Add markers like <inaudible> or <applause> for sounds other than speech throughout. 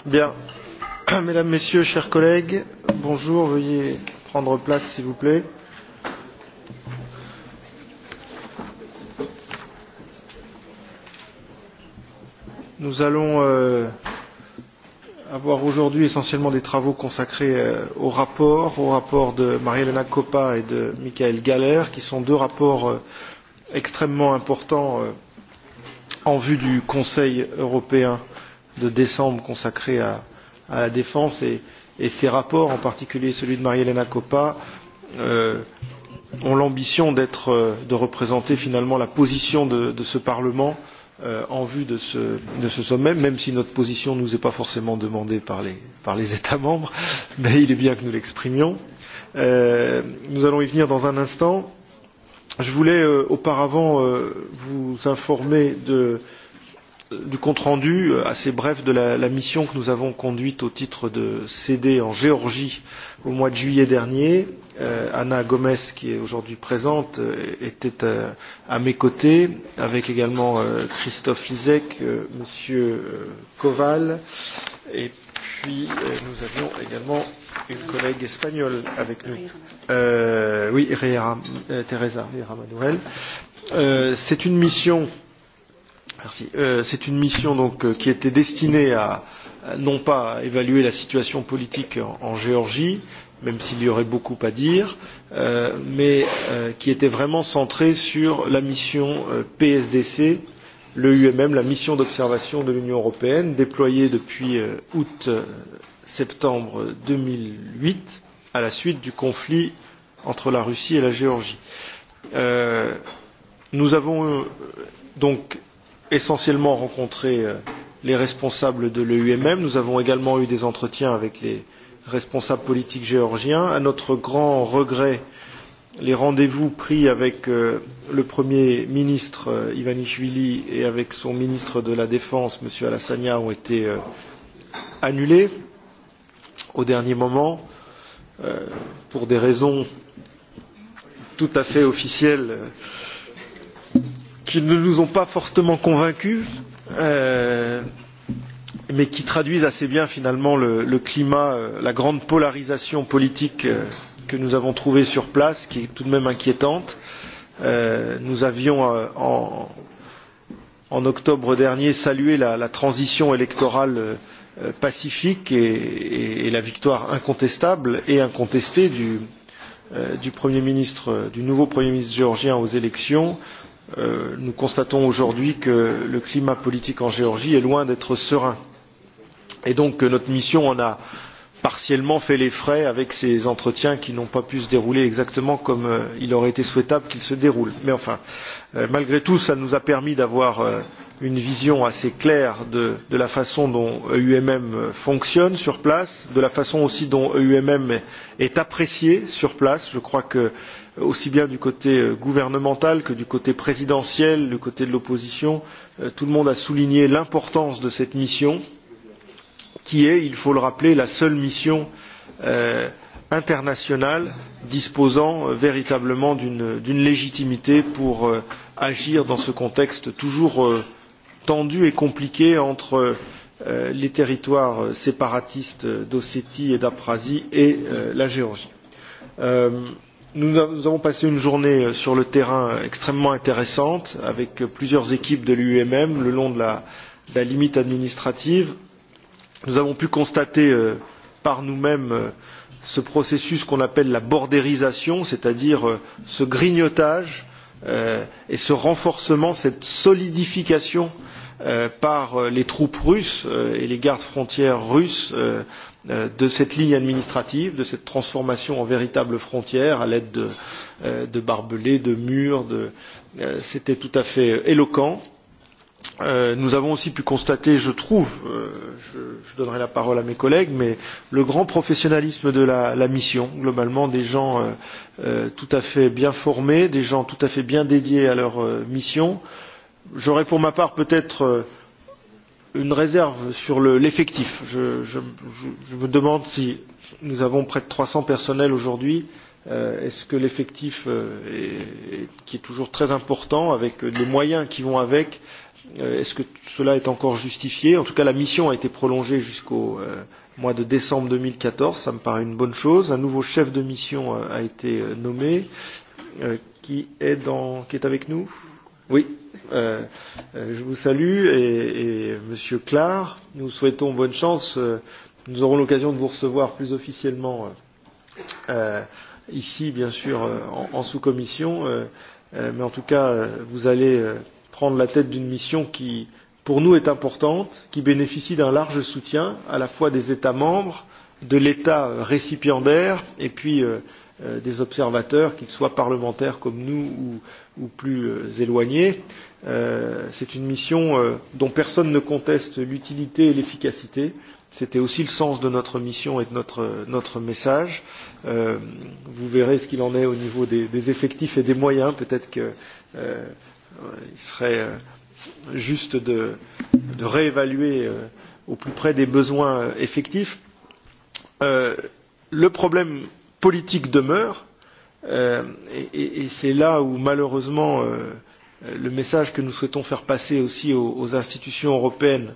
<clears throat> Mesdames, Messieurs, chers collègues, bonjour, veuillez prendre place s'il vous plaît. Nous allons euh, avoir aujourd'hui essentiellement des travaux consacrés euh, au rapport, au rapport de marie Elena Coppa et de Michael Galler, qui sont deux rapports euh, extrêmement importants en vue du Conseil européen de décembre consacré à, à la défense et, et ces rapports, en particulier celui de Marie-Hélène Coppa, euh, ont l'ambition d'être, euh, de représenter finalement la position de, de ce Parlement euh, en vue de ce, de ce sommet, même si notre position ne nous est pas forcément demandée par les, par les États membres, <laughs> mais il est bien que nous l'exprimions. Euh, nous allons y venir dans un instant. Je voulais euh, auparavant euh, vous informer de du compte rendu euh, assez bref de la, mission que nous avons conduite au titre de CD en Géorgie au mois de juillet dernier. Euh, Anna Gomes, qui est aujourd'hui présente, euh, était à mes côtés, avec également Christophe Lisek, Monsieur Koval, et puis nous avions également une collègue espagnole avec nous. oui, Teresa Manuel. C'est une mission Merci. Euh, c'est une mission donc, euh, qui était destinée à, non pas à évaluer la situation politique en, Géorgie, même s'il y aurait beaucoup à dire, euh, mais qui était vraiment centrée sur la mission PSDC, le UMM, la mission d'observation de l'Union européenne, déployée depuis août septembre 2008 à la suite du conflit entre la Russie et la Géorgie. Nous avons donc essentiellement rencontré euh, les responsables de l'EUMM. Nous avons également eu des entretiens avec les responsables politiques géorgiens. À notre grand regret, les rendez-vous pris avec euh, le Premier ministre euh, Ivanishvili et avec son ministre de la Défense, M. Alassania, ont été annulés au dernier moment pour des raisons tout à fait officielles qui ne nous ont pas fortement convaincus euh, mais qui traduisent assez bien finalement le, climat euh, la grande polarisation politique euh, que nous avons trouvée sur place qui est tout de même inquiétante. nous avions en, en octobre dernier salué la, la transition électorale pacifique et, la victoire incontestable et incontestée du, du premier ministre du nouveau premier ministre géorgien aux élections Euh, nous constatons aujourd'hui que le climat politique en géorgie est loin d'être serein et donc notre mission en a partiellement fait les frais avec ces entretiens qui n'ont pas pu se dérouler exactement comme euh, il aurait été souhaitable qu'ils se déroulent. mais enfin euh, malgré tout cela nous a permis d'avoir une vision assez claire de, la façon dont eumm fonctionne sur place de la façon aussi dont eumm est apprécié sur place. je crois que aussi bien du côté euh, gouvernemental que du côté présidentiel du côté de l'opposition euh, tout le monde a souligné l'importance de cette mission qui est il faut le rappeler la seule mission euh, internationale disposant véritablement d'une légitimité pour agir dans ce contexte toujours tendu et compliqué entre les territoires séparatistes d'ossétie et d'abkhazie et la géorgie nous avons passé une journée euh, sur le terrain euh, extrêmement intéressante avec euh, plusieurs équipes de l'UMM le long de la, de la limite administrative. Nous avons pu constater par nous-mêmes ce processus qu'on appelle la bordérisation, c'est-à-dire ce grignotage et ce renforcement, cette solidification par les troupes russes et les gardes frontières russes Euh, de cette ligne administrative, de cette transformation en véritable frontière à l'aide de, euh, de barbelés, de murs, euh, c'était tout à fait éloquent. Nous avons aussi pu constater, je trouve je donnerai la parole à mes collègues, mais le grand professionnalisme de la mission, globalement des gens tout à fait bien formés, des gens tout à fait bien dédiés à leur mission. J'aurais pour ma part peut être une réserve sur l'effectif. Le, je, je, je me demande si nous avons près de 300 personnels aujourd'hui. Euh, est-ce que l'effectif, euh, qui est toujours très important, avec les moyens qui vont avec, euh, est-ce que cela est encore justifié En tout cas, la mission a été prolongée jusqu'au mois de décembre 2014. Ça me paraît une bonne chose. Un nouveau chef de mission a été nommé, qui est, dans, qui est avec nous Oui, euh, euh, je vous salue et, et Monsieur Clar, nous souhaitons bonne chance. Euh, nous aurons l'occasion de vous recevoir plus officiellement euh, ici, bien sûr, en, en sous-commission. Euh, mais en tout cas, vous allez prendre la tête d'une mission qui, pour nous, est importante, qui bénéficie d'un large soutien à la fois des États membres, de l'État récipiendaire et puis Euh, des observateurs, qu'ils soient parlementaires comme nous ou, ou plus euh, éloignés. Euh, c'est une mission dont personne ne conteste l'utilité et l'efficacité. C'était aussi le sens de notre mission et de notre, notre message. Euh, vous verrez ce qu'il en est au niveau des, des effectifs et des moyens. Peut-être qu'il euh, serait juste de, de réévaluer euh, au plus près des besoins effectifs. Le problème politique demeure euh, et, et c'est là où malheureusement euh, le message que nous souhaitons faire passer aussi aux, aux institutions européennes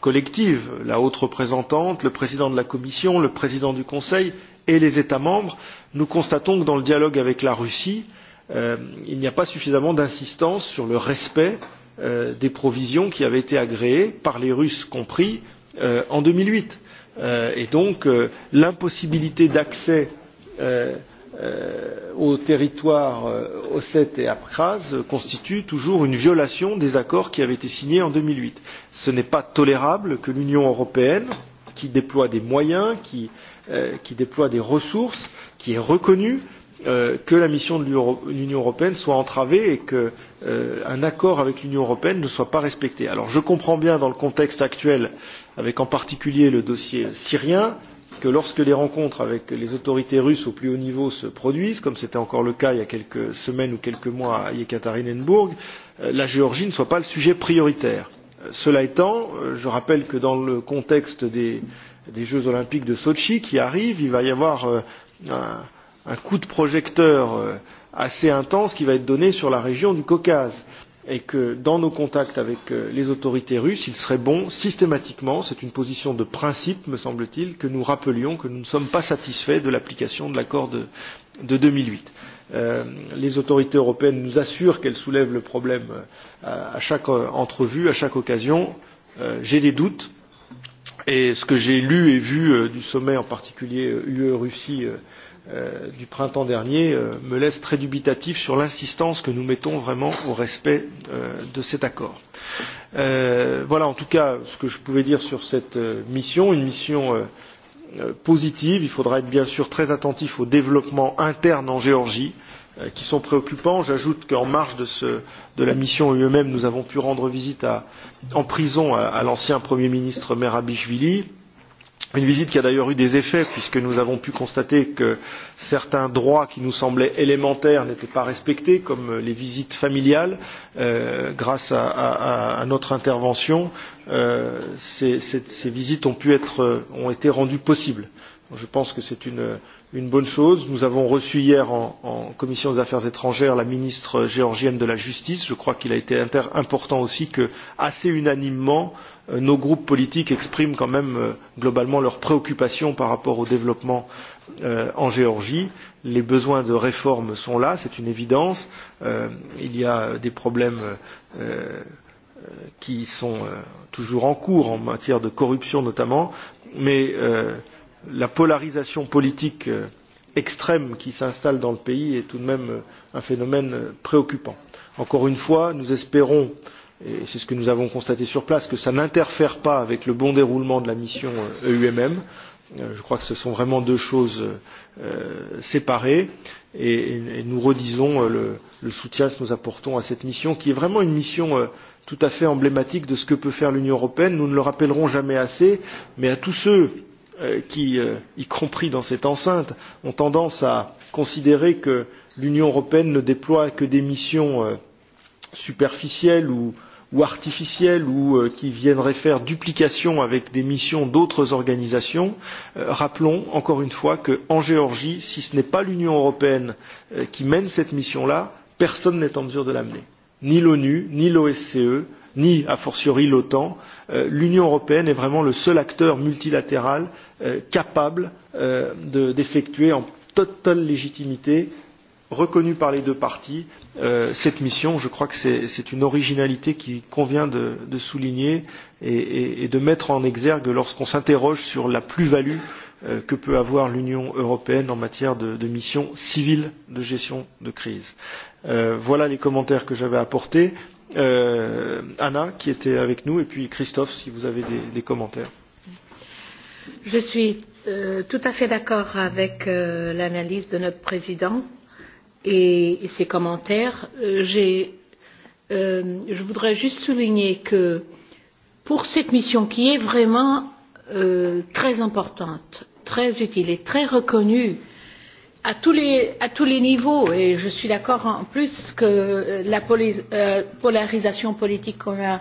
collectives la haute représentante le président de la commission le président du conseil et les états membres nous constatons que dans le dialogue avec la russie euh, il n'y a pas suffisamment d'insistance sur le respect euh, des provisions qui avaient été agréées par les russes compris euh, en 2008 mille euh, et donc l'impossibilité d'accès Euh, euh, aux territoires euh, ossètes et abkhazes constitue toujours une violation des accords qui avaient été signés en. deux mille huit ce n'est pas tolérable que l'union européenne qui déploie des moyens qui, déploie des ressources qui est reconnue que la mission de l'union européenne soit entravée et qu'un accord avec l'union européenne ne soit pas respecté. alors je comprends bien dans le contexte actuel avec en particulier le dossier syrien que lorsque les rencontres avec les autorités russes au plus haut niveau se produisent, comme c'était encore le cas il y a quelques semaines ou quelques mois à Yekaterinenburg, euh, la Géorgie ne soit pas le sujet prioritaire. Euh, cela étant, euh, je rappelle que dans le contexte des, des Jeux olympiques de Sotchi qui arrivent, il va y avoir un, un coup de projecteur assez intense qui va être donné sur la région du Caucase et que dans nos contacts avec euh, les autorités russes, il serait bon systématiquement, c'est une position de principe me semble-t-il, que nous rappelions que nous ne sommes pas satisfaits de l'application de l'accord de, de 2008. Euh, les autorités européennes nous assurent qu'elles soulèvent le problème euh, à, chaque euh, entrevue, à chaque occasion. J'ai des doutes et ce que j'ai lu et vu du sommet en particulier UE-Russie Euh, du printemps dernier euh, me laisse très dubitatif sur l'insistance que nous mettons vraiment au respect euh, de cet accord. Voilà en tout cas ce que je pouvais dire sur cette mission, une mission positive. Il faudra être bien sûr très attentif aux développements internes en Géorgie qui sont préoccupants. J'ajoute qu'en marge de, ce, de la mission eux-mêmes, nous avons pu rendre visite à, en prison à, à l'ancien Premier ministre Merabishvili une visite qui a d'ailleurs eu des effets puisque nous avons pu constater que certains droits qui nous semblaient élémentaires n'étaient pas respectés comme les visites familiales euh, grâce à, notre intervention euh, ces, ces, visites ont pu être ont été rendues possibles je pense que c'est une une bonne chose. Nous avons reçu hier en, commission des affaires étrangères la ministre géorgienne de la justice. Je crois qu'il a été important aussi que, assez unanimement, Euh, nos groupes politiques expriment quand même euh, globalement leurs préoccupations par rapport au développement euh, en Géorgie. Les besoins de réforme sont là, c'est une évidence. Il y a des problèmes qui sont toujours en cours en matière de corruption notamment, mais la polarisation politique extrême qui s'installe dans le pays est tout de même un phénomène préoccupant. Encore une fois, nous espérons et c'est ce que nous avons constaté sur place que ça n'interfère pas avec le bon déroulement de la mission EUMM e euh, je crois que ce sont vraiment deux choses euh, séparées et, nous redisons euh, le, soutien que nous apportons à cette mission qui est vraiment une mission tout à fait emblématique de ce que peut faire l'Union européenne nous ne le rappellerons jamais assez mais à tous ceux qui y compris dans cette enceinte ont tendance à considérer que l'Union européenne ne déploie que des missions superficielles ou ou artificielles ou euh, qui viendraient faire duplication avec des missions d'autres organisations euh, rappelons encore une fois qu'en géorgie si ce n'est pas l'union européenne euh, qui mène cette mission là personne n'est en mesure de l'amener. ni l'onu ni l'osce ni a fortiori l'otan l'union européenne est vraiment le seul acteur multilatéral capable d'effectuer en totale légitimité reconnue par les deux parties euh, cette mission je crois que c'est une originalité qui convient de, de souligner et, et, et de mettre en exergue lorsqu'on s'interroge sur la plus value euh, que peut avoir l'union européenne en matière de, de mission civile de gestion de crise. Euh, voilà les commentaires que j'avais apportés. Euh, anna qui était avec nous et puis christophe si vous avez des, des commentaires. je suis tout à fait d'accord avec l'analyse de notre président et, ses commentaires. Euh, euh, je voudrais juste souligner que pour cette mission qui est vraiment euh, très importante, très utile et très reconnue à tous les, à tous les niveaux, et je suis d'accord en plus que la polarisation politique qu'on a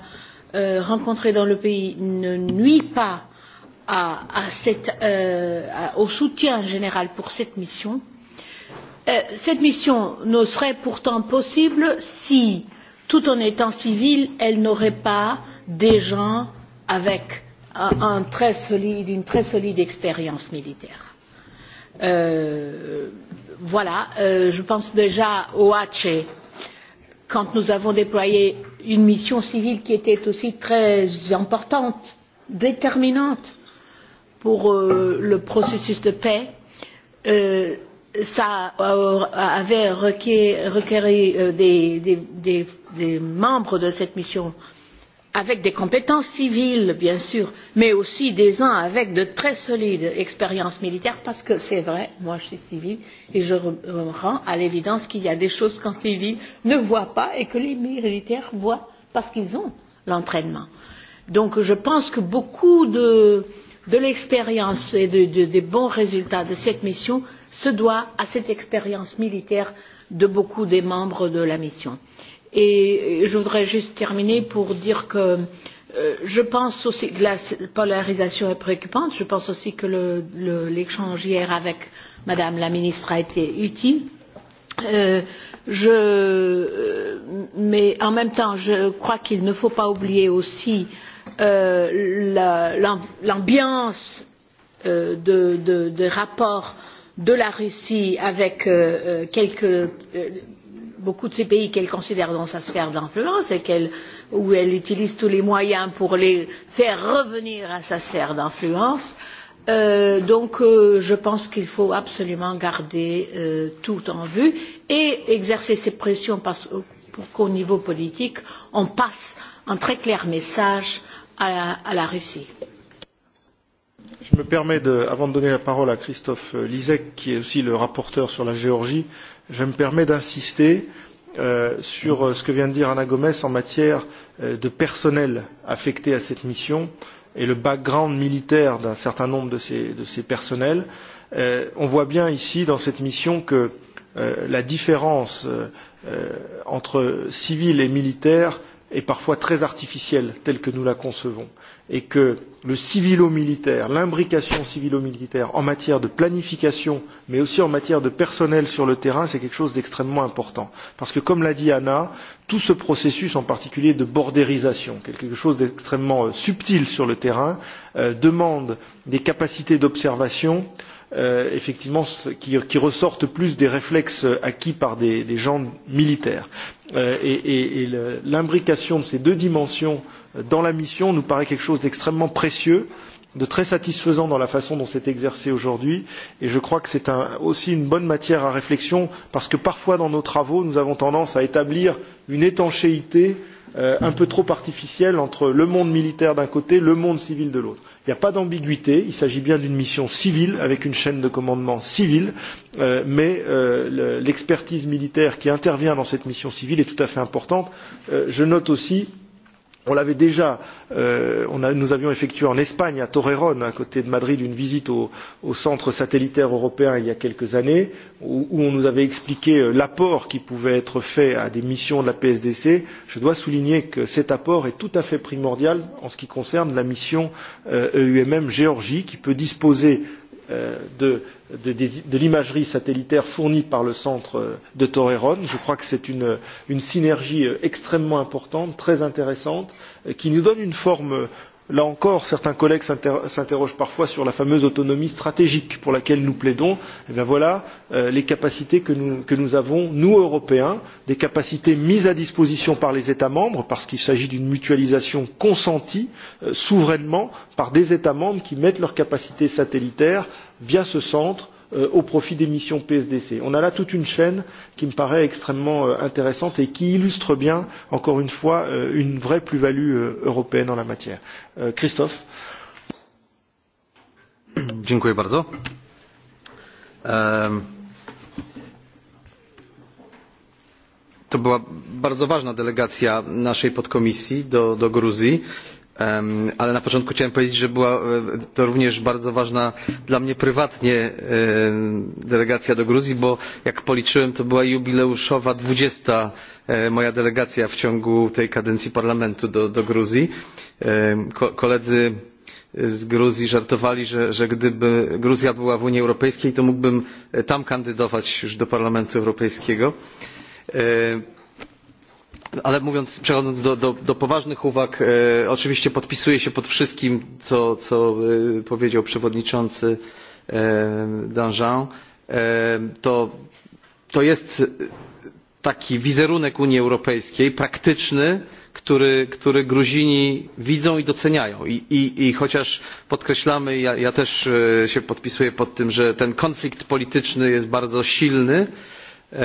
rencontrée dans le pays ne nuit pas à, à cette, au soutien général pour cette mission. Euh, cette mission ne serait pourtant possible si tout en étant civile elle n'aurait pas des gens avec une très solide expérience militaire. Euh, voilà euh, je pense déjà au hatchet quand nous avons déployé une mission civile qui était aussi très importante déterminante pour le processus de paix ça euh, avait requéré euh, des, des, des, des membres de cette mission avec des compétences civiles bien sûr mais aussi des uns avec de très solides expériences militaires parce que c'est vrai moi je suis civile et je rends à l'évidence qu'il y a des choses qu'un civil ne voit pas et que les militaires voient parce qu'ils ont l'entraînement. donc je pense que beaucoup de, de l'expérience et des de, bons résultats de cette mission se doit à cette expérience militaire de beaucoup des membres de la mission. je voudrais juste terminer pour dire que euh, je pense aussi que la polarisation est préoccupante. Je pense aussi que l'échange hier avec Madame la ministre a été utile. Euh, euh, mais en même temps, je crois qu'il ne faut pas oublier aussi l'ambiance des de, de, rapports de la Russie avec euh, euh, euh, beaucoup de ces pays qu'elle considère dans sa sphère d'influence et où elle utilise tous les moyens pour les faire revenir à sa sphère d'influence. donc je pense qu'il faut absolument garder tout en vue et exercer ces pressions pour qu'au niveau politique, on passe un très clair message à la Russie je me permets avant de donner la parole à christophe lisek qui est aussi le rapporteur sur la géorgie je me permets d'insister euh, sur euh, ce que vient de dire ana gomes en matière euh, de personnel affecté à cette mission et le background militaire d'un certain nombre de ces, de ces personnels. on voit bien ici dans cette mission que la différence entre civil et militaire est parfois très artificielle telle que nous la concevons et que le civilo militaire l'imbrication civilo militaire en matière de planification mais aussi en matière de personnel sur le terrain c'est quelque chose d'extrêmement important parce que comme l'a dit anna tout ce processus en particulier de bordérisation quelque chose d'extrêmement euh, subtil sur le terrain euh, demande des capacités d'observation euh, effectivement qui, ressortent plus des réflexes acquis par des, des gens militaires. et, et, et l'imbrication de ces deux dimensions dans la mission nous paraît quelque chose d'extrêmement précieux de très satisfaisant dans la façon dont c'est exercé aujourd'hui et je crois que c'est aussi une bonne matière à réflexion parce que parfois dans nos travaux nous avons tendance à établir une étanchéité euh, un peu trop artificielle entre le monde militaire d'un côté le monde civil de l'autre. il n'y a pas d'ambiguïté il s'agit bien d'une mission civile avec une chaîne de commandement civile euh, mais euh, l'expertise militaire qui intervient dans cette mission civile est tout à fait importante. Euh, je note aussi on l'avait déjà euh, on nous avions effectué en espagne à Torreron, à côté de madrid une visite au, centre satellitaire européen il y a quelques années où, on nous avait expliqué euh, l'apport qui pouvait être fait à des missions de la psdc je dois souligner que cet apport est tout à fait primordial en ce qui concerne la mission eumm e géorgie qui peut disposer Euh, de, l'imagerie satellitaire fournie par le centre euh, de Torreón. Je crois que c'est une, une synergie euh, extrêmement importante, très intéressante, qui nous donne une forme là encore certains collègues s'interrogent parfois sur la fameuse autonomie stratégique pour laquelle nous plaidons et eh bien voilà euh, les capacités que nous, que nous avons nous européens des capacités mises à disposition par les états membres parce qu'il s'agit d'une mutualisation consentie euh, souverainement par des états membres qui mettent leurs capacités satellitaires via ce centre Euh, au profit des missions PSDC. On a là toute une chaîne qui me paraît extrêmement euh, intéressante et qui illustre bien, encore une fois, euh, une vraie plus-value européenne en la matière. Christophe. Dziękuję bardzo. To była bardzo ważna delegacja naszej podkomisji do, do Gruzji ale na początku chciałem powiedzieć że była e, to również bardzo ważna dla mnie prywatnie e, delegacja do gruzji bo jak policzyłem to była jubileuszowa dwudziesta e, moja delegacja w ciągu tej kadencji parlamentu do, gruzji. koledzy z gruzji żartowali że, że gdyby gruzja była w unii europejskiej to mógłbym tam kandydować już do parlamentu europejskiego ale mówiąc przechodząc do, poważnych uwag e, oczywiście podpisuję się pod wszystkim co, e, powiedział przewodniczący e, danjean to, jest taki wizerunek unii europejskiej praktyczny który, gruzini widzą i doceniają i, chociaż podkreślamy ja, też się podpisuję pod tym że ten konflikt polityczny jest bardzo silny E,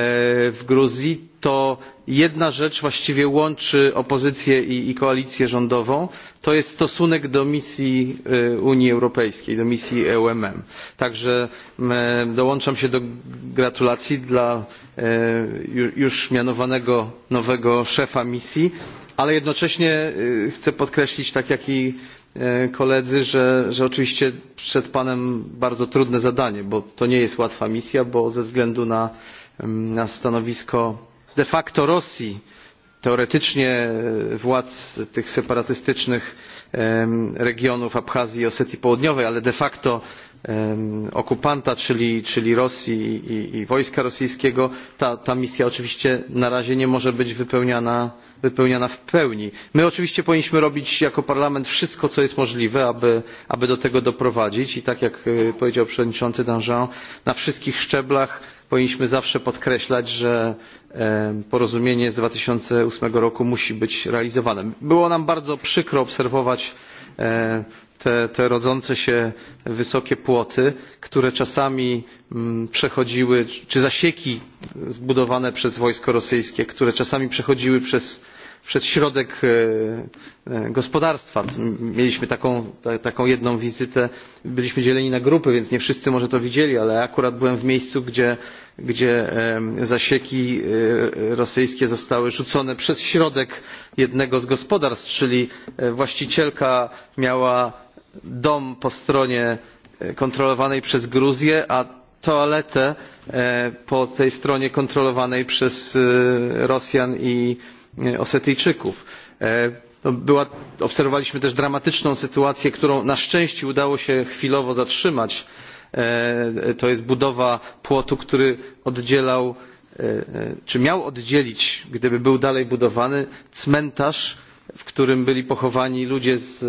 w gruzji to jedna rzecz właściwie łączy opozycję i, koalicję rządową to jest stosunek do misji e, unii europejskiej do misji eumm. także e, dołączam się do gratulacji dla już mianowanego nowego szefa misji ale jednocześnie chcę podkreślić tak jak i koledzy że oczywiście przed panem bardzo trudne zadanie bo to nie jest łatwa misja bo ze względu na na stanowisko de facto rosji teoretycznie władz tych separatystycznych regionów abchazji i osetii południowej ale de facto okupanta czyli, rosji i, wojska rosyjskiego ta, misja oczywiście na razie nie może być wypełniana, w pełni. my oczywiście powinniśmy robić jako parlament wszystko co jest możliwe aby, aby do tego doprowadzić i tak jak e, powiedział przewodniczący danjean na wszystkich szczeblach powinniśmy zawsze podkreślać że porozumienie z 2008. roku musi być realizowane. było nam bardzo przykro obserwować e, te, te rodzące się wysokie płoty które czasami mm, przechodziły czy zasieki zbudowane przez wojsko rosyjskie które czasami przechodziły przez przez środek e, e, gospodarstwa. Mieliśmy taką, jedną wizytę, byliśmy dzieleni na grupy, więc nie wszyscy może to widzieli, ale akurat byłem w miejscu, gdzie, gdzie e, zasieki rosyjskie zostały rzucone przez środek jednego z gospodarstw, czyli właścicielka miała dom po stronie kontrolowanej przez Gruzję, a toaletę po tej stronie kontrolowanej przez Rosjan i E, osetyjczyków. E, obserwowaliśmy też dramatyczną sytuację którą na szczęście udało się chwilowo zatrzymać e, to jest budowa płotu który oddzielał czy miał oddzielić gdyby był dalej budowany cmentarz w którym byli pochowani ludzie z,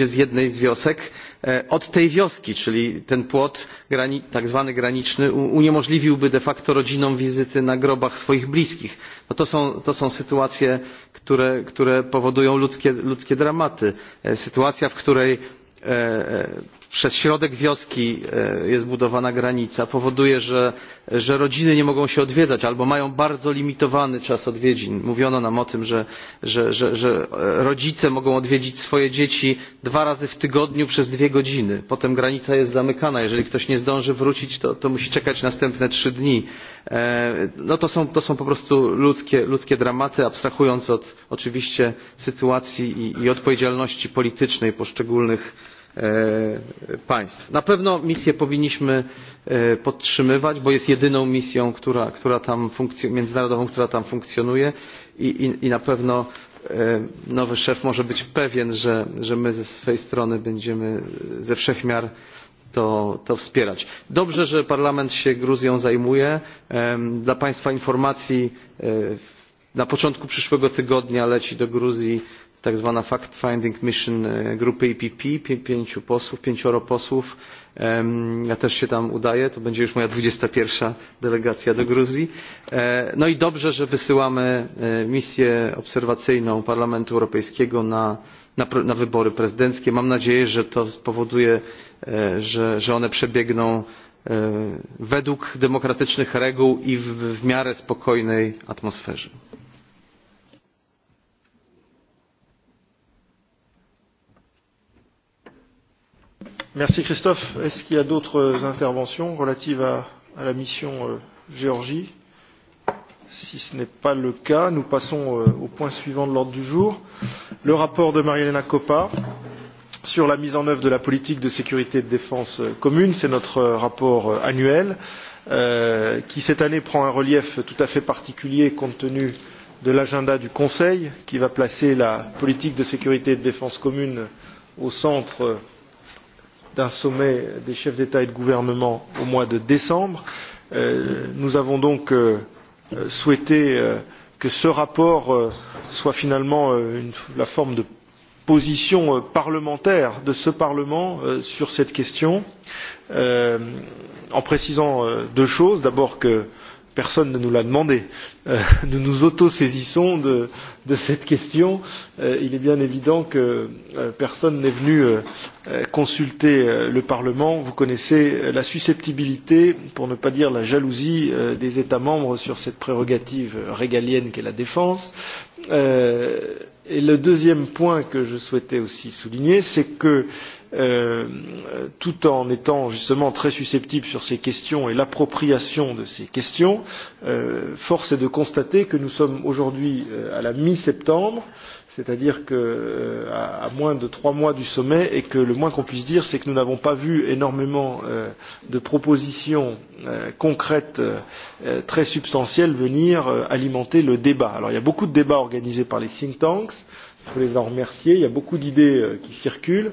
e, jednej z wiosek e, od tej wioski czyli ten płot tak zwany graniczny uniemożliwiłby de facto rodzinom wizyty na grobach swoich bliskich. to, są, sytuacje które, powodują ludzkie dramaty e, sytuacja w której przez środek wioski e, jest budowana granica powoduje że, rodziny nie mogą się odwiedzać albo mają bardzo limitowany czas odwiedzin. mówiono nam o tym że, rodzice mogą odwiedzić swoje dzieci dwa razy w tygodniu przez dwie godziny potem granica jest zamykana jeżeli ktoś nie zdąży wrócić to, musi czekać następne trzy dni. E, to, są, po prostu ludzkie, dramaty abstrahując od oczywiście sytuacji i odpowiedzialności politycznej poszczególnych E, państw. na pewno misję powinniśmy e, podtrzymywać bo jest jedyną misją która, tam międzynarodową która tam funkcjonuje i, na pewno e, nowy szef może być pewien że, my ze swej strony będziemy ze wszech miar to wspierać. dobrze że parlament się gruzją zajmuje. dla państwa informacji na początku przyszłego tygodnia leci do gruzji tak zwana fact finding mission e, grupy EPP, pięciu posłów, pięcioro posłów. Ja też się tam udaję, to będzie już moja 21. delegacja do Gruzji. E, no i dobrze, że wysyłamy e, misję obserwacyjną Parlamentu Europejskiego na, wybory prezydenckie. Mam nadzieję, że to spowoduje, że, one przebiegną według demokratycznych reguł i w, w miarę spokojnej atmosferze. Merci Christophe. Est-ce qu'il y a d'autres interventions relatives à, à la mission euh, Géorgie Si ce n'est pas le cas, nous passons euh, au point suivant de l'ordre du jour. Le rapport de Marielena Coppa sur la mise en œuvre de la politique de sécurité et de défense euh, commune. C'est notre euh, rapport euh, annuel euh, qui, cette année, prend un relief tout à fait particulier compte tenu de l'agenda du Conseil qui va placer la politique de sécurité et de défense commune au centre d'un sommet des chefs d'état et de gouvernement au mois de décembre. Euh, nous avons donc euh, euh, souhaité que ce rapport soit finalement une, la forme de position parlementaire de ce parlement sur cette question en précisant deux choses d'abord que personne ne nous l'a demandé. Euh, nous nous autosaisissons de, de cette question. Euh, il est bien évident que euh, personne n'est venu consulter le Parlement. Vous connaissez la susceptibilité, pour ne pas dire la jalousie, des États membres sur cette prérogative régalienne qu'est la défense. Et le deuxième point que je souhaitais aussi souligner, c'est que Euh, tout en étant justement très susceptible sur ces questions et l'appropriation de ces questions euh, force est de constater que nous sommes aujourd'hui euh, à la mi septembre c'est à dire que à moins de trois mois du sommet et que le moins qu'on puisse dire c'est que nous n'avons pas vu énormément de propositions concrètes très substantielles venir alimenter le débat. alors il y a beaucoup de débats organisés par les think tanks il faut les en remercier il y a beaucoup d'idées qui circulent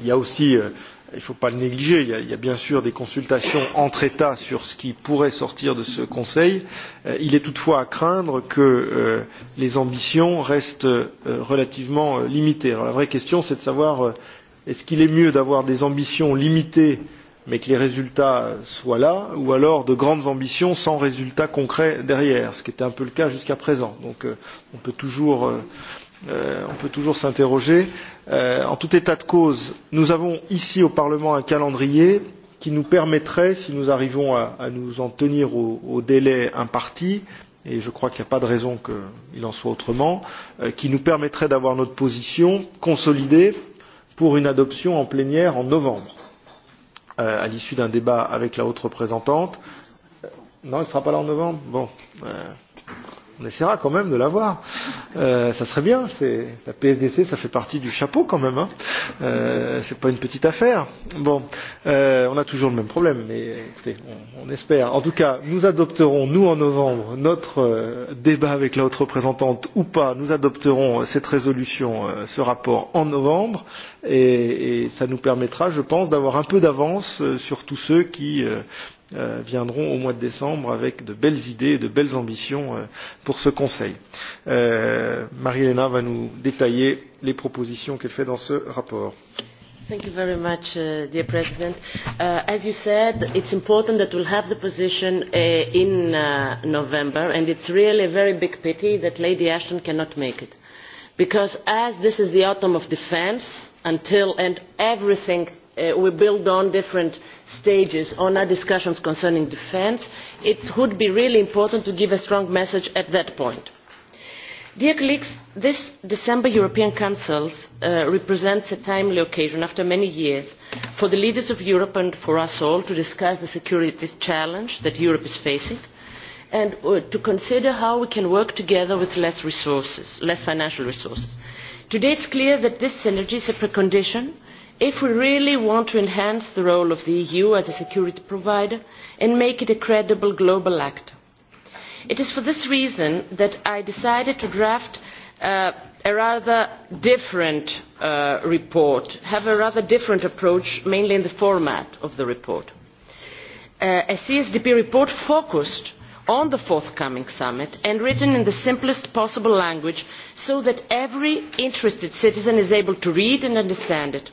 il y a aussi euh, il ne faut pas le négliger il y, a, bien sûr des consultations entre états sur ce qui pourrait sortir de ce conseil euh, il est toutefois à craindre que euh, les ambitions restent relativement limitées. Alors, la vraie question c'est de savoir est ce qu'il est mieux d'avoir des ambitions limitées mais que les résultats soient là ou alors de grandes ambitions sans résultats concrets derrière ce qui était un peu le cas jusqu'à présent donc euh, on peut toujours euh, euh, on peut toujours s'interroger euh, en tout état de cause nous avons ici au parlement un calendrier qui nous permettrait si nous arrivons à, à nous en tenir au, au délai imparti et je crois qu'il n'y a pas de raison qu'il en soit autrement euh, qui nous permettrait d'avoir notre position consolidée pour une adoption en plénière en novembre Euh, à l'issue d'un débat avec la haute représentante. Euh, non, il ne sera pas là en novembre Bon. Euh, on essaiera quand même de l'avoir. Euh, ça serait bien, c'est la PSDC, ça fait partie du chapeau quand même. Hein. Euh, c'est pas une petite affaire. Bon, euh, on a toujours le même problème, mais écoutez, on, on espère. En tout cas, nous adopterons, nous en novembre, notre euh, débat avec la haute représentante ou pas, nous adopterons euh, cette résolution, euh, ce rapport en novembre, et, et ça nous permettra, je pense, d'avoir un peu d'avance euh, sur tous ceux qui euh, Euh, viendront au mois de décembre avec de belles idées et de belles ambitions euh, pour ce conseil. Euh, Marie-Hélène va nous détailler les propositions qu'elle fait dans ce rapport. Thank you very much, uh, dear President. Uh, as you said, it's important that we'll have the position uh, in uh, November, and it's really a very big pity that Lady Ashton cannot make it. Because as this is the autumn of defence, until and everything uh, we build on different stages on our discussions concerning defence it would be really important to give a strong message at that point. Dear colleagues, this December European Council uh, represents a timely occasion after many years for the leaders of Europe and for us all to discuss the security challenge that Europe is facing and uh, to consider how we can work together with less resources, less financial resources. Today it is clear that this synergy is a precondition if we really want to enhance the role of the eu as a security provider and make it a credible global actor. it is for this reason that i decided to draft uh, a rather different uh, report have a rather different approach mainly in the format of the report. Uh, a csdp report focused on the forthcoming summit and written in the simplest possible language so that every interested citizen is able to read and understand it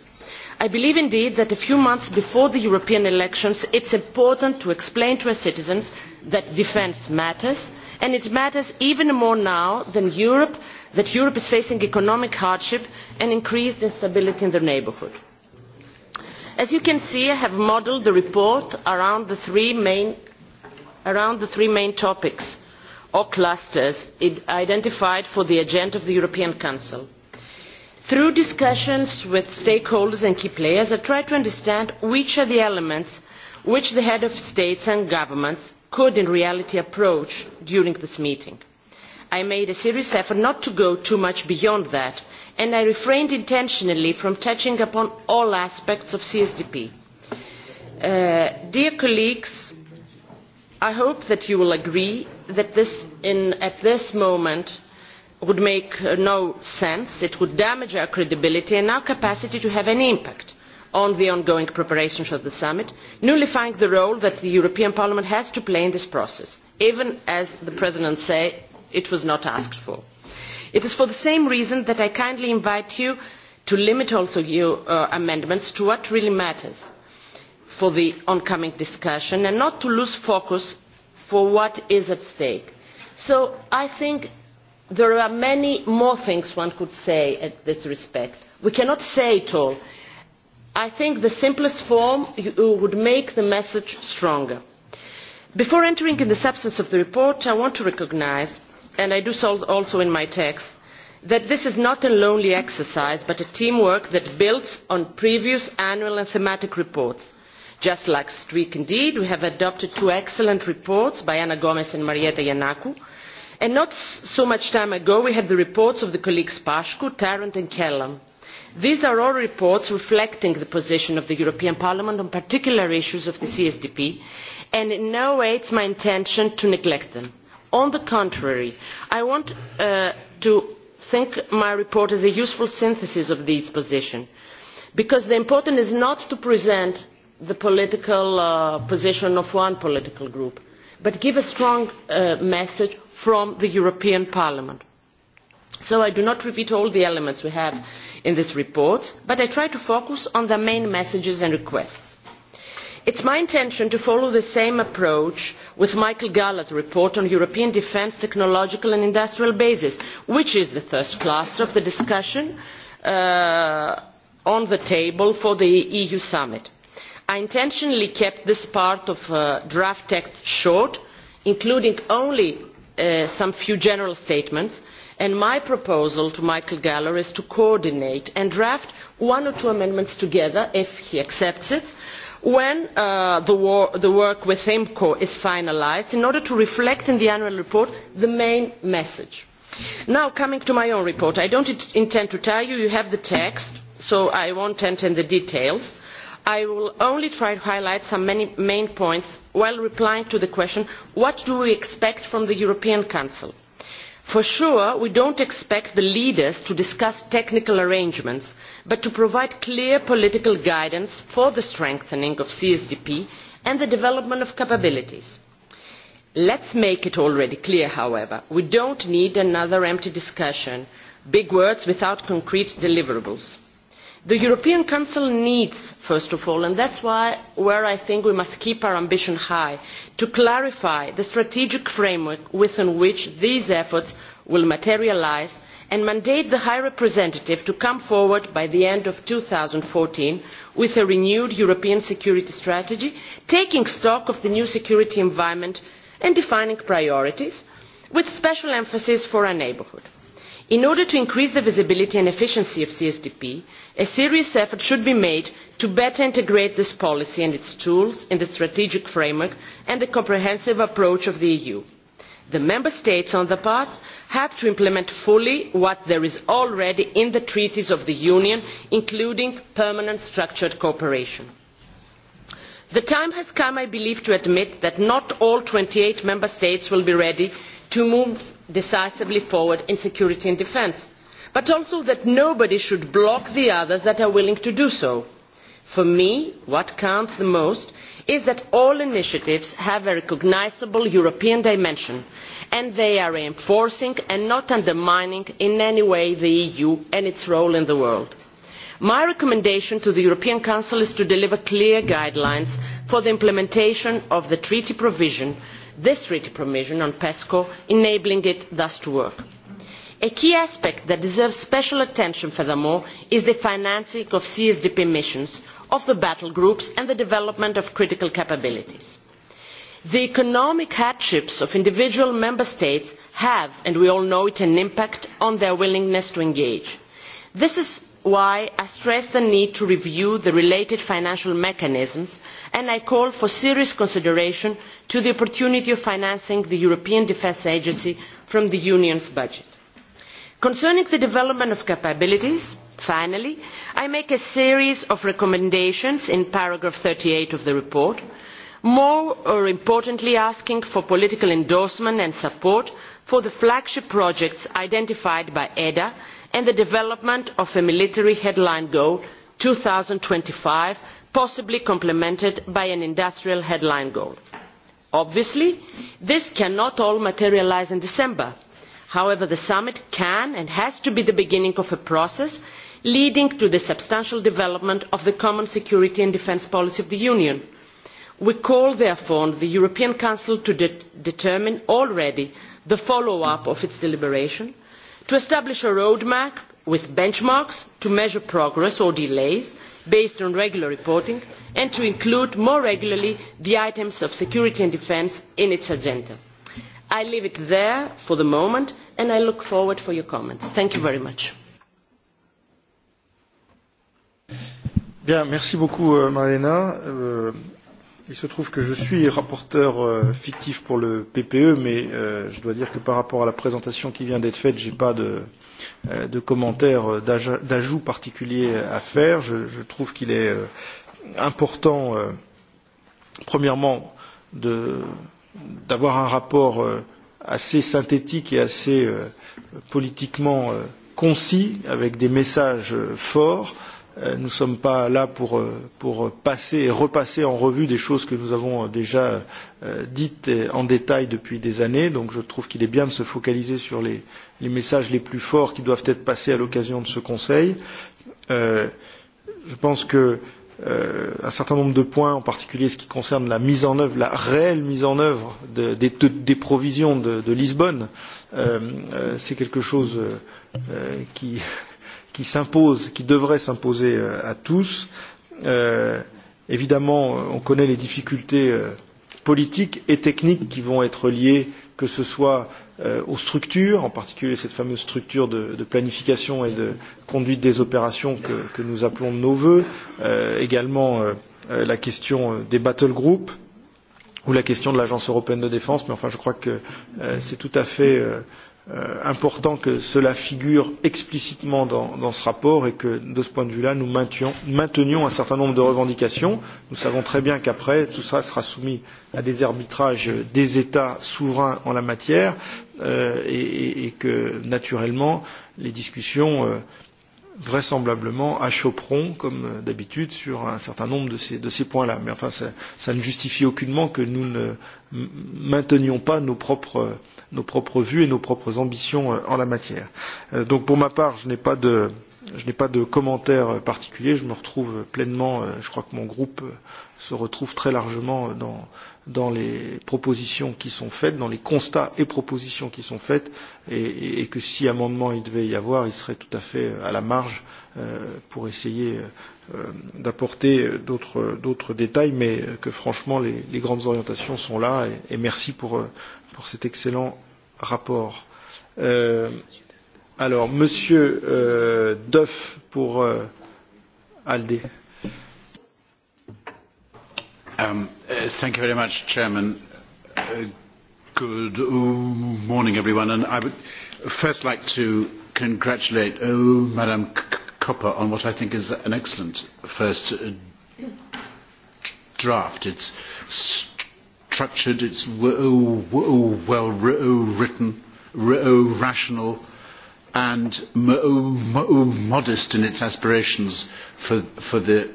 i believe indeed that a few months before the european elections it is important to explain to our citizens that defence matters and it matters even more now than europe that europe is facing economic hardship and increased instability in the neighbourhood. as you can see i have modelled the report around the three main topics or clusters identified for the agenda of the european council through discussions with stakeholders and key players i tried to understand which are the elements which the heads of state and governments could in reality approach during this meeting. i made a serious effort not to go too much beyond that and i refrained intentionally from touching upon all aspects of csdp. Uh, dear colleagues i hope that you will agree that this in, at this moment would make uh, no sense it would damage our credibility and our capacity to have an impact on the ongoing preparations of the summit nullifying the role that the european parliament has to play in this process even as the president said it was not asked for. it is for the same reason that i kindly invite you to limit also your uh, amendments to what really matters for the oncoming discussion and not to lose focus for what is at stake. so i think there are many more things one could say in this respect. we cannot say it all. i think the simplest form uh, would make the message stronger. before entering into the substance of the report i want to recognise and i do so also in my text that this is not a lonely exercise but a teamwork that builds on previous annual and thematic reports. just last week indeed we have adopted two excellent reports by ana gomes and marietta giannakou and not so much time ago we had the reports of the colleagues pacu tarand and kelam. these are all reports reflecting the position of the european parliament on particular issues of the csdp and in no way is it my intention to neglect them. on the contrary i want uh, to think my report as a useful synthesis of these positions because the important is not to present the political uh, position of one political group but give a strong uh, message from the european parliament. so i do not repeat all the elements we have in this report but i try to focus on the main messages and requests. it is my intention to follow the same approach with michael gahler's report on european defence technological and industrial basis, which is the first cluster of the discussion uh, on the table for the eu summit i intentionally kept this part of the uh, draft text short including only uh, some few general statements and my proposal to michael gahler is to coordinate and draft one or two amendments together if he accepts it when uh, the work with imco is finalised in order to reflect in the annual report the main message. now coming to my own report i do not intend to tell you you have the text so i will not enter into the details i will only try to highlight some main points while replying to the question what do we expect from the european council? for sure we do not expect the leaders to discuss technical arrangements but to provide clear political guidance for the strengthening of csdp and the development of capabilities. let us make it already clear however we do not need another empty discussion big words without concrete deliverables the european council needs first of all and that is where i think we must keep our ambition high to clarify the strategic framework within which these efforts will materialise and mandate the high representative to come forward by the end of two thousand and fourteen with a renewed european security strategy taking stock of the new security environment and defining priorities with special emphasis for our neighbourhood. in order to increase the visibility and efficiency of csdp a serious effort should be made to better integrate this policy and its tools in the strategic framework and the comprehensive approach of the eu. the member states on the part, have to implement fully what there is already in the treaties of the union including permanent structured cooperation. the time has come i believe to admit that not all twenty eight member states will be ready to move decisively forward in security and defence but also that nobody should block the others that are willing to do so. for me what counts the most is that all initiatives have a recognisable european dimension and they are reinforcing and not undermining in any way the eu and its role in the world. my recommendation to the european council is to deliver clear guidelines for the implementation of the treaty provision this treaty provision on pesco enabling it thus to work a key aspect that deserves special attention furthermore is the financing of csdp missions of the battle groups and the development of critical capabilities. the economic hardships of individual member states have and we all know it an impact on their willingness to engage. this is why i stress the need to review the related financial mechanisms and i call for serious consideration to the opportunity of financing the european defence agency from the union's budget concerning the development of capabilities finally i make a series of recommendations in paragraph thirty eight of the report more importantly asking for political endorsement and support for the flagship projects identified by eda and the development of a military headline goal two thousand and twenty five possibly complemented by an industrial headline goal. obviously this cannot all materialise in december however the summit can and has to be the beginning of a process leading to the substantial development of the common security and defence policy of the union. we call therefore on the european council to determine already the follow up of its deliberation to establish a road map with benchmarks to measure progress or delays based on regular reporting and to include more regularly the items of security and defence in its agenda. i leave it there for the moment and I look forward for your comments. Thank you very much. Bien, merci beaucoup euh, Marlena. Euh, il se trouve que je suis rapporteur euh, fictif pour le PPE, mais je dois dire que par rapport à la présentation qui vient d'être faite, je n'ai pas de, de commentaires d'ajout particulier à faire. Je, trouve qu'il est important, premièrement, d'avoir un rapport assez synthétique et assez euh, politiquement euh, concis, avec des messages euh, forts. Nous ne sommes pas là pour, pour passer et repasser en revue des choses que nous avons déjà dites en détail depuis des années, donc je trouve qu'il est bien de se focaliser sur les, les messages les plus forts qui doivent être passés à l'occasion de ce Conseil. je pense que Euh, un certain nombre de points, en particulier ce qui concerne la mise en œuvre, la réelle mise en œuvre des provisions de Lisbonne, euh, euh, c'est quelque chose qui, <laughs> qui s'impose, qui devrait s'imposer à tous. Évidemment, on connaît les difficultés politiques et techniques qui vont être liées que ce soit euh, aux structures, en particulier cette fameuse structure de, de planification et de conduite des opérations que, que nous appelons de nos voeux, euh, également euh, euh la question euh, des battle groups ou la question de l'Agence européenne de défense, mais enfin je crois que euh, c'est tout à fait Euh, important que cela figure explicitement dans, dans ce rapport et que de ce point de vue là nous maintenions, un certain nombre de revendications. nous savons très bien qu'après tout cela sera soumis à des arbitrages des états souverains en la matière euh, et, et que naturellement les discussions euh, vraisemblablement à choperont, comme d'habitude, sur un certain nombre de ces, de ces points-là. Mais enfin, ça, ça ne justifie aucunement que nous ne maintenions pas nos propres, nos propres vues et nos propres ambitions euh, en la matière. Euh, donc, pour ma part, je n'ai pas de, je n'ai pas de commentaires particulier, je me retrouve pleinement, euh, je crois que mon groupe euh, se retrouve très largement euh, dans, dans les propositions qui sont faites, dans les constats et propositions qui sont faites, et, que si amendement il devait y avoir, il serait tout à fait à la marge pour essayer d'apporter d'autres détails, mais que franchement les, grandes orientations sont là, et, merci pour, pour cet excellent rapport. Monsieur euh, Duff pour euh, Alde. Um, uh, thank you very much, Chairman. Uh, good uh, morning, everyone. And I would first like to congratulate Madam Copper on what I think is an excellent first draft. It's structured, it's well written, rational and modest in its aspirations for, for the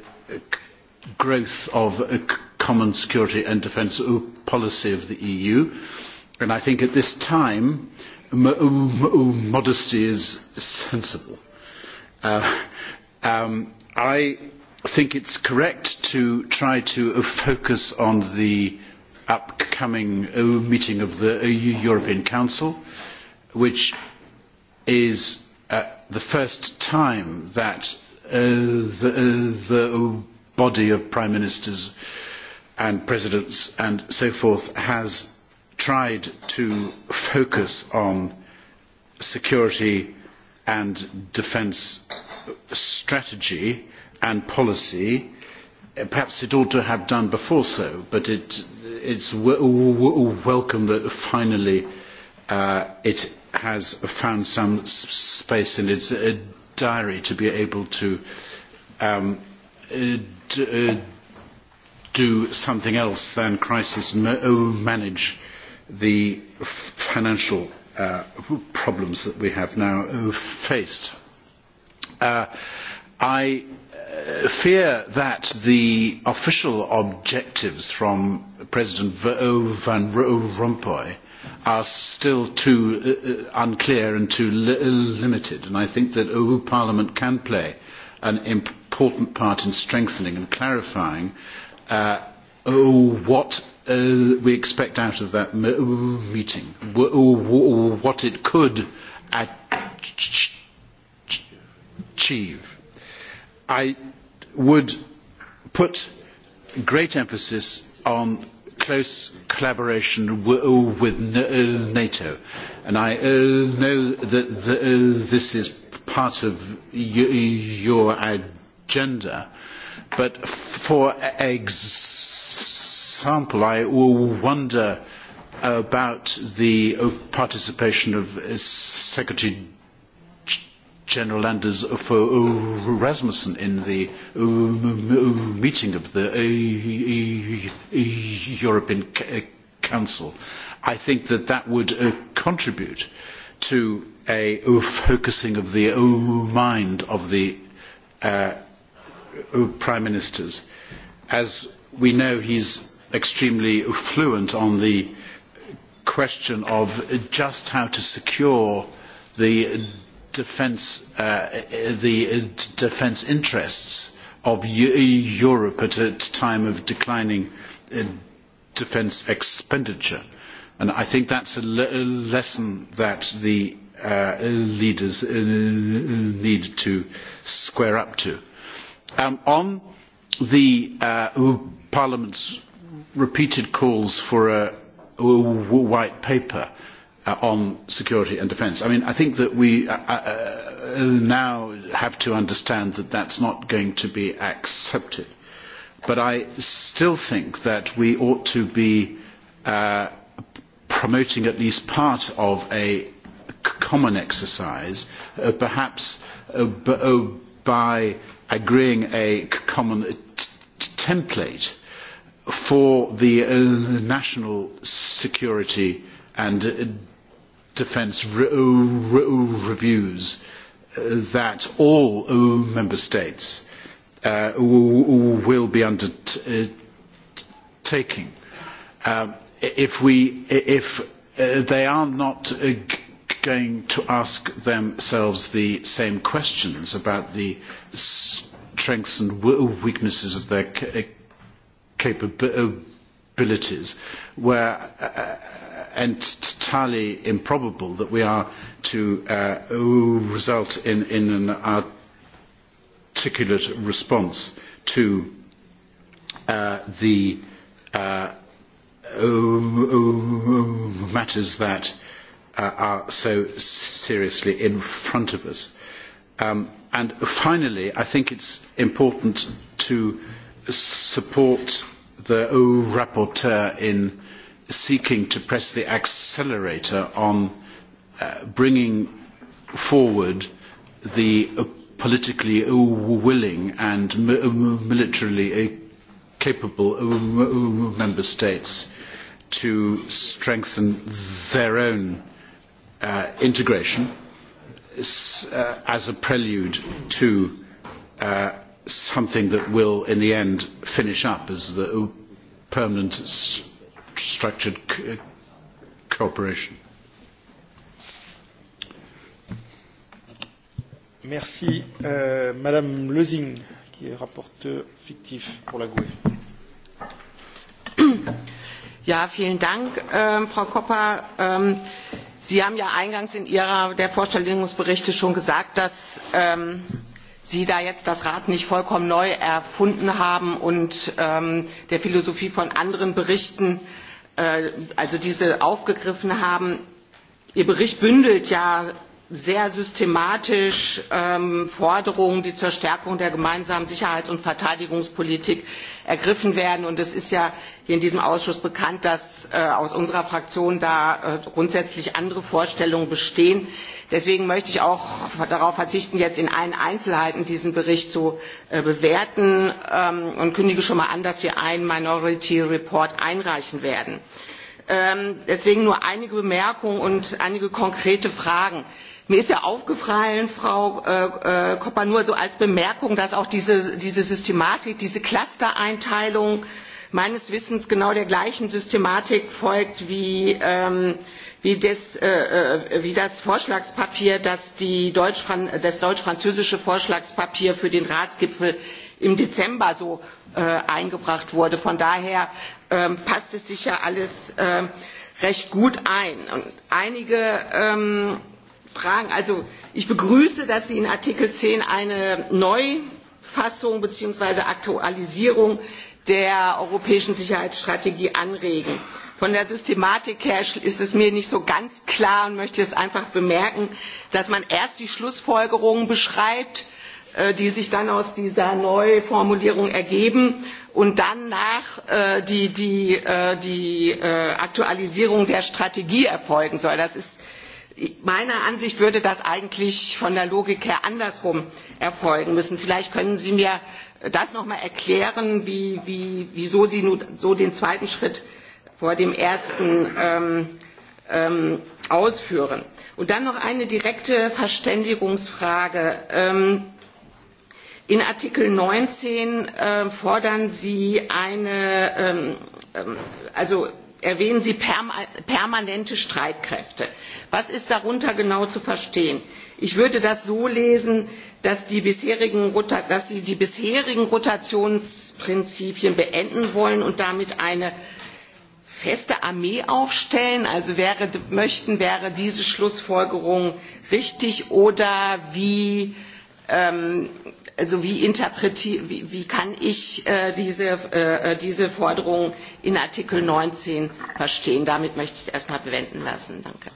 growth of a common security and defence policy of the EU. And I think at this time, modesty is sensible. Uh, um, I think it's correct to try to focus on the upcoming uh, meeting of the e European Council, which is uh, the first time that uh, uh, the, body of prime ministers and presidents and so forth has tried to focus on security and defence strategy and policy perhaps it ought to have done before so but it is welcome that finally it has found some space in its uh, diary to be able to um, uh, uh, do something else than crisis manage the financial problems that we have now faced. I fear that the official objectives from President Van Rompuy are still too uh, uh, unclear and too limited and i think that EU parliament can play an important part in strengthening and clarifying uh, oh, what we expect out of that meeting oh, oh, what it could achieve i would put great emphasis on close collaboration with uh, nato and i uh, know that uh, this is part of your agenda but for example i wonder about the participation of secretary General Anders for uh, Rasmussen in the uh, uh, meeting of the e, e, e, European Council. I think that that would contribute to a focusing of the mind of the prime ministers. As we know, he's extremely fluent on the question of just how to secure the Uh, the defence interests of Europe at a time of declining uh, defence expenditure. And I think that's a lesson that the uh, leaders need to square up to. Um, on the uh, Parliament's repeated calls for a white paper, Uh, on security and defence. I mean, I think that we uh, uh, now have to understand that that's not going to be accepted. But I still think that we ought to be uh, promoting at least part of a common exercise, perhaps b by agreeing a common template for the national security and defence oh, oh, reviews uh, that all oh, member states uh, will be undertaking. Uh, um, if, we, if uh, they are not uh, going to ask themselves the same questions about the strengths and weaknesses of their capabilities, where entirely improbable that we are to uh, result in, an articulate response to uh, the uh, matters that are so seriously in front of us. Um, and finally, I think it's important to support the rapporteur in seeking to press the accelerator on uh, bringing forward the uh, politically willing and uh, militarily capable member states to strengthen their own integration as a prelude to something that will in the end finish up as the permanent structured uh, cooperation. Merci. Euh, Madame Lezing, qui est rapporteur fictif pour la GUE. <clears throat> Ja, vielen Dank, ähm, Frau Koppa. Ähm, Sie haben ja eingangs in Ihrer der Vorstellungsberichte schon gesagt, dass ähm, Sie da jetzt das Rad nicht vollkommen neu erfunden haben und der Philosophie von anderen Berichten Äh, also diese aufgegriffen haben. ihr bericht bündelt ja sehr systematisch ähm, Forderungen, die zur Stärkung der gemeinsamen Sicherheits- und Verteidigungspolitik ergriffen werden. Und es ist ja hier in diesem Ausschuss bekannt, dass äh, aus unserer Fraktion da äh, grundsätzlich andere Vorstellungen bestehen. Deswegen möchte ich auch darauf verzichten, jetzt in allen Einzelheiten diesen Bericht zu äh, bewerten ähm, und kündige schon mal an, dass wir einen Minority Report einreichen werden. Ähm, deswegen nur einige Bemerkungen und einige konkrete Fragen Mir ist ja aufgefallen, Frau äh, äh Koppa, nur so als Bemerkung, dass auch diese, diese Systematik, diese Clustereinteilung meines Wissens genau der gleichen Systematik folgt wie, ähm, wie, äh, äh, wie das Vorschlagspapier, das die Deutsch das deutsch-französische Vorschlagspapier für den Ratsgipfel im Dezember so eingebracht wurde. Von daher ähm, passt es sich ja alles ähm, recht gut ein. Und einige fragen. Also ich begrüße, dass Sie in Artikel 10 eine Neufassung bzw. Aktualisierung der europäischen Sicherheitsstrategie anregen. Von der Systematik her ist es mir nicht so ganz klar und möchte es einfach bemerken, dass man erst die Schlussfolgerungen beschreibt, äh, die sich dann aus dieser Neuformulierung ergeben und dann nach äh, die, die, äh, die Aktualisierung der Strategie erfolgen soll. Das ist meiner ansicht würde das eigentlich von der logik her andersrum erfolgen müssen. vielleicht können sie mir das noch einmal erklären wie, wieso sie nun so den zweiten schritt vor dem ersten ähm, ähm, ausführen. und dann noch eine direkte verständigungsfrage ähm, in artikel neunzehn äh, fordern sie eine also erwähnen sie permanente streitkräfte. was ist darunter genau zu verstehen? ich würde das so lesen dass sie die bisherigen rotationsprinzipien beenden wollen und damit eine feste armee aufstellen? also wäre, möchten wäre diese schlussfolgerung richtig oder wie ähm, also wie wie, kann ich äh, diese, äh, äh, diese forderung in artikel 19 verstehen? damit möchte ich es erstmal bewenden lassen. danke.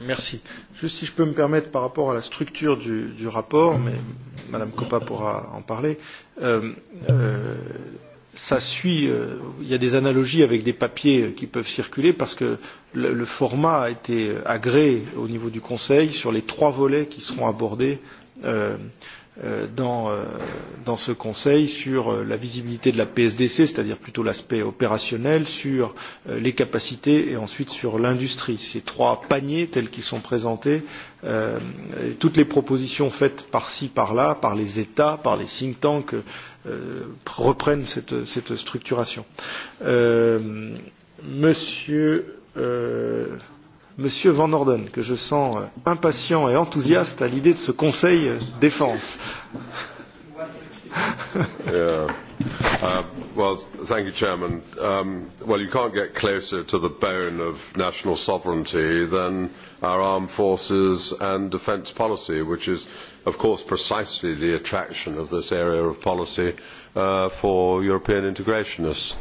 Merci. Juste si je peux me permettre par rapport à la structure du, du rapport, mais Madame Coppa pourra en parler, euh, euh, ça suit euh, il y a des analogies avec des papiers qui peuvent circuler parce que le, le format a été agréé au niveau du conseil sur les trois volets qui seront abordés euh, euh dans, euh, dans ce conseil sur la visibilité de la psdc c'est à dire plutôt l'aspect opérationnel sur les capacités et ensuite sur l'industrie. ces trois paniers tels qu'ils sont présentés euh, toutes les propositions faites par ci par là par les états par les think tanks Euh, reprennent cette, cette structuration. Euh, monsieur, euh, Monsieur Van Orden, que je sens impatient et enthousiaste à l'idée de ce Conseil défense. Mr uh, well, thank you, Chairman. Um, well, you can't get closer to the bone of national sovereignty than our armed forces and defence policy, which is, of course, precisely the attraction of this area of policy uh, for European integrationists.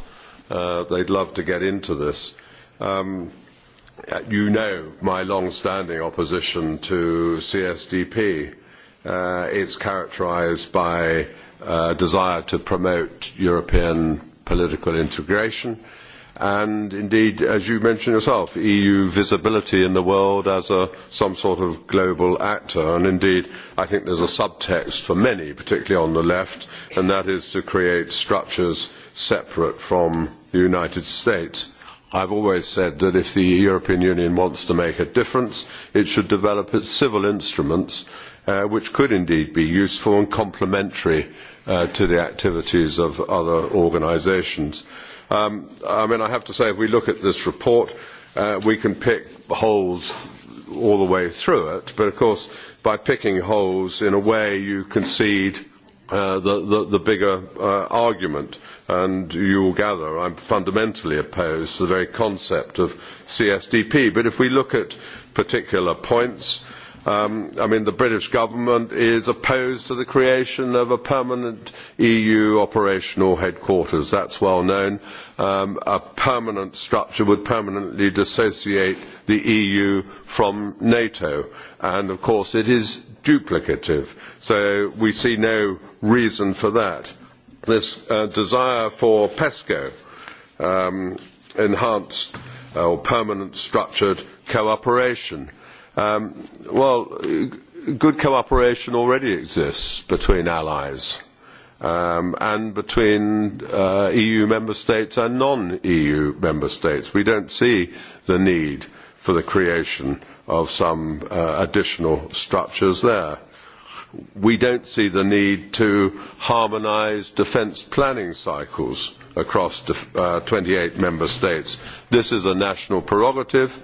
They uh, they'd love to get into this. Um, you know my long-standing opposition to CSDP. It it's characterised by Uh, desire to promote European political integration and indeed, as you mentioned yourself, EU visibility in the world as a, some sort of global actor. And indeed, I think there is a subtext for many, particularly on the left, and that is to create structures separate from the United States. I have always said that if the European Union wants to make a difference, it should develop its civil instruments Uh, which could indeed be useful and complementary uh, to the activities of other organisations. Um, I mean, I have to say, if we look at this report, uh, we can pick holes all the way through it, but of course, by picking holes, in a way, you concede the, the, the bigger argument and you will gather I am fundamentally opposed to the very concept of CSDP. But if we look at particular points, Um, I mean, the British government is opposed to the creation of a permanent EU operational headquarters. that is well known. Um, a permanent structure would permanently dissociate the EU from NATO. And, of course, it is duplicative. So we see no reason for that. This uh, desire for PESCO, um, enhanced uh, or permanent structured cooperation – Um, well, good cooperation already exists between allies um, and between uh, EU member states and non-EU member states. We don't see the need for the creation of some uh, additional structures there. We don't see the need to harmonise defence planning cycles across uh, twenty eight member states. This is a national prerogative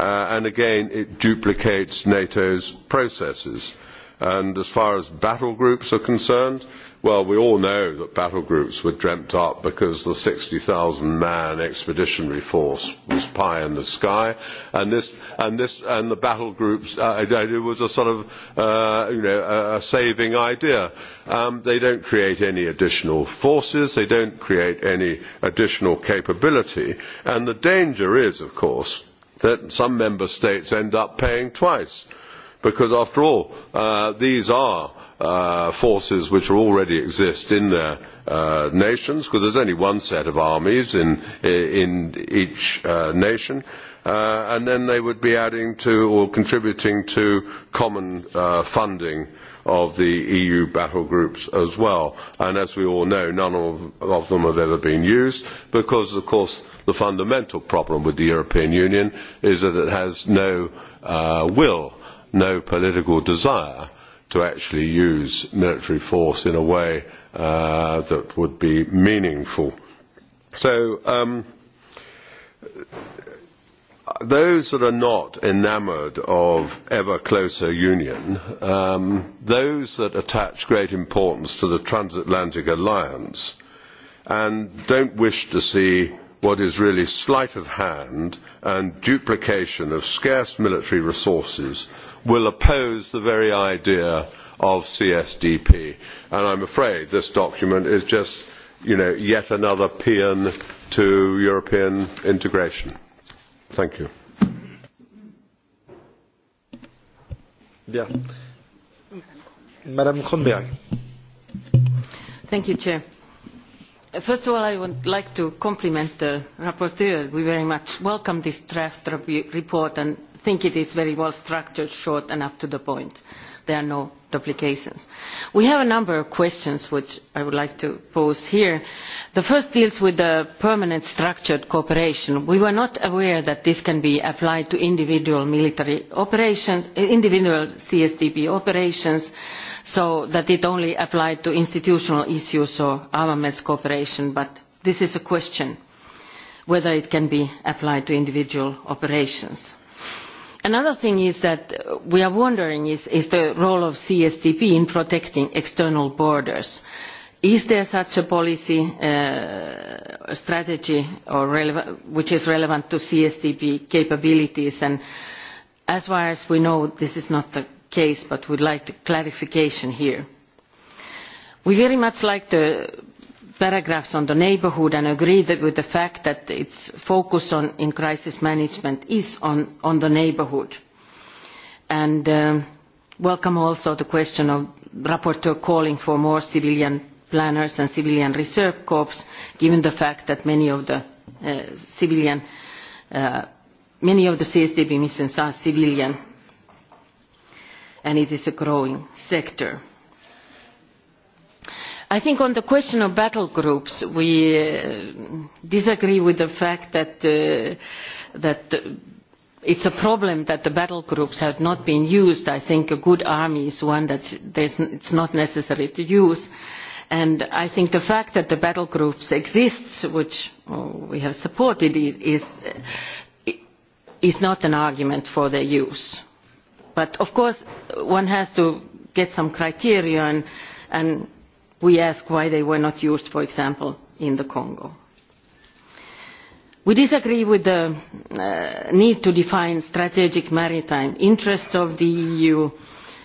Uh, and again it duplicates nato's processes. And as far as battle groups are concerned well we all know that battle groups were dreamt up because the sixty thousand man expeditionary force was pie in the sky and this and this and the battle groups uh, it was a sort of uh, you know a saving idea um, they don't create any additional forces they don't create any additional capability and the danger is of course that some member states end up paying twice because after all uh, these are uh, forces which already exist in their uh, nations because there is only one set of armies in, each nation and then they would be adding to or contributing to common funding of the eu battle groups as well and as we all know none of them have ever been used because of course the fundamental problem with the european union is that it has no uh, will no political desire to actually use military force in a way uh, that would be meaningful. so um, those that are not enamoured of ever closer union um, those that attach great importance to the transatlantic alliance and don't wish to see what is really sleight of hand and duplication of scarce military resources will oppose the very idea of CSDP. And I'm afraid this document is just you know, yet another paean to European integration. Thank you. Thank you, Chair first of all i would like to compliment the rapporteur. we very much welcome this draft report and think it is very well structured short and up to the point there are no duplications. we have a number of questions which i would like to pose here. the first deals with the permanent structured cooperation. we were not aware that this can be applied to individual military operations individual csdp operations so that it only applied to institutional issues or armaments cooperation but this is a question whether it can be applied to individual operations another thing is that we are wondering is, the role of csdp in protecting external borders. is there such a policy uh, or strategy which is relevant to csdp capabilities? And as far as we know this is not the case but we would like clarification here. we very much like the paragraphs on the neighbourhood and agree with the fact that its focus on, in crisis management is on, the neighbourhood. And um, welcome also the question of the rapporteur calling for more civilian planners and civilian reserve corps, given the fact that many of the uh, csdp uh, many of the missions are civilian and it is a growing sector i think on the question of battle groups we uh, disagree with the fact that, uh, that uh, it is a problem that the battle groups have not been used. i think a good army is one that it is not necessary to use and i think the fact that the battle groups exist which oh, we have supported is, is not an argument for their use. but of course one has to get some criteria and we ask why they were not used for example in the congo. we disagree with the uh, need to define strategic maritime interests of the eu.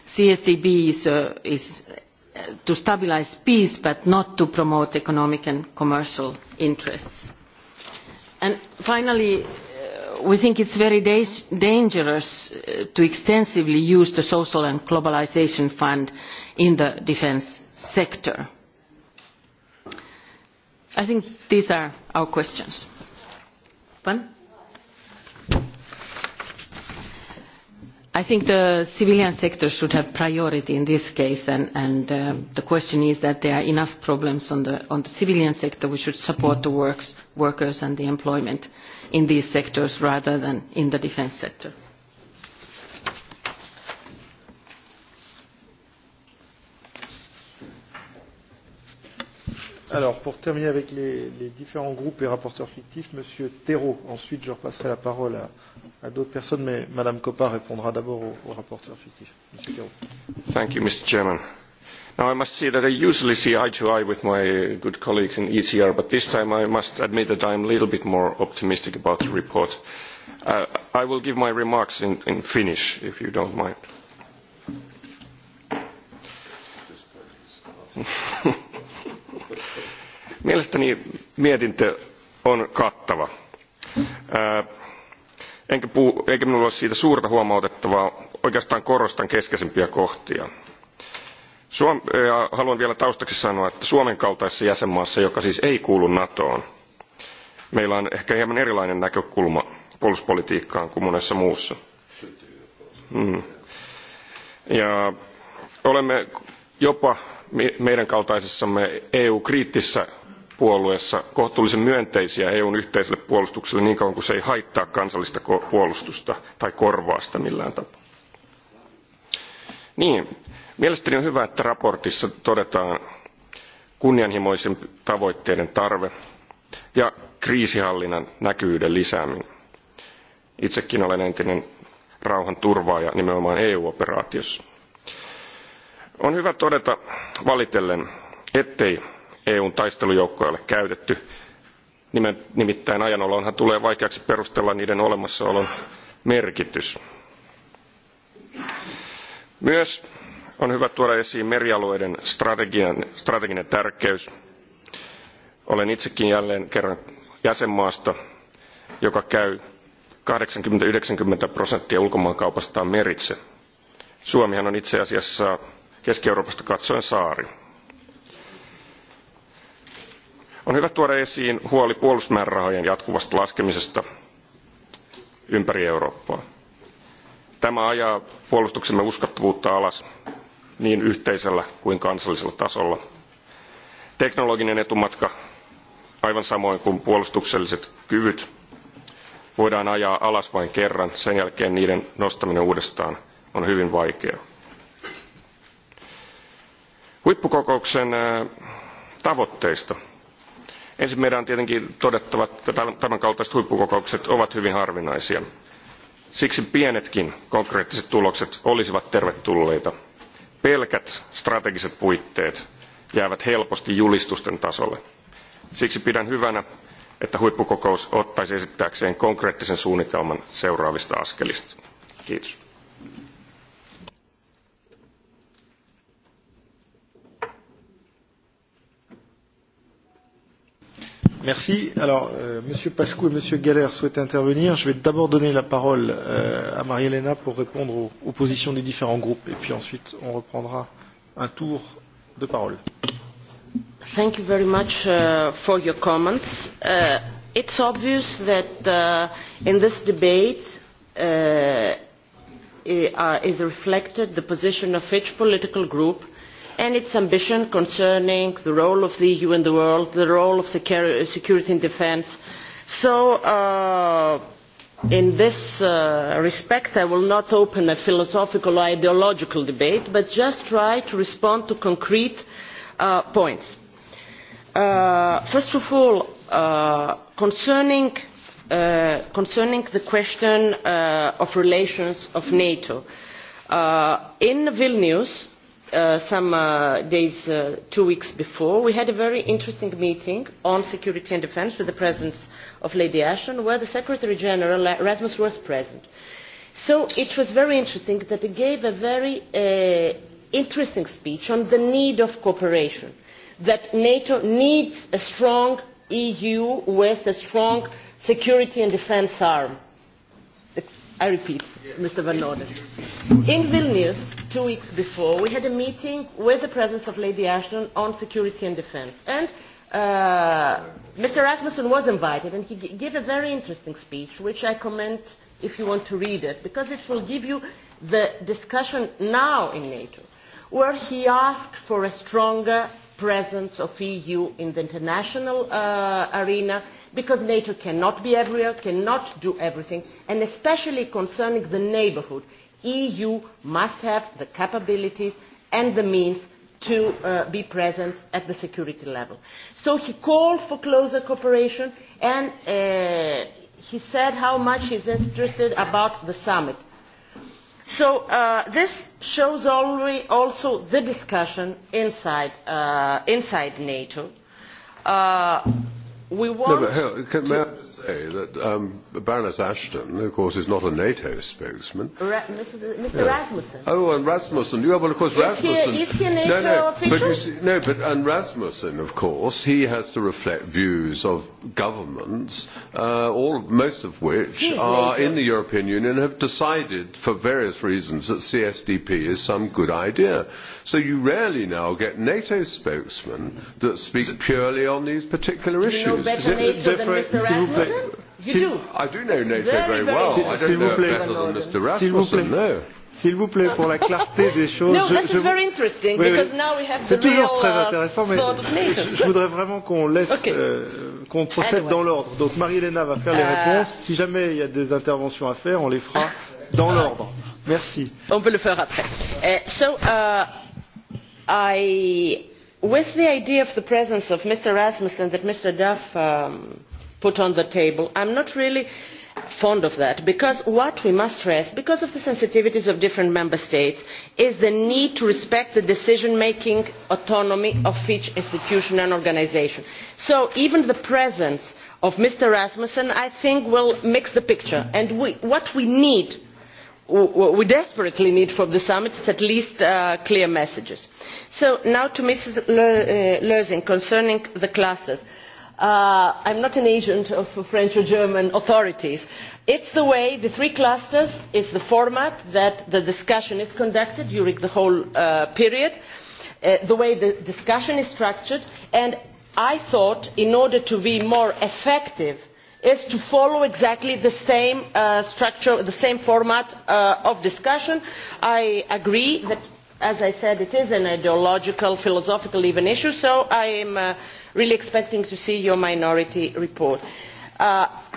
csdp is, uh, uh, to stabilise peace but not to promote economic and commercial interests. finally we think it is very dangerous uh, to extensively use the social and globalisation fund in the defence sector. i think these are our questions. i think the civilian sector should have priority in this case and, uh, the question is that there are enough problems on the, civilian sector we should support the works, workers and the employment in these sectors rather than in the defence sector. Alors, pour terminer avec les, les différents groupes et rapporteurs fictifs, Monsieur Thérault. Ensuite, je repasserai la parole à, à d'autres personnes, mais Madame Coppa répondra d'abord aux, aux rapporteurs fictifs. Monsieur Thérault. Thank you, Mr. Chairman. Now, I must say that I usually see eye to eye with my good colleagues in ECR, but this time I must admit that I am a little bit more optimistic about the report. Uh, I will give my remarks in, in Finnish, if you don't mind. <laughs> mielestäni mietintö on kattava enkä, eikä minulla ole siitä suurta huomautettavaa oikeastaan korostan keskeisimpiä kohtia. haluan vielä taustaksi sanoa että suomen kaltaisessa jäsenmaassa joka siis ei kuulu natoon meillä on ehkä hieman erilainen näkökulma puolustuspolitiikkaan kuin monessa muussa. Mm. olemme jopa meidän kaltaisessamme eu kriittisessä puolueessa kohtuullisen myönteisiä EUn yhteiselle puolustukselle niin kauan kuin se ei haittaa kansallista puolustusta tai korvaa sitä millään tapaa. Niin, mielestäni on hyvä, että raportissa todetaan kunnianhimoisen tavoitteiden tarve ja kriisihallinnan näkyvyyden lisääminen. Itsekin olen entinen rauhan turvaaja nimenomaan EU-operaatiossa. On hyvä todeta valitellen, ettei eun taistelujoukkoille käytetty nimittäin ajanolonhan tulee vaikeaksi perustella niiden olemassaolon merkitys. myös on hyvä tuoda esiin merialueiden strateginen tärkeys. olen itsekin jälleen kerran jäsenmaasta joka käy 80-90% prosenttia ulkomaankaupastaan meritse. suomihan on itse asiassa keski euroopasta katsoen saari on hyvä tuoda esiin huoli puolustusmäärärahojen jatkuvasta laskemisesta ympäri eurooppaa. tämä ajaa puolustuksemme uskottavuutta alas niin yhteisellä kuin kansallisella tasolla. teknologinen etumatka aivan samoin kuin puolustukselliset kyvyt voidaan ajaa alas vain kerran sen jälkeen niiden nostaminen uudestaan on hyvin vaikeaa. huippukokouksen tavoitteista ensin meidän on tietenkin todettava että tämänkaltaiset huippukokoukset ovat hyvin harvinaisia. siksi pienetkin konkreettiset tulokset olisivat tervetulleita. pelkät strategiset puitteet jäävät helposti julistusten tasolle. siksi pidän hyvänä että huippukokous ottaisi esittääkseen konkreettisen suunnitelman seuraavista askelista. kiitos. Merci. Alors, euh, Monsieur Pascu et Monsieur Galler souhaitent intervenir. Je vais d'abord donner la parole euh, à marie Elena pour répondre aux, aux positions des différents groupes. Et puis ensuite, on reprendra un tour de parole. Thank you very much uh, for your comments. Uh, it's obvious that uh, in this debate uh, is reflected the position of each political group and its ambition concerning the role of the eu in the world the role of security and defence so uh, in this uh, respect i will not open a philosophical or ideological debate but just try to respond to concrete uh, points. first of all concerning the question of relations of nato in vilnius Uh, some uh, days uh, two weeks before we had a very interesting meeting on security and defence with the presence of lady ashton where the secretary general rasmus was present. so it was very interesting that he gave a very uh, interesting speech on the need of cooperation that nato needs a strong eu with a strong security and defence arm. i repeat mr van orden in vilnius two weeks before, we had a meeting with the presence of Lady Ashton on security and defence. And uh, Mr. Rasmussen was invited, and he gave a very interesting speech, which I commend if you want to read it, because it will give you the discussion now in NATO, where he asked for a stronger presence of EU in the international uh, arena, because NATO cannot be everywhere, cannot do everything, and especially concerning the neighbourhood eu must have the capabilities and the means to uh, be present at the security level. so he called for closer cooperation and uh, he said how much he is interested about the summit. so uh, this shows already also the discussion inside, inside nato. We want no, but hell, can, may I say that um, Baroness Ashton, of course, is not a NATO spokesman. Ra Mr. Yeah. Rasmussen. Oh, and Rasmussen. Yeah, of course, is Rasmussen. He, is he a NATO no, official? But no, but and Rasmussen, of course, he has to reflect views of governments, uh, all most of which are in the European Union and have decided, for various reasons, that CSDP is some good idea. So you rarely now get NATO spokesman that speaks purely on these particular issues better NATO than Mr. Rasmussen? You do? I do know NATO very well. I don't know better than Mr. Rasmussen, no. S'il vous plaît, pour la clarté des choses. c'est toujours très uh, intéressant, mais je, voudrais vraiment qu'on laisse, okay. euh, qu'on procède anyway. dans l'ordre. Donc Marie-Hélène va faire uh... les euh, réponses. Si jamais il y a des interventions à faire, on les fera dans ah. l'ordre. Merci. On peut le faire après. Uh, so, uh, I with the idea of the presence of mr rasmussen that mr duff um, put on the table i am not really fond of that because what we must stress because of the sensitivities of different member states is the need to respect the decision making autonomy of each institution and organisation. so even the presence of mr rasmussen i think will mix the picture and we, what we need what we desperately need from the summit is at least uh, clear messages. So, now to ms lsing uh, concerning the clusters uh, i am not an agent of french or german authorities it is the way the three clusters is the format that the discussion is conducted during the whole period the way the discussion is structured and i thought in order to be more effective is to follow exactly the same uh, structure the same format uh, of discussion. i agree that as i said it is an ideological philosophical even issue so i am uh, really expecting to see your minority report.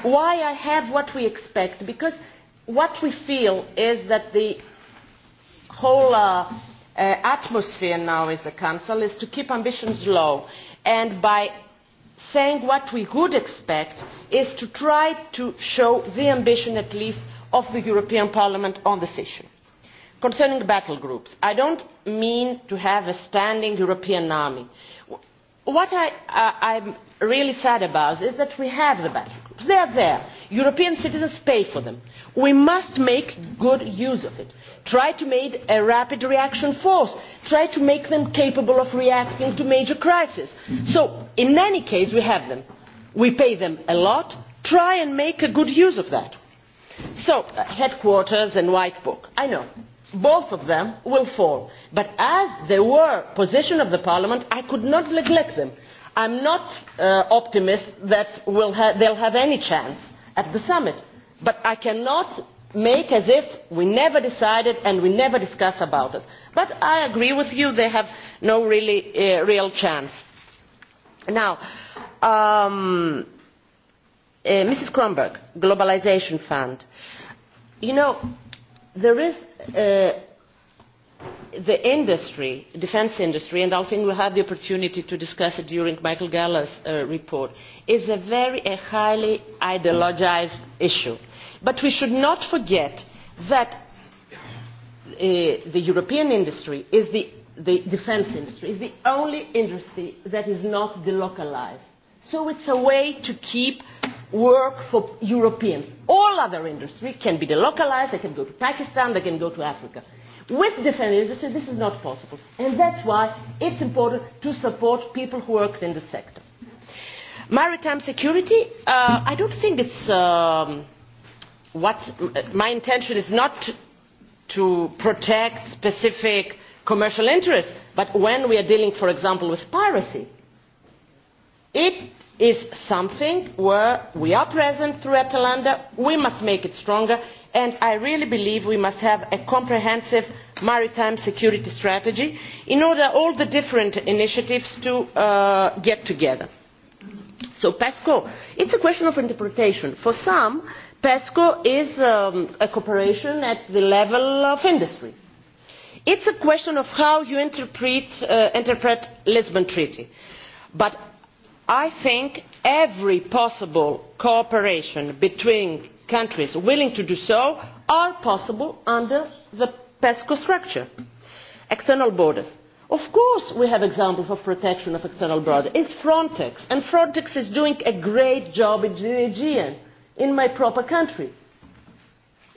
why i have what we expect? because what we feel is that the whole atmosphere now in the council is to keep ambitions low and by saying what we would expect is to try to show the ambition at least of the european parliament on this issue. concerning battle groups i do not mean to have a standing european army. what i am really sad about is that we have the battle groups they are there european citizens pay for them. we must make good use of it try to make a rapid reaction force try to make them capable of reacting to major crises. so in any case we have them we pay them a lot try and make a good use of that. so uh, headquarters and white book i know both of them will fall but as they were the position of the parliament i could not neglect them. i am not uh, optimist that they will have any chance at the summit but i cannot make as if we never decided and we never discussed about it but i agree with you they have no really, uh, real chance. now mrs um, uh, kronberg globalisation fund you know there is uh, the industry, defence industry, and I think will have the opportunity to discuss it during Michael Galler's uh, report, is a very highly ideologised issue. But we should not forget that uh, the European industry is the, the defence industry, is the only industry that is not delocalised. So it's a way to keep work for Europeans. All other industries can be delocalised, they can go to Pakistan, they can go to Africa with defending industry this is not possible and that's why it's important to support people who work in the sector. maritime security uh, i don't think it's um, what my intention is not to protect specific commercial interests but when we are dealing for example with piracy it is something where we are present through atalanta we must make it stronger and i really believe we must have a comprehensive maritime security strategy in order for all the different initiatives to uh, get together. so pesco is a question of interpretation. for some pesco is um, a cooperation at the level of industry. it is a question of how you interpret uh, the lisbon treaty but i think every possible cooperation between countries willing to do so are possible under the pesco structure. external borders of course we have examples of protection of external borders it is frontex and frontex is doing a great job in the aegean in my proper country.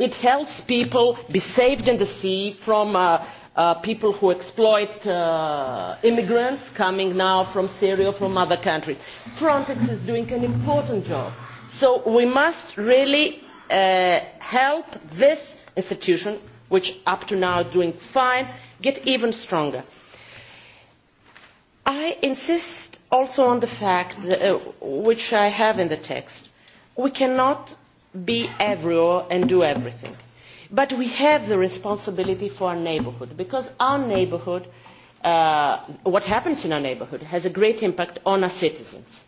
it helps people be saved in the sea from uh, uh, people who exploit uh, immigrants coming now from syria or from other countries. frontex is doing an important job so we must really uh, help this institution which up to now is doing fine get even stronger. i insist also on the fact uh, which i have in the text we cannot be everywhere and do everything but we have the responsibility for our neighbourhood because our neighbourhood uh, what happens in our neighbourhood has a great impact on our citizens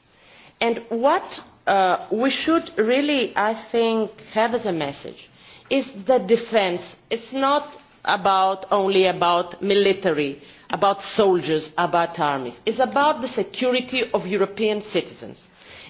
and what Uh, we should really i think have as a message is that defence is not about only about military about soldiers about armies It is about the security of european citizens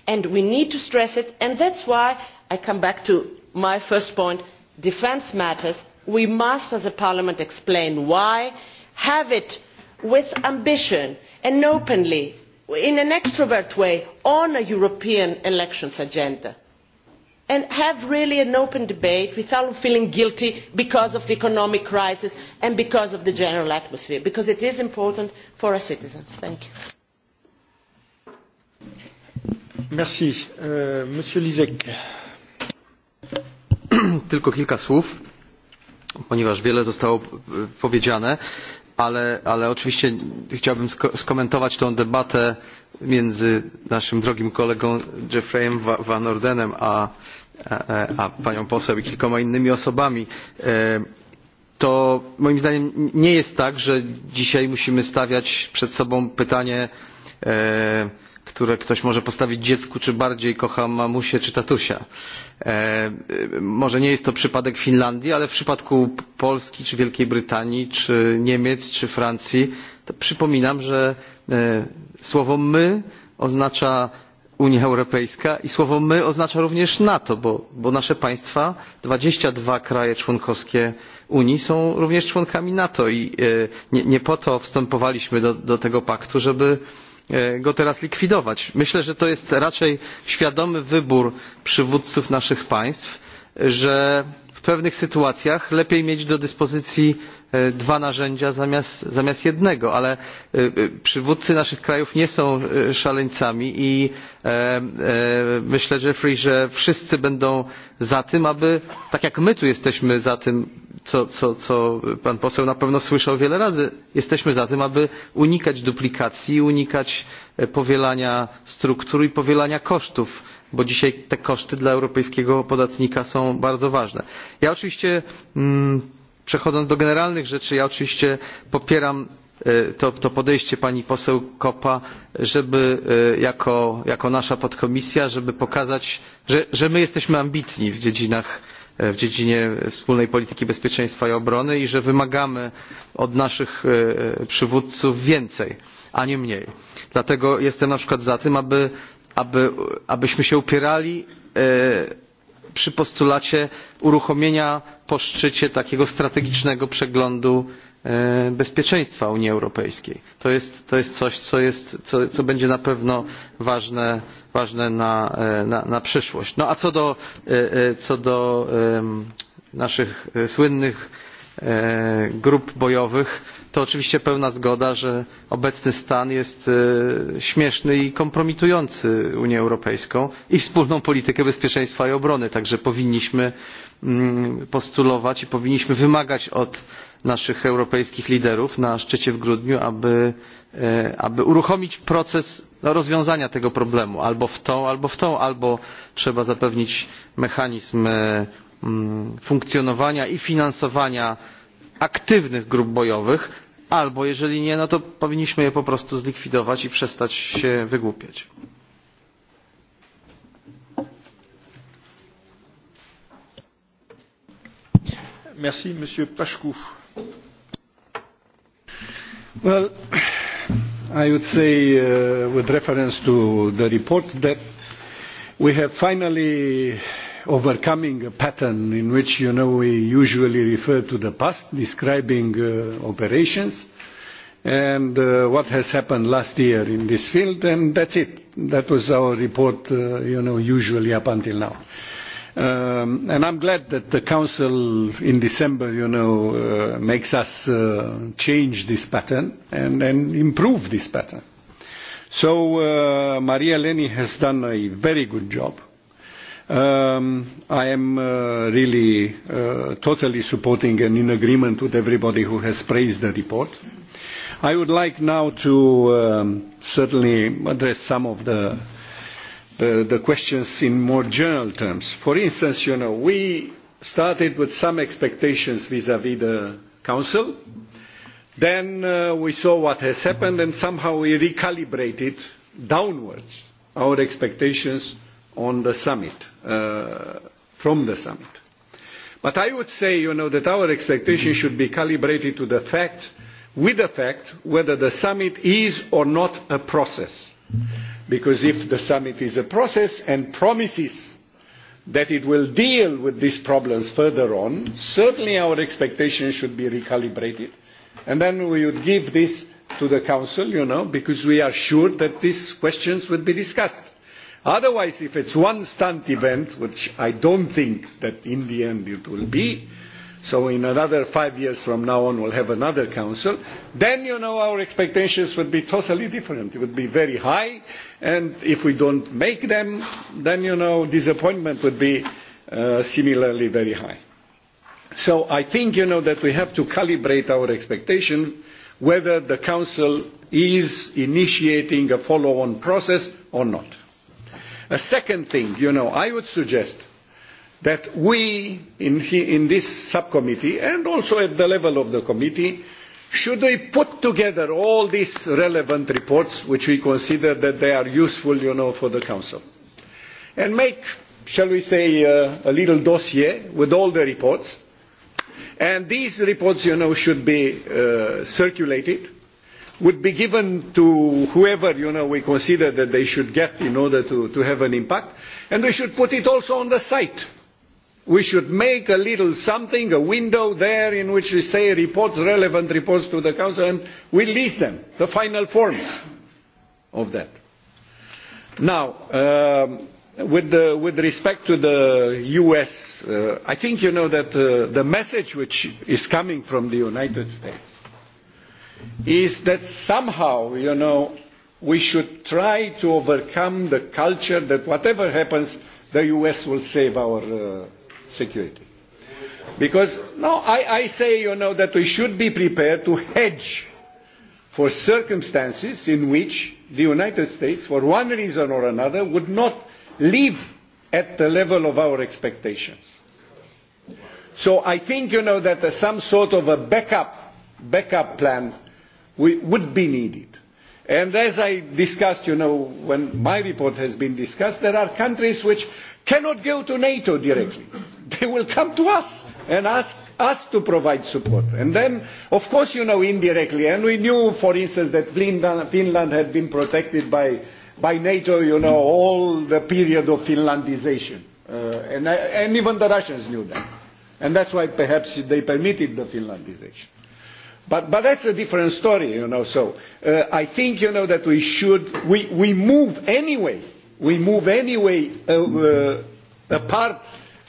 and we need to stress it and that is why i come back to my first point defence matters we must as a parliament explain why have it with ambition and openly in an extrovert way on a european elections agenda and have really an open debate without feeling guilty because of the economic crisis and because of the general atmosphere because it is important for our citizens ale, oczywiście chciałbym skomentować tę debatę między naszym drogim kolegą Jeffreyem Van Ordenem a, a panią poseł i kilkoma innymi osobami. E, to moim zdaniem nie jest tak, że dzisiaj musimy stawiać przed sobą pytanie e, które ktoś może postawić dziecku, czy bardziej kocha mamusię czy tatusia. E, może nie jest to przypadek Finlandii, ale w przypadku Polski, czy Wielkiej Brytanii, czy Niemiec, czy Francji, to przypominam, że e, słowo my oznacza Unia Europejska i słowo my oznacza również NATO, bo, bo nasze państwa, 22 kraje członkowskie Unii są również członkami NATO i e, nie, po to wstępowaliśmy do tego paktu, żeby E, go teraz likwidować. myślę że to jest raczej świadomy wybór przywódców naszych państw że w pewnych sytuacjach lepiej mieć do dyspozycji E, dwa narzędzia zamiast, jednego ale e, e, przywódcy naszych krajów nie są szaleńcami i myślę jeffrey że wszyscy będą za tym aby tak jak my tu jesteśmy za tym co, pan poseł na pewno słyszał wiele razy jesteśmy za tym aby unikać duplikacji unikać powielania struktur i powielania kosztów bo dzisiaj te koszty dla europejskiego podatnika są bardzo ważne. ja oczywiście mm, przechodząc do generalnych rzeczy ja oczywiście popieram e, to, podejście pani poseł koppa żeby e, jako, nasza podkomisja żeby pokazać że, my jesteśmy ambitni e, w dziedzinie wspólnej polityki bezpieczeństwa i obrony i że wymagamy od naszych przywódców więcej a nie mniej. dlatego jestem na przykład za tym abyśmy się upierali przy postulacie uruchomienia po szczycie takiego strategicznego przeglądu e, bezpieczeństwa Unii Europejskiej. To jest, coś, co, będzie na pewno ważne, e, na, przyszłość. No a co do e, naszych słynnych grup bojowych to oczywiście pełna zgoda że obecny stan jest e, śmieszny i kompromitujący unię europejską i wspólną politykę bezpieczeństwa i obrony także powinniśmy mm, postulować i powinniśmy wymagać od naszych europejskich liderów na szczycie w grudniu e, aby, uruchomić proces rozwiązania tego problemu albo w tą albo w tą albo trzeba zapewnić mechanizm e, mm, funkcjonowania i finansowania aktywnych grup bojowych albo jeżeli nie no to powinniśmy je po prostu zlikwidować i przestać się wygłupiać. Merci, Monsieur Pachkou. Well, I would say, uh, with reference to the report, that we have finally overcoming a pattern in which you know we usually refer to the past describing uh, operations and uh, what has happened last year in this field and that's it that was our report uh, you know usually up until now um, and i'm glad that the council in december you know makes us change this pattern and and improve this pattern so maria leni has done a very good job Um, I am uh, really uh, totally supporting and in agreement with everybody who has praised the report. I would like now to um, certainly address some of the, uh, the, questions in more general terms. For instance, you know, we started with some expectations vis-à-vis the Council. Then we saw what has happened and somehow we recalibrated downwards our expectations on the summit, uh, from the summit. But I would say, you know, that our expectation should be calibrated to the fact, with the fact, whether the summit is or not a process. Because if the summit is a process and promises that it will deal with these problems further on, certainly our expectations should be recalibrated. And then we would give this to the Council, you know, because we are sure that these questions would be discussed otherwise if it is one stunt event which i do not think that in the end it will be so in another five years from now on we will have another council then you know our expectations would be totally different it would be very high and if we do not make them then you know disappointment would be uh, similarly very high. so i think you know that we have to calibrate our expectation whether the council is initiating a follow on process or not a second thing you know i would suggest that we in, this subcommittee and also at the level of the committee should we put together all these relevant reports which we consider that they are useful for the council and make shall we say uh, a little dossier with all the reports and these reports you know should be uh, circulated would be given to whoever you know, we consider that they should get in order to, to have an impact and we should put it also on the site. we should make a little something a window there in which we say reports relevant reports to the council and we list them the final forms of that. now um, with, the, with respect to the us uh, i think you know that uh, the message which is coming from the united states is that somehow we should try to overcome the culture that whatever happens the us will save our uh, security because I, say that we should be prepared to hedge for circumstances in which the united states for one reason or another would not live at the level of our expectations so i think you know that some sort of a backup backup plan we would be needed. And as I discussed, you know, when my report has been discussed, there are countries which cannot go to NATO directly. They will come to us and ask us to provide support. And then, of course, you know, indirectly, and we knew, for instance, that Finland had been protected by, by NATO, you know, all the period of Finlandization. Uh, and, and even the Russians knew that. And that's why perhaps they permitted the Finlandization But, but that's a different story, you know. So uh, I think, you know, that we should, we, we move anyway, we move anyway uh, uh, apart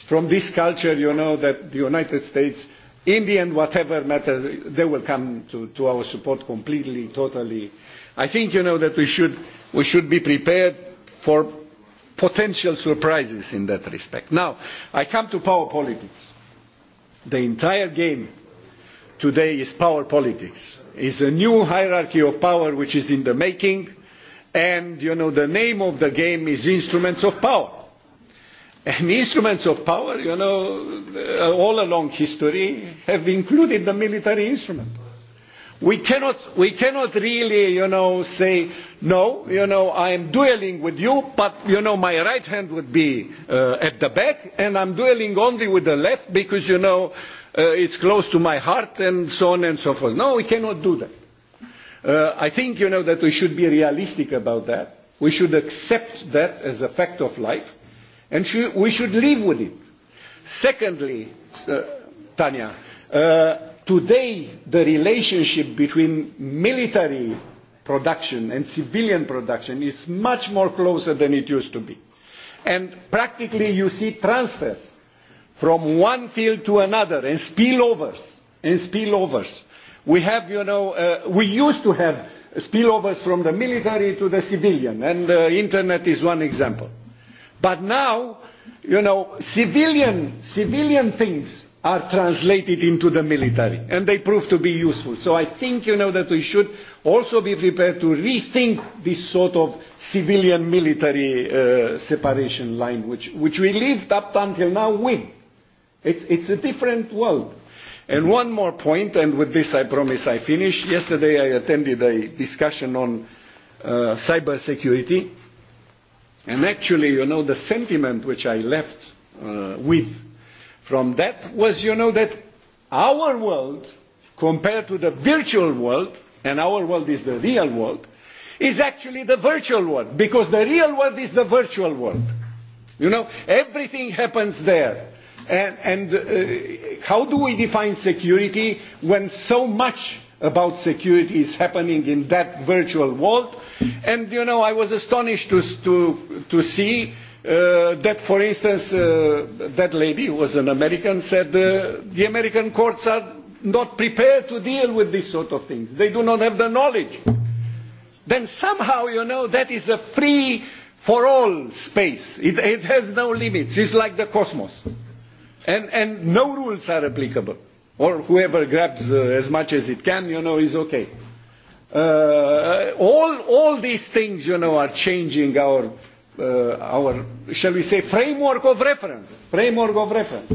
from this culture, you know, that the United States, in the end, whatever matters, they will come to, to our support completely, totally. I think, you know, that we should, we should be prepared for potential surprises in that respect. Now, I come to power politics. The entire game today is power politics. It is a new hierarchy of power which is in the making and you know, the name of the game is instruments of power. And instruments of power, you know, uh, all along history have included the military instrument. We cannot, we cannot really, you know, say, no, you know, I am dueling with you, but, you know, my right hand would be uh, at the back and I'm dueling only with the left because, you know, Uh, it is close to my heart and so on and so forth. no we cannot do that. Uh, i think you know that we should be realistic about that we should accept that as a fact of life and we should live with it. secondly uh, tanja today the relationship between military production and civilian production is much more closer than it used to be and practically you see transfers from one field to another and spillovers and spillovers we have you know uh, we used to have spillovers from the military to the civilian and the uh, internet is one example but now you know civilian civilian things are translated into the military and they prove to be useful so i think you know that we should also be prepared to rethink this sort of civilian military uh, separation line which which we lived up until now with It's, it's a different world. And one more point, and with this I promise I finish. Yesterday I attended a discussion on uh, cyber security. And actually, you know, the sentiment which I left uh, with from that was, you know, that our world, compared to the virtual world, and our world is the real world, is actually the virtual world, because the real world is the virtual world. You know, everything happens there and, uh, how do we define security when so much about security is happening in that virtual world and you know i was astonished to, to, to see uh, that for instance uh, that lady who was an american said uh, the american courts are not prepared to deal with these sort of things they do not have the knowledge then somehow you know that is a free for all space it, it has no limits it's like the cosmos and, and no rules are applicable or whoever grabs uh, as much as it can you know is okay uh, all these things you know are changing our uh, our shall we say framework of reference framework of reference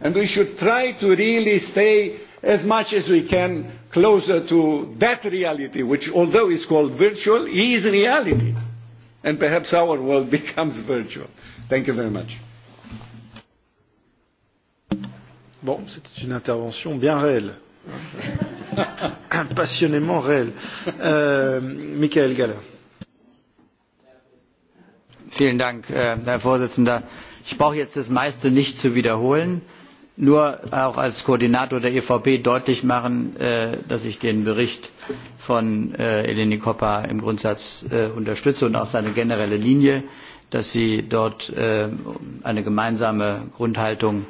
and we should try to really stay as much as we can closer to that reality which although is called virtual is reality and perhaps our world <laughs> becomes virtual thank you very much Bon, c'était une intervention bien réelle, <laughs> passionnément réelle. Euh, Michael Galler. Vielen Dank, äh, Herr Vorsitzender. Ich brauche jetzt das meiste nicht zu wiederholen, nur auch als Koordinator der EVP deutlich machen, äh, dass ich den Bericht von äh, Eleni Koppa im Grundsatz unterstütze und auch seine generelle Linie, dass sie dort eine gemeinsame Grundhaltung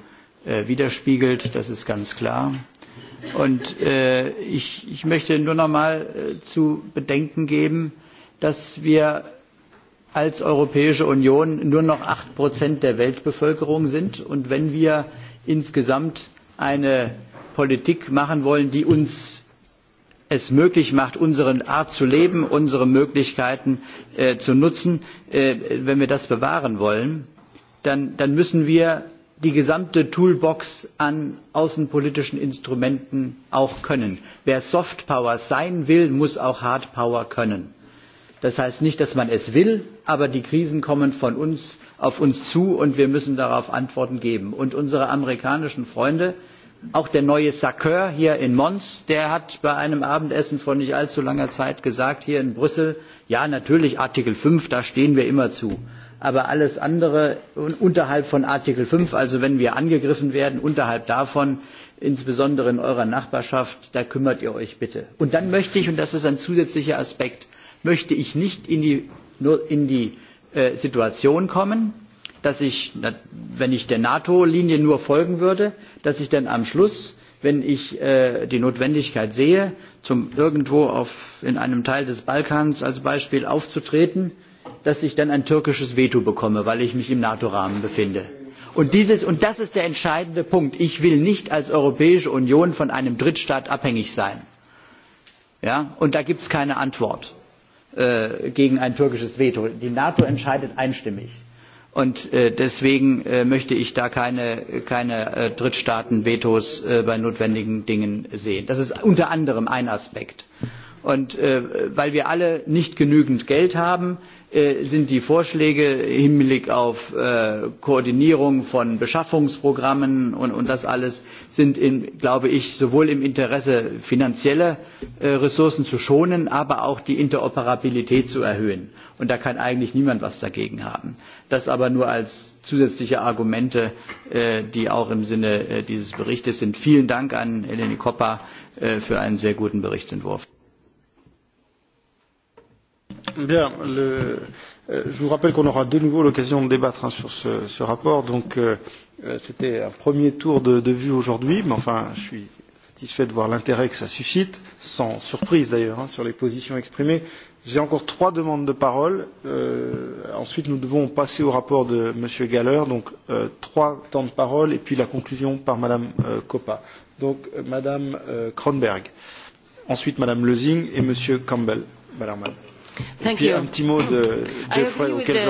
Äh, widerspiegelt das ist ganz klar. Und äh, ich, möchte nur noch mal äh, zu bedenken geben, dass wir als Europäische Union nur noch Prozent der Weltbevölkerung sind. Und wenn wir insgesamt eine Politik machen wollen, die uns es möglich macht, unsere Art zu leben, unsere Möglichkeiten zu nutzen, wenn wir das bewahren wollen, dann müssen wir die gesamte toolbox an außenpolitischen instrumenten auch können. wer soft power sein will muss auch hard power können. das heißt nicht dass man es will aber die krisen kommen von uns auf uns zu und wir müssen darauf antworten geben. und unsere amerikanischen freunde auch der neue sacr hier in mons der hat bei einem abendessen vor nicht allzu langer zeit gesagt hier in brüssel ja natürlich artikel fünf da stehen wir immer zu aber alles andere unterhalb von artikel fünf also wenn wir angegriffen werden unterhalb davon insbesondere in eurer nachbarschaft da kümmert ihr euch bitte. und dann möchte ich und das ist ein zusätzlicher aspekt möchte ich nicht in die, in die äh, situation kommen dass ich wenn ich der nato linie nur folgen würde dass ich dann am schluss wenn ich äh, die notwendigkeit sehe zum irgendwo auf, in einem teil des balkans als beispiel aufzutreten dass ich dann ein türkisches veto bekomme weil ich mich im nato rahmen befinde. Und, das ist der entscheidende punkt ich will nicht als europäische union von einem drittstaat abhängig sein. und da gibt es keine antwort äh, gegen ein türkisches veto. die nato entscheidet einstimmig und äh, deswegen äh, möchte ich da keine, keine drittstaaten vetos bei notwendigen dingen sehen. das ist unter anderem ein aspekt. und weil wir alle nicht genügend geld haben Äh, sind die vorschläge im hinblick auf äh, koordinierung von beschaffungsprogrammen und, das alles sind glaube ich sowohl im interesse finanzielle äh, ressourcen zu schonen aber auch die interoperabilität zu erhöhen und da kann eigentlich niemand etwas dagegen haben. das aber nur als zusätzliche argumente die auch im sinne dieses berichts sind. vielen dank an eleni koppa für einen sehr guten berichtsentwurf. Bien, euh, je vous rappelle qu'on aura de nouveau l'occasion de débattre sur ce, rapport. Donc, euh, euh, c'était un premier tour de, vue aujourd'hui, mais enfin, je suis satisfait de voir l'intérêt que ça suscite, sans surprise d'ailleurs, sur les positions exprimées. J'ai encore trois demandes de parole. ensuite, nous devons passer au rapport de M. Gahler, Donc, trois temps de parole et puis la conclusion par Mme Koppa, Donc, Mme Kronberg. Ensuite, Mme Lezing et M. Campbell. Bellerman. Thank you. mot <coughs> uh,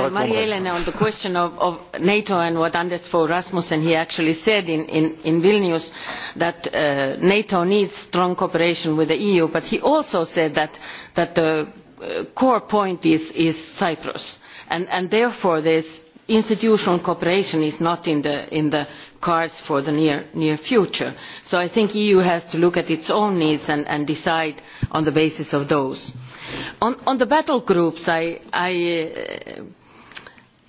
on the question of, NATO and what Anders Fogh Rasmussen he actually said in, Vilnius that uh, NATO needs strong cooperation with the EU but he also said that, the uh, core point is, Cyprus and, therefore this institutional cooperation is not in the, in the cars for the near, future. so i think the eu has to look at its own needs and, decide on the basis of those. on, the battle groups i, uh,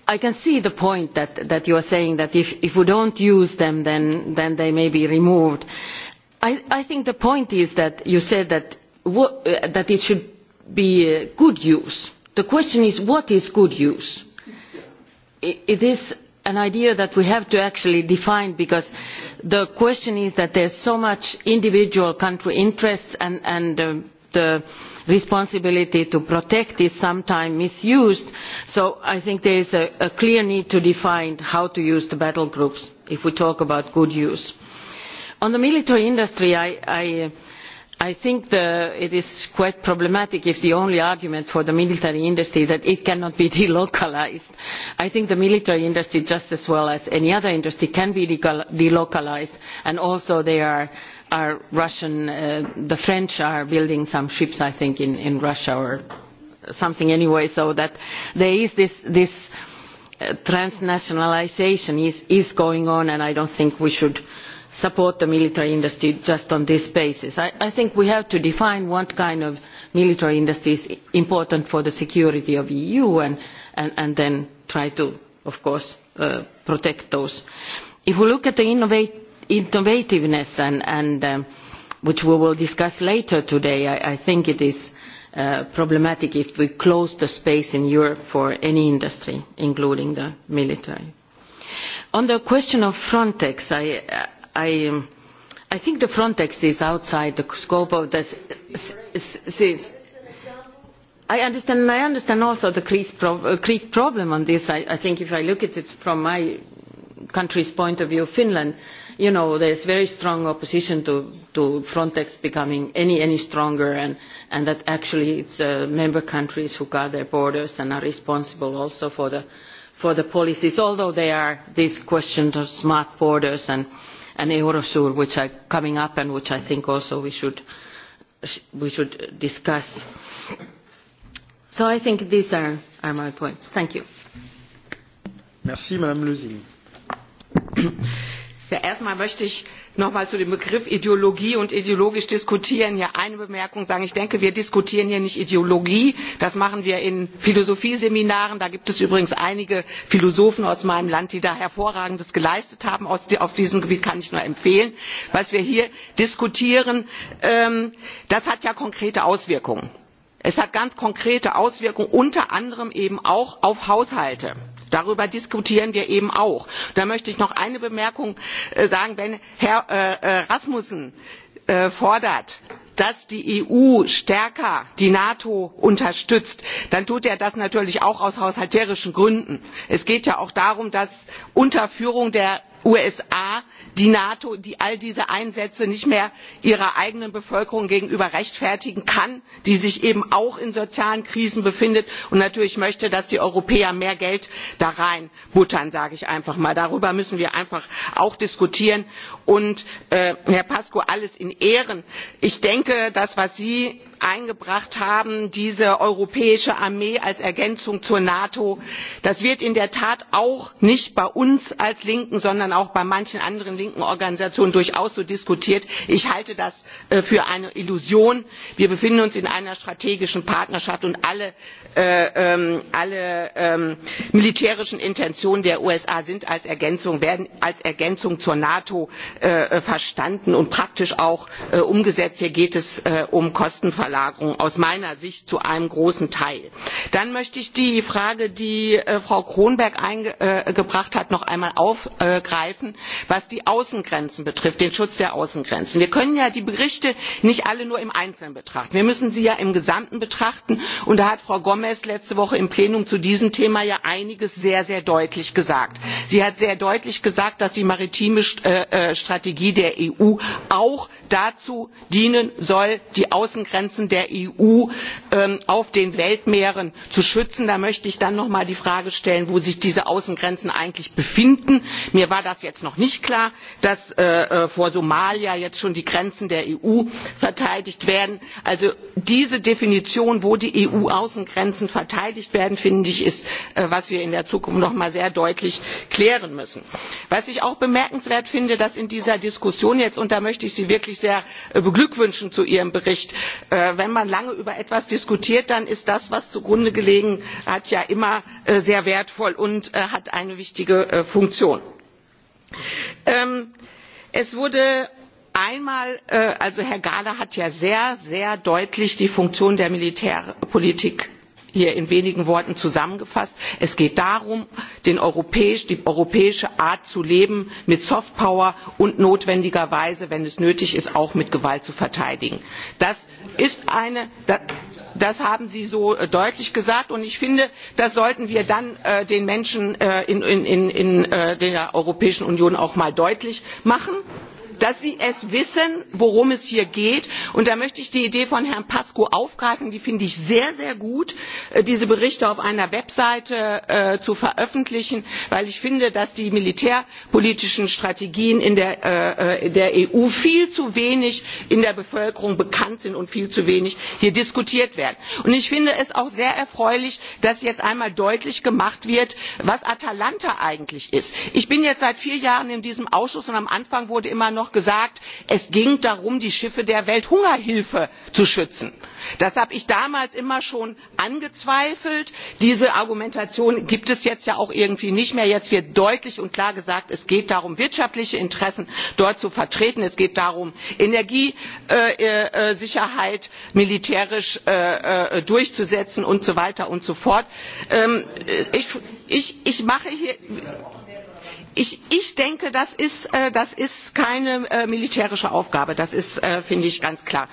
I can see the point that, that you are saying that if, if we do not use them then, then they may be removed. I, i think the point is that you said that, uh, it should be uh, good use. the question is what is good use? it is an idea that we have to actually define because the question is that there is so much individual country interests and, uh, the responsibility to protect is sometimes misused so i think there is a, clear need to define how to use the battle groups if we talk about good use. on the military industry i, I uh, i think it is quite problematic if the only argument for the military industry is that it cannot be <laughs> delocalised. i think the military industry just as well as any other industry can be delocalised and also are, russian uh, the french are building some ships i think in, in russia or something anyway so that there is this, this uh, transnationalisation is, is going on and i do not think we should support the military industry just on this basis. I, think we have to define what kind of military industry is important for the security of the EU and, then try to, of course, uh, protect those. If we look at the innovativeness and, um, which we will discuss later today, I, think it is uh, problematic if we close the space in Europe for any industry, including the military. On the question of Frontex, I i, i think the frontex is outside the scope of the i understand and i understand also the uh, greek problem on this I, i think if i look at it from my country's point of view finland you know there is very strong opposition to, to frontex becoming any any stronger and, and that actually it's uh, member countries who guard their borders and are responsible also for the for the policies although they are these questions of smart borders and and Eurosur, which are coming up and which I think also we should, we should discuss. So I think these are, are my points. Thank you. Merci, Madame <coughs> Erst einmal möchte ich noch einmal zu dem Begriff Ideologie und ideologisch diskutieren hier eine Bemerkung sagen. Ich denke, wir diskutieren hier nicht Ideologie. Das machen wir in Philosophieseminaren. Da gibt es übrigens einige Philosophen aus meinem Land, die da hervorragendes geleistet haben. Auf diesem Gebiet kann ich nur empfehlen. Was wir hier diskutieren, ähm, das hat ja konkrete Auswirkungen. Es hat ganz konkrete Auswirkungen, unter anderem eben auch auf Haushalte darüber diskutieren wir eben auch. da möchte ich noch eine bemerkung äh, sagen wenn herr äh, äh, rasmussen fordert dass die eu stärker die nato unterstützt dann tut er das natürlich auch aus haushalterischen gründen. es geht ja auch darum dass unter führung usa die nato die all diese einsätze nicht mehr ihrer eigenen bevölkerung gegenüber rechtfertigen kann die sich eben auch in sozialen krisen befindet und natürlich möchte dass die europäer mehr geld da reinbuttern sage ich einfach mal. darüber müssen wir einfach auch diskutieren. und äh, herr pacu alles in ehren ich denke das was sie eingebracht haben diese europäische armee als ergänzung zur nato das wird in der tat auch nicht bei uns als linken sondern auch bei manchen anderen linken organisationen durchaus so diskutiert. ich halte das äh, für eine illusion. wir befinden uns in einer strategischen partnerschaft und alle, äh, ähm, ähm, militärischen intentionen der usa sind als ergänzung werden als ergänzung zur nato äh, verstanden und praktisch auch umgesetzt. hier geht es um kostenverlagerung aus meiner sicht zu einem großen teil. dann möchte ich die frage die frau kronberg eingebracht hat noch einmal aufgreifen greifen was die außengrenzen betrifft den schutz der außengrenzen. wir können ja die berichte nicht alle nur im einzelnen betrachten wir müssen sie ja im gesamten betrachten und da hat frau gomes letzte woche im plenum zu diesem thema ja einiges sehr sehr deutlich gesagt. sie hat sehr deutlich gesagt dass die maritime äh, äh, strategie der eu auch dazu dienen soll die außengrenzen der eu ähm, auf den weltmeeren zu schützen. da möchte ich dann noch einmal die frage stellen wo sich diese außengrenzen eigentlich befinden. mir das jetzt noch nicht klar dass äh, äh, vor somalia jetzt schon die grenzen der eu verteidigt werden. also diese definition wo die eu außengrenzen verteidigt werden finde ich ist äh, was wir in der zukunft noch einmal sehr deutlich klären müssen. was ich auch bemerkenswert finde dass in dieser diskussion jetzt und da möchte ich sie wirklich sehr beglückwünschen zu ihrem bericht wenn man lange über etwas diskutiert dann ist das was zugrunde gelegen hat ja immer sehr wertvoll und hat eine wichtige funktion. Ähm, es wurde einmal äh, also herr gahler hat ja sehr sehr deutlich die funktion der militärpolitik hier in wenigen worten zusammengefasst es geht darum die europäische art zu leben mit soft power und notwendigerweise wenn es nötig ist auch mit gewalt zu verteidigen. das haben sie so äh, deutlich gesagt und ich finde das sollten wir dann äh, den menschen äh, in, der europäischen union auch mal deutlich machen dass sie es wissen worum es hier geht und da möchte ich die idee von herrn pacu aufgreifen die finde ich sehr sehr gut äh, diese berichte auf einer webseite äh, zu veröffentlichen weil ich finde dass die militärpolitischen strategien in der, äh, eu e viel zu wenig in der bevölkerung bekannt sind und viel zu wenig hier diskutiert werden. und ich finde es auch sehr erfreulich dass jetzt einmal deutlich gemacht wird was atalanta eigentlich ist. ich bin jetzt seit vier jahren in diesem ausschuss und am anfang wurde immer doch gesagt es ging darum die schiffe der welthungerhilfe zu schützen. das habe ich damals immer schon angezweifelt. diese argumentation gibt es jetzt ja auch irgendwie nicht mehr. jetzt wird deutlich und klar gesagt es geht darum wirtschaftliche interessen dort zu vertreten es geht darum energiesicherheit äh, äh, äh, militärisch durchzusetzen und so weiter und so fort. Ähm, ich mache hier ich, denke das ist, äh, das ist keine äh, militärische aufgabe das ist äh, finde ich ganz klar.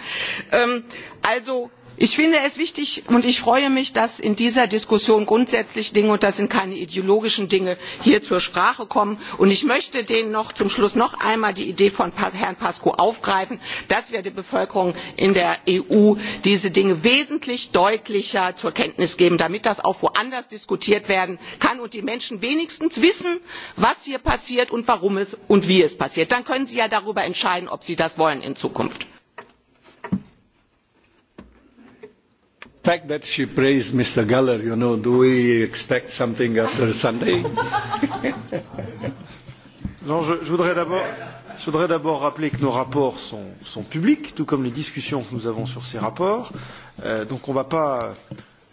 Ähm, also ich finde es wichtig und ich freue mich dass in dieser diskussion grundsätzlich dinge und das sind keine ideologischen dinge hier zur sprache kommen und ich möchte denen noch zum schluss noch einmal die idee von pa-, herrn pacu aufgreifen dass wir der bevölkerung in der eu diese dinge wesentlich deutlicher zur kenntnis geben damit das auch woanders diskutiert werden kann und die menschen wenigstens wissen was hier passiert und warum es und wie es passiert. dann können sie ja darüber entscheiden ob sie das wollen in zukunft. fact that she praised Mr. Geller, you know, do we expect something after Sunday? <laughs> non, je, je voudrais d'abord... Je voudrais d'abord rappeler que nos rapports sont, sont publics, tout comme les discussions que nous avons sur ces rapports. Euh, donc on ne va pas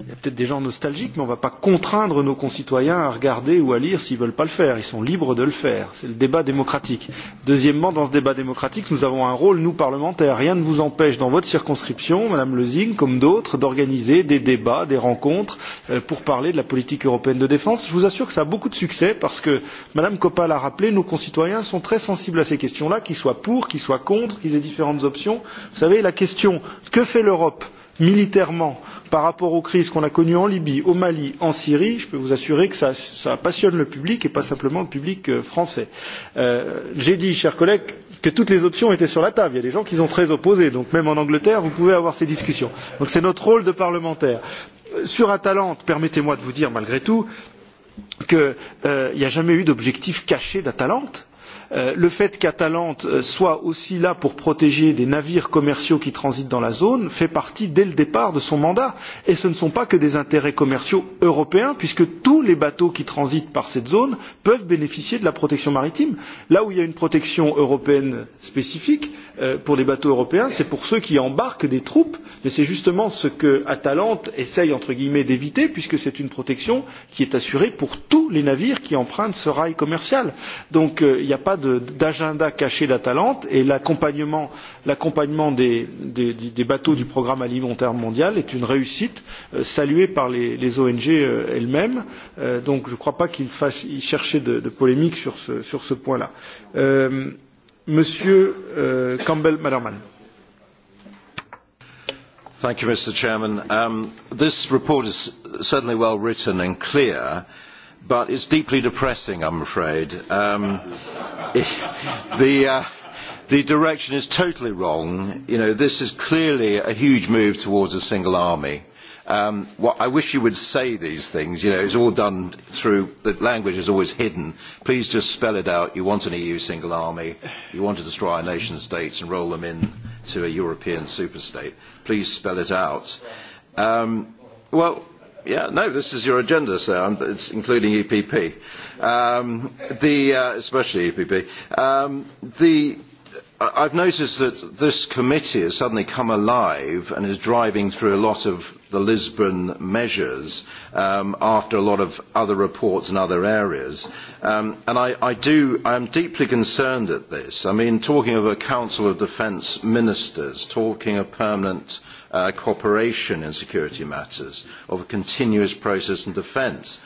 Il y a peut-être des gens nostalgiques, mais on ne va pas contraindre nos concitoyens à regarder ou à lire s'ils ne veulent pas le faire. Ils sont libres de le faire. C'est le débat démocratique. Deuxièmement, dans ce débat démocratique, nous avons un rôle, nous, parlementaires. Rien ne vous empêche, dans votre circonscription, Madame Lezing, comme d'autres, d'organiser des débats, des rencontres euh, pour parler de la politique européenne de défense. Je vous assure que ça a beaucoup de succès parce que, Madame Coppa l'a rappelé, nos concitoyens sont très sensibles à ces questions-là, qu'ils soient pour, qu'ils soient contre, qu'ils aient différentes options. Vous savez, la question « Que fait l'Europe ?» militairement par rapport aux crises qu'on a connues en libye au mali en syrie je peux vous assurer que cela passionne le public et pas simplement le public euh, français. Euh, j'ai dit chers collègues que toutes les options étaient sur la table. il y a des gens qui sont très opposés donc même en angleterre vous pouvez avoir ces discussions. c'est notre rôle de parlementaire. Euh, sur atalante permettez moi de vous dire malgré tout qu'il n'y a jamais eu d'objectif caché d'atalante Euh, le fait qu'atalante euh, soit aussi là pour protéger des navires commerciaux qui transitent dans la zone fait partie dès le départ de son mandat et ce ne sont pas que des intérêts commerciaux européens puisque tous les bateaux qui transitent par cette zone peuvent bénéficier de la protection maritime. là où il y a une protection européenne spécifique euh, pour les bateaux européens c'est pour ceux qui embarquent des troupes mais c'est justement ce que atalante essaie entre guillemets d'éviter puisque c'est une protection qui est assurée pour tous les navires qui empruntent ce rail commercial. donc il n'y a d'agenda caché d'atalante et l'accompagnement des, bateaux du programme alimentaire mondial est une réussite euh, saluée par les, ong euh, elles mêmes euh, donc je ne crois pas qu'il faille y chercher de, polémique sur ce, point là. monsieur campbell bannerman mr president this report is certainly well written and clear but it's deeply depressing, I'm afraid. Um, <laughs> uh, the, direction is totally wrong. You know, this is clearly a huge move towards a single army. Um, I wish you would say these things. You know, it's all done through the language is always hidden. Please just spell it out. You want an EU single army. You want to destroy our nation states and roll them into a European superstate. Please spell it out. Um, well, Yeah, no, this is your agenda, sir. I'm, it's including EPP, um, the, uh, especially EPP. Um, the, I've noticed that this committee has suddenly come alive and is driving through a lot of the Lisbon measures um, after a lot of other reports in other areas. Um, and I, I, do, I am deeply concerned at this. I mean, talking of a Council of Defence Ministers, talking of permanent Uh, cooperation in security matters, of a continuous process in defence.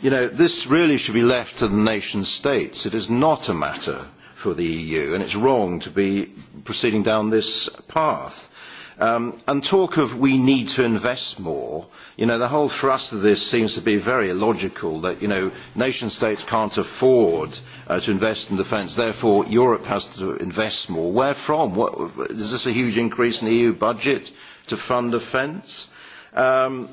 You know, this really should be left to the nation states. It is not a matter for the EU, and it's wrong to be proceeding down this path. Um, and talk of we need to invest more, you know, the whole thrust of this seems to be very illogical that, you know, nation states can't afford uh, to invest in defence, therefore Europe has to invest more. Where from? What, is this a huge increase in the EU budget? to fund offence. Um,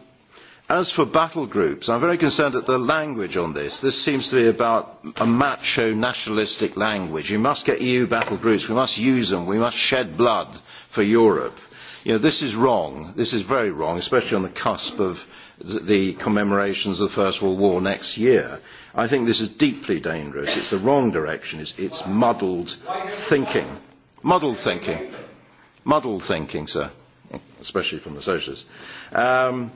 as for battle groups, I'm very concerned at the language on this. This seems to be about a macho nationalistic language. You must get EU battle groups. We must use them. We must shed blood for Europe. You know, this is wrong. This is very wrong, especially on the cusp of the commemorations of the First World War next year. I think this is deeply dangerous. It's the wrong direction. It it's muddled thinking. Muddled thinking. Muddled thinking, sir especially from the socialists. Um,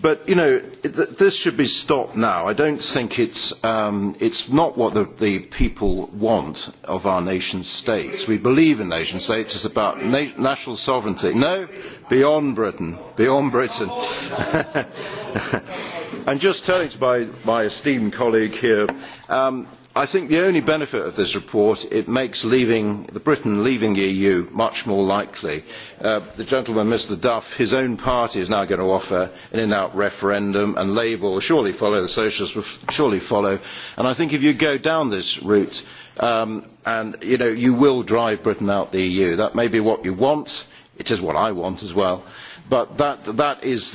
but you know, this should be stopped now. I don't think it's, um, it's not what the, the people want of our nation states. We believe in nation states. It's about na national sovereignty. No, beyond Britain, beyond Britain. I'm <laughs> just turning to my, my esteemed colleague here. Um, i think the only benefit of this report is that it makes britain leaving the eu much more likely. Uh, the gentleman mr duff his own party is now going to offer an in out referendum and labour will surely follow the socialists will surely follow and i think if you go down this route um, and, you, you will drive britain out of the eu. that may be what you want it is what i want as well but that, is,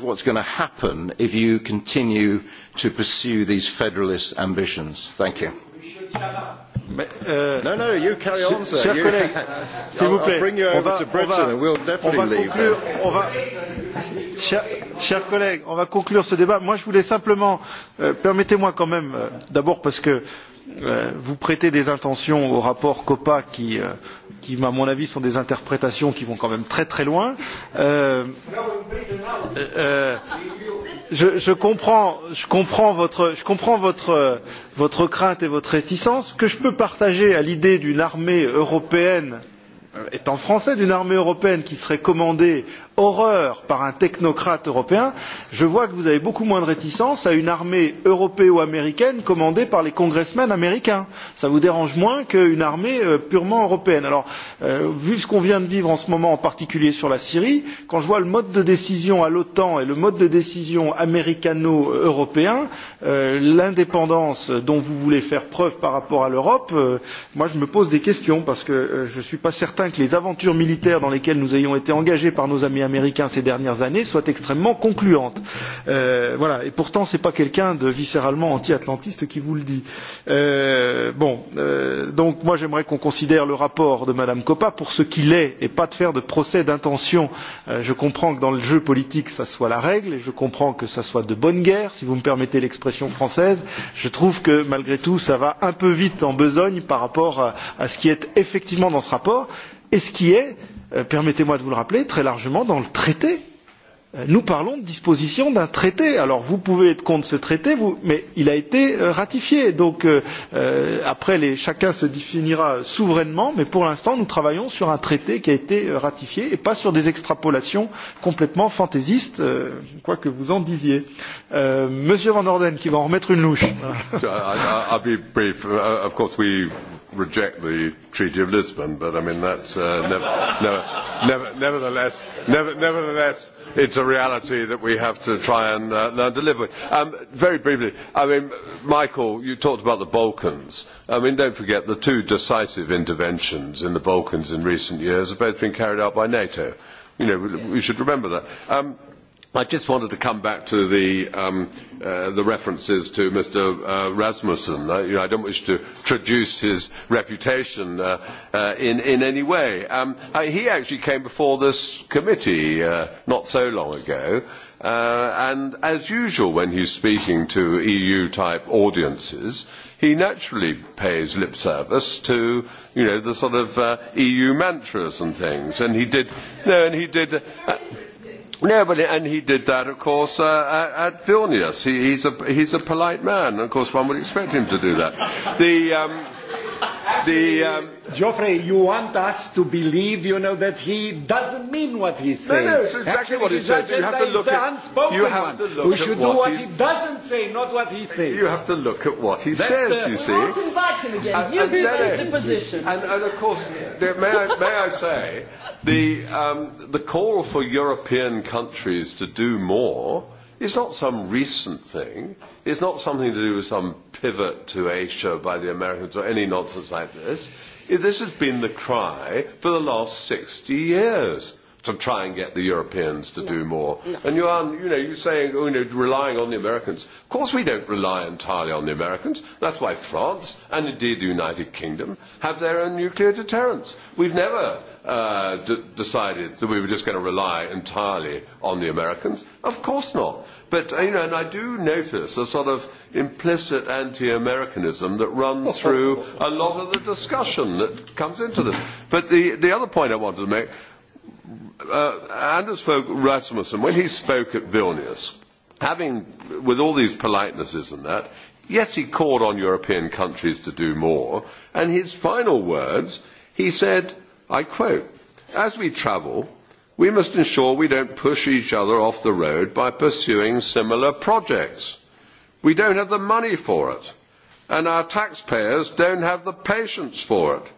what going to happen if you continue to pursue these federalist ambitions. on va, conclure, ce débat. je voulais simplement, euh, permettez-moi quand même, euh, d'abord parce que euh, vous prêtez des intentions au rapport qui qui à mon avis sont des interprétations qui vont quand même très très loin euh, euh, je, je comprends je comprends votre je comprends votre votre crainte et votre réticence que je peux partager à l'idée d'une armée européenne étant français d'une armée européenne qui serait commandée horreur par un technocrate européen je vois que vous avez beaucoup moins de réticence à une armée européo américaine commandée par les congressmen américains. cela vous dérange moins qu'une armée euh, purement européenne. alors euh, vu ce qu'on vient de vivre en ce moment en particulier sur la syrie quand je vois le mode de décision à l'otan et le mode de décision américano européen euh, l'indépendance dont vous voulez faire preuve par rapport à l'europe moi je me pose des questions parce que je ne suis pas certain que les aventures militaires dans lesquelles nous ayons été engagés par nos amis américain ces dernières années soit extrêmement concluante. Euh, voilà. Et pourtant, ce n'est pas quelqu'un de viscéralement anti-atlantiste qui vous le dit. Euh, bon, euh, donc moi j'aimerais qu'on considère le rapport de Mme Coppa pour ce qu'il est et pas de faire de procès d'intention. Euh, je comprends que dans le jeu politique, ça soit la règle et je comprends que ça soit de bonne guerre, si vous me permettez l'expression française. Je trouve que malgré tout, ça va un peu vite en besogne par rapport à, à ce qui est effectivement dans ce rapport et ce qui est Euh, permettez moi de vous le rappeler très largement dans le traité. Euh, nous parlons de disposition d'un traité. alors vous pouvez être contre ce traité vous, mais il a été euh, ratifié donc euh, après les, chacun se définira souverainement mais pour l'instant nous travaillons sur un traité qui a été ratifié et pas sur des extrapolations complètement fantaisistes euh, quoi que vous en disiez. Euh, monsieur van orden qui va en remettre une louche. <laughs> Ah, ah, ah, uh, of course we reject the Treaty of Lisbon, but I mean that's uh, never, never, nevertheless, never, nevertheless, it's a reality that we have to try and uh, learn to live with. Um, very briefly, I mean, Michael, you talked about the Balkans. I mean, don't forget the two decisive interventions in the Balkans in recent years have both been carried out by NATO. You know, we, we should remember that. Um, i just wanted to come back to the, um, uh, the references to mr uh, rasmussen. i don't wish to traduce his reputation uh, uh, in, in any way. Um, he actually came before this committee not so long ago and as usual when he's speaking to eu type audiences he naturally pays lip service to you know, the sort of eu mantras and things and he did, and he did no, but and he did that, of course, uh, at, at Vilnius. He, he's a he's a polite man, of course, one would expect him to do that. The um, the, um, um, Geoffrey, you want us to believe, you know, that he doesn't mean what he says. No, no, it's exactly Actually, what he says. You have to look at unspoken you have one. to look We should do what he doesn't say, not what he says. You have to look at what he That's says. The... You see. Let's invite him again. And, you and, no, in the position. And, and of course, the, may I may I say, the um, the call for European countries to do more is not some recent thing. It's not something to do with some pivot to Asia by the Americans or any nonsense like this. This has been the cry for the last 60 years to try and get the Europeans to do more. And you are, you know, you're saying, oh, you relying on the Americans. Of course we don't rely entirely on the Americans. That's why France, and indeed the United Kingdom, have their own nuclear deterrence. We've never uh, d decided that we were just going to rely entirely on the Americans. Of course not. But, you know, and I do notice a sort of implicit anti-Americanism that runs through a lot of the discussion that comes into this. But the, the other point I wanted to make Uh, Anders Fogh Rasmussen, when he spoke at Vilnius, having, with all these politenesses and that, yes, he called on European countries to do more, and his final words, he said, I quote, as we travel, we must ensure we don't push each other off the road by pursuing similar projects. We don't have the money for it, and our taxpayers don't have the patience for it.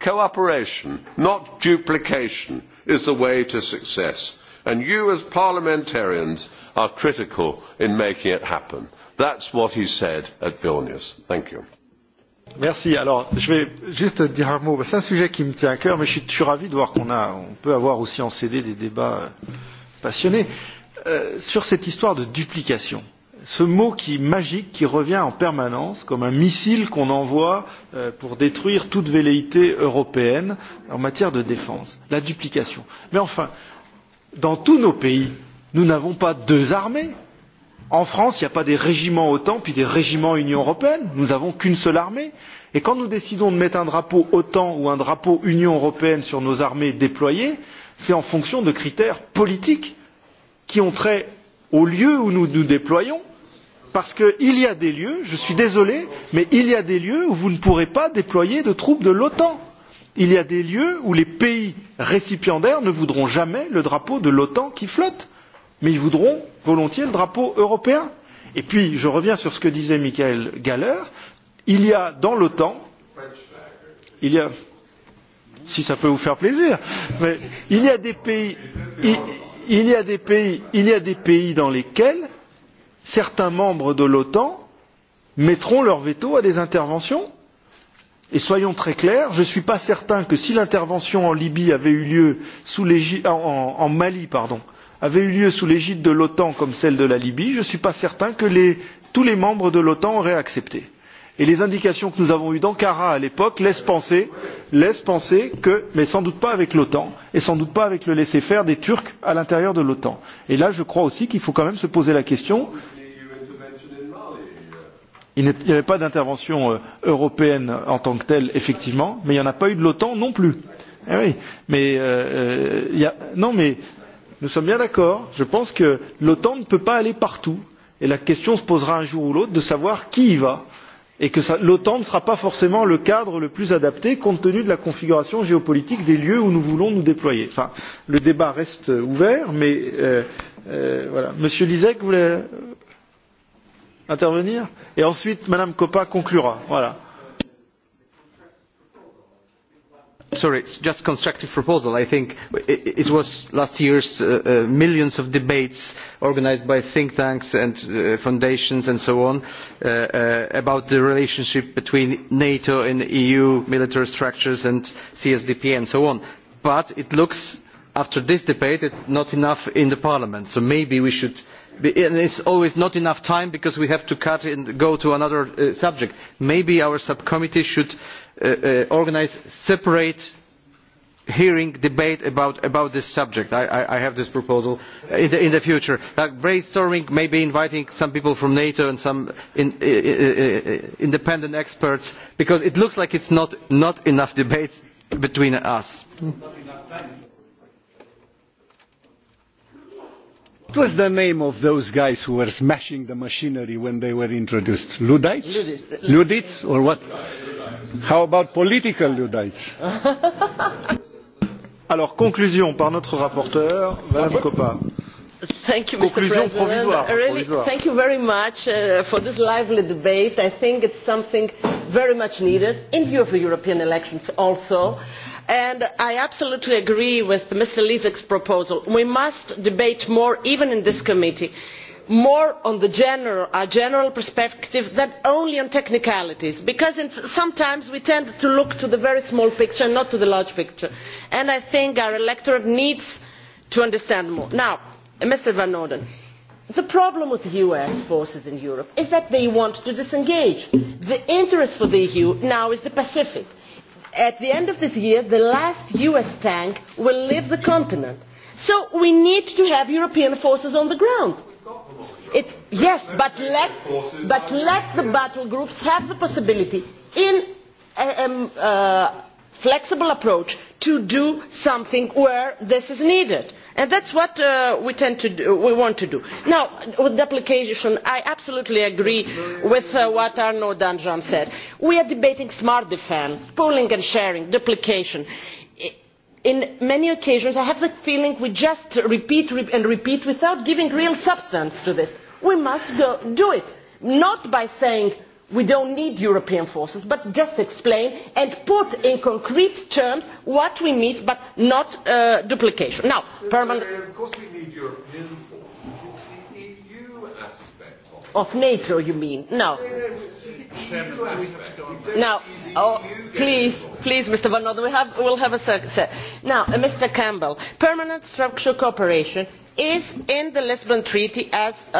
Cooperation, not duplication is the way to success and you as parliamentarians are critical in making it happen. that is what he said at vilnius. thank you. Merci. Alors, je vais juste dire un mot. C'est un sujet qui me tient à cœur, mais je suis, je suis ravi de voir qu'on a, on peut avoir aussi en CD des débats euh, passionnés euh, sur cette histoire de duplication ce mot qui magique qui revient en permanence comme un missile qu'on envoie euh, pour détruire toute velléité européenne en matière de défense la duplication mais enfin dans tous nos pays nous n'avons pas deux armées en France il n'y a pas des régiments OTAN puis des régiments Union européenne nous n'avons qu'une seule armée et quand nous décidons de mettre un drapeau OTAN ou un drapeau Union européenne sur nos armées déployées c'est en fonction de critères politiques qui ont trait au lieu où nous nous déployons parce qu'il y a des lieux je suis désolé mais il y a des lieux où vous ne pourrez pas déployer de troupes de l'otan il y a des lieux où les pays récipiendaires ne voudront jamais le drapeau de l'otan qui flotte mais ils voudront volontiers le drapeau européen. et puis je reviens sur ce que disait michael Galler il y a dans l'otan il y a si ça peut vous faire plaisir mais il y a des pays il, il y a des pays il y a des pays dans lesquels certains membres de l'otan mettront leur veto à des interventions et soyons très clairs je ne suis pas certain que si l'intervention en libye avait eu lieu sous l'égide en, mali pardon avait eu lieu sous l'égide de l'otan comme celle de la libye je ne suis pas certain que les, tous les membres de l'otan auraient accepté et les indications que nous avons eues d'ankara à l'époque laissent penser, laissent penser que mais sans doute pas avec l'otan et sans doute pas avec le laisser faire des turcs à l'intérieur de l'otan. et là je crois aussi qu'il faut quand même se poser la question il n'y avait pas d'intervention euh, européenne en tant que telle effectivement mais il n'y en a pas eu de l'otan non plus. Eh oui, mais, euh, euh y a... non mais nous sommes bien d'accord je pense que l'otan ne peut pas aller partout et la question se posera un jour ou l'autre de savoir qui y va et que l'otan ne sera pas forcément le cadre le plus adapté compte tenu de la configuration géopolitique des lieux où nous voulons nous déployer. Enfin, le débat reste ouvert mais euh, euh, voilà. monsieur lisek voulait intervenir et ensuite Madame koppa conclura. Sorry, it's just constructive proposal. I think it was last year's uh, uh, millions of debates organised by think tanks and uh, foundations and so on about the relationship between NATO and EU military structures and CSDP and so on. But it looks after this debate not enough in Parliament, so maybe we should and it is always not enough time because we have to cut and go to another uh, subject. maybe our subcommittee should uh, uh, organise a separate hearing debate about, this subject I, have this proposal in the, future like brainstorming maybe inviting some people from nato and some independent experts because it looks like there is not, enough debate between us. was the name of those guys who were smashing the machinery when they were introduced? Ludites? Ludites or what? how about political Ludites? <laughs> alors conclusion par notre rapporteur madame Coppa. Thank you, Mr. Conclusion President. Really, thank you very much uh, for this lively debate. I think it's something very much needed in view of the European elections also. Uh, and i absolutely agree with mr lisek's proposal we must debate more even in this committee more on the general, our general perspective than only on technicalities because sometimes we tend to look to the very small picture and not to the large picture and i think our electorate needs to understand more. now mr van orden the problem with us forces in europe is that they want to disengage. the interest for the eu now is the pacific at the end of this year the last us tank will leave the continent so we need to have european forces on the ground. It's, yes but let, but let the battle groups have the possibility in a um, uh, flexible approach to do something where this is needed and that is what uh, we, tend to we want to do. now with duplication i absolutely agree with uh, what arnaud danjean said. we are debating smart defence pooling and sharing duplication. on many occasions i have the feeling we just repeat and repeat without giving real substance to this. we must do it not by saying we don't need european forces but just explain and put in concrete terms what we mean but not uh, duplication. now of course we need european forces it's the eu aspect of, of nato you mean no now e please oh, e please mr van orden we have will have a second. now uh, mr campbell permanent structural cooperation is in the lisbon treaty as uh,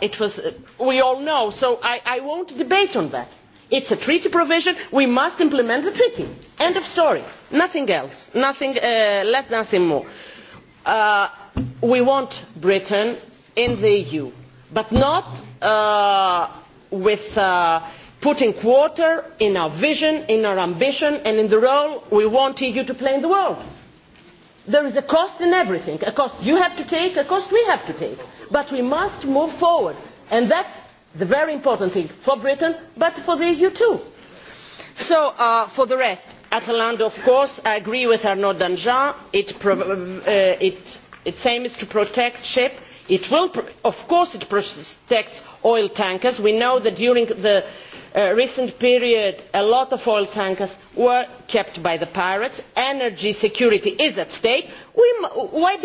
uh, we all know so i, I will not debate on that. it is a treaty provision we must implement the treaty end of story nothing else nothing uh, less nothing more. we want britain in the eu but not with putting quarter in our vision in our ambition and in the role we want the eu to play in the world there is a cost in everything a cost you have to take a cost we have to take but we must move forward and that's the very important thing for britain but for the eu too. so uh, for the rest atalanta of course i agree with arnaud danjean its uh, aim is to protect ship. it of course it protects oil tankers we know that during the recent period a lot of oil tankers were kept by the pirates energy security is at stake why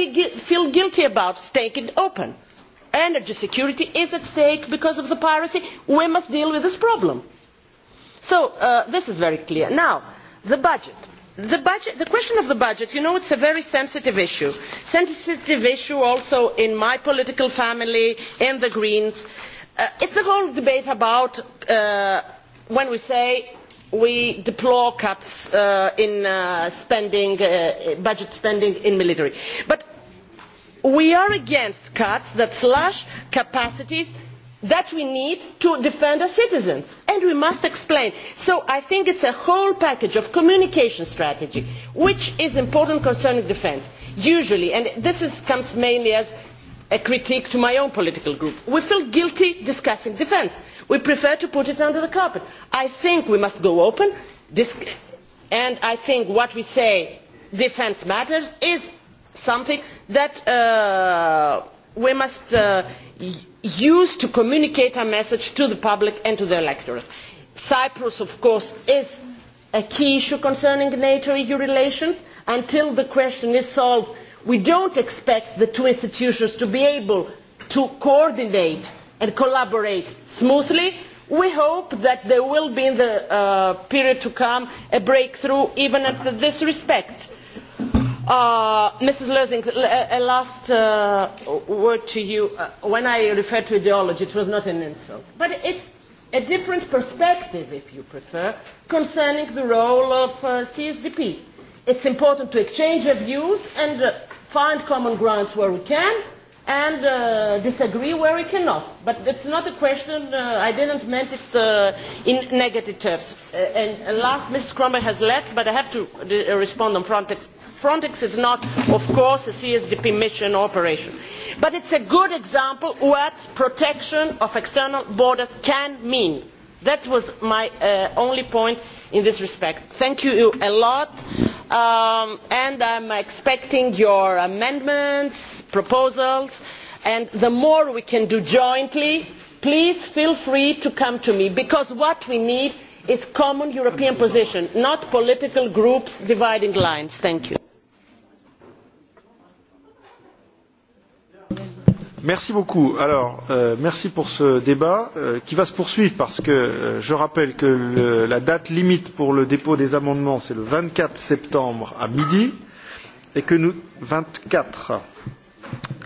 feel guilty about staying open? energy security is at stake because of the piracy we must deal with this problem. so uh, this is very clear. now the budget. The, budget, the question of the budget you know it's is a very sensitive issue sensitive issue also in my political family in the greens. Uh, it is a whole debate about uh, when we say we deplore cuts uh, in budget spending in military but we are against cuts that slash capacities that we need to defend our citizens and we must explain. so i think it is a whole package of communication strategy which is important concerning defence usually and this comes mainly as a critique to my own political group. we feel guilty discussing defence. we prefer to put it under the carpet. i think we must go open and i think what we say defence matters is something that uh, we must uh, use to communicate our message to the public and to the electorate. cyprus of course is a key issue concerning nato eu relations. until the question is solved we do not expect the two institutions to be able to coordinate and collaborate smoothly. we hope that there will be in the uh, period to come a breakthrough even in this respect. Uh, Mrs Lösing, a last uh, word to you. Uh, when I referred to ideology it was not an insult, but it is a different perspective, if you prefer, concerning the role of CSDP. It is important to exchange views and find common grounds where we can and uh, disagree where we cannot. But it's not a question, uh, I didn't meant it uh, in negative terms. Uh, and, uh, last, Mrs. Cromer has left, but I have to uh, uh, respond on Frontex. Frontex is not, of course, a CSDP mission operation. But it's a good example what protection of external borders can mean. That was my uh, only point in this respect. thank you a lot um, and i am expecting your amendments and proposals and the more we can do jointly please feel free to come to me because what we need is a common european position not political groups' dividing lines. thank you. Merci beaucoup. Alors, euh, merci pour ce débat euh, qui va se poursuivre parce que euh, je rappelle que la date limite pour le dépôt des amendements, c'est le vingt quatre septembre à midi et que nous, 24,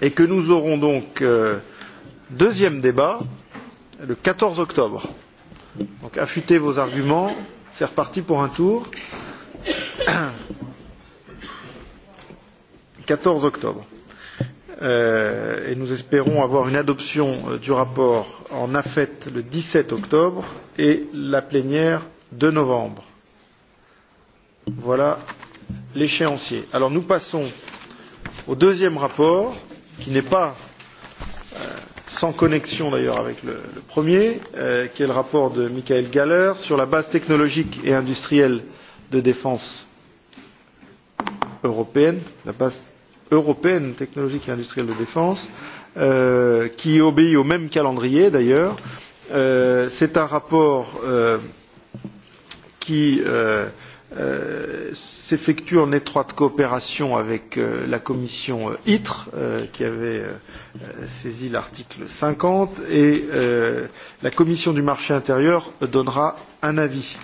et que nous aurons donc deuxième débat le 14 octobre. Donc, affûtez vos arguments. C'est reparti pour un tour. 14 <clears throat> octobre. Euh, et nous espérons avoir une adoption euh, du rapport en AFET le dix sept octobre et la plénière de novembre. Voilà l'échéancier. Alors nous passons au deuxième rapport, qui n'est pas euh, sans connexion d'ailleurs avec le, premier, qui est le rapport de Michael Galler sur la base technologique et industrielle de défense européenne, la base européenne technologique et industrielle de défense euh, qui obéit au même calendrier d'ailleurs euh, c'est un rapport euh, qui s'effectue en étroite coopération avec la commission itre qui avait saisi l'article 50 et la commission du marché intérieur donnera un avis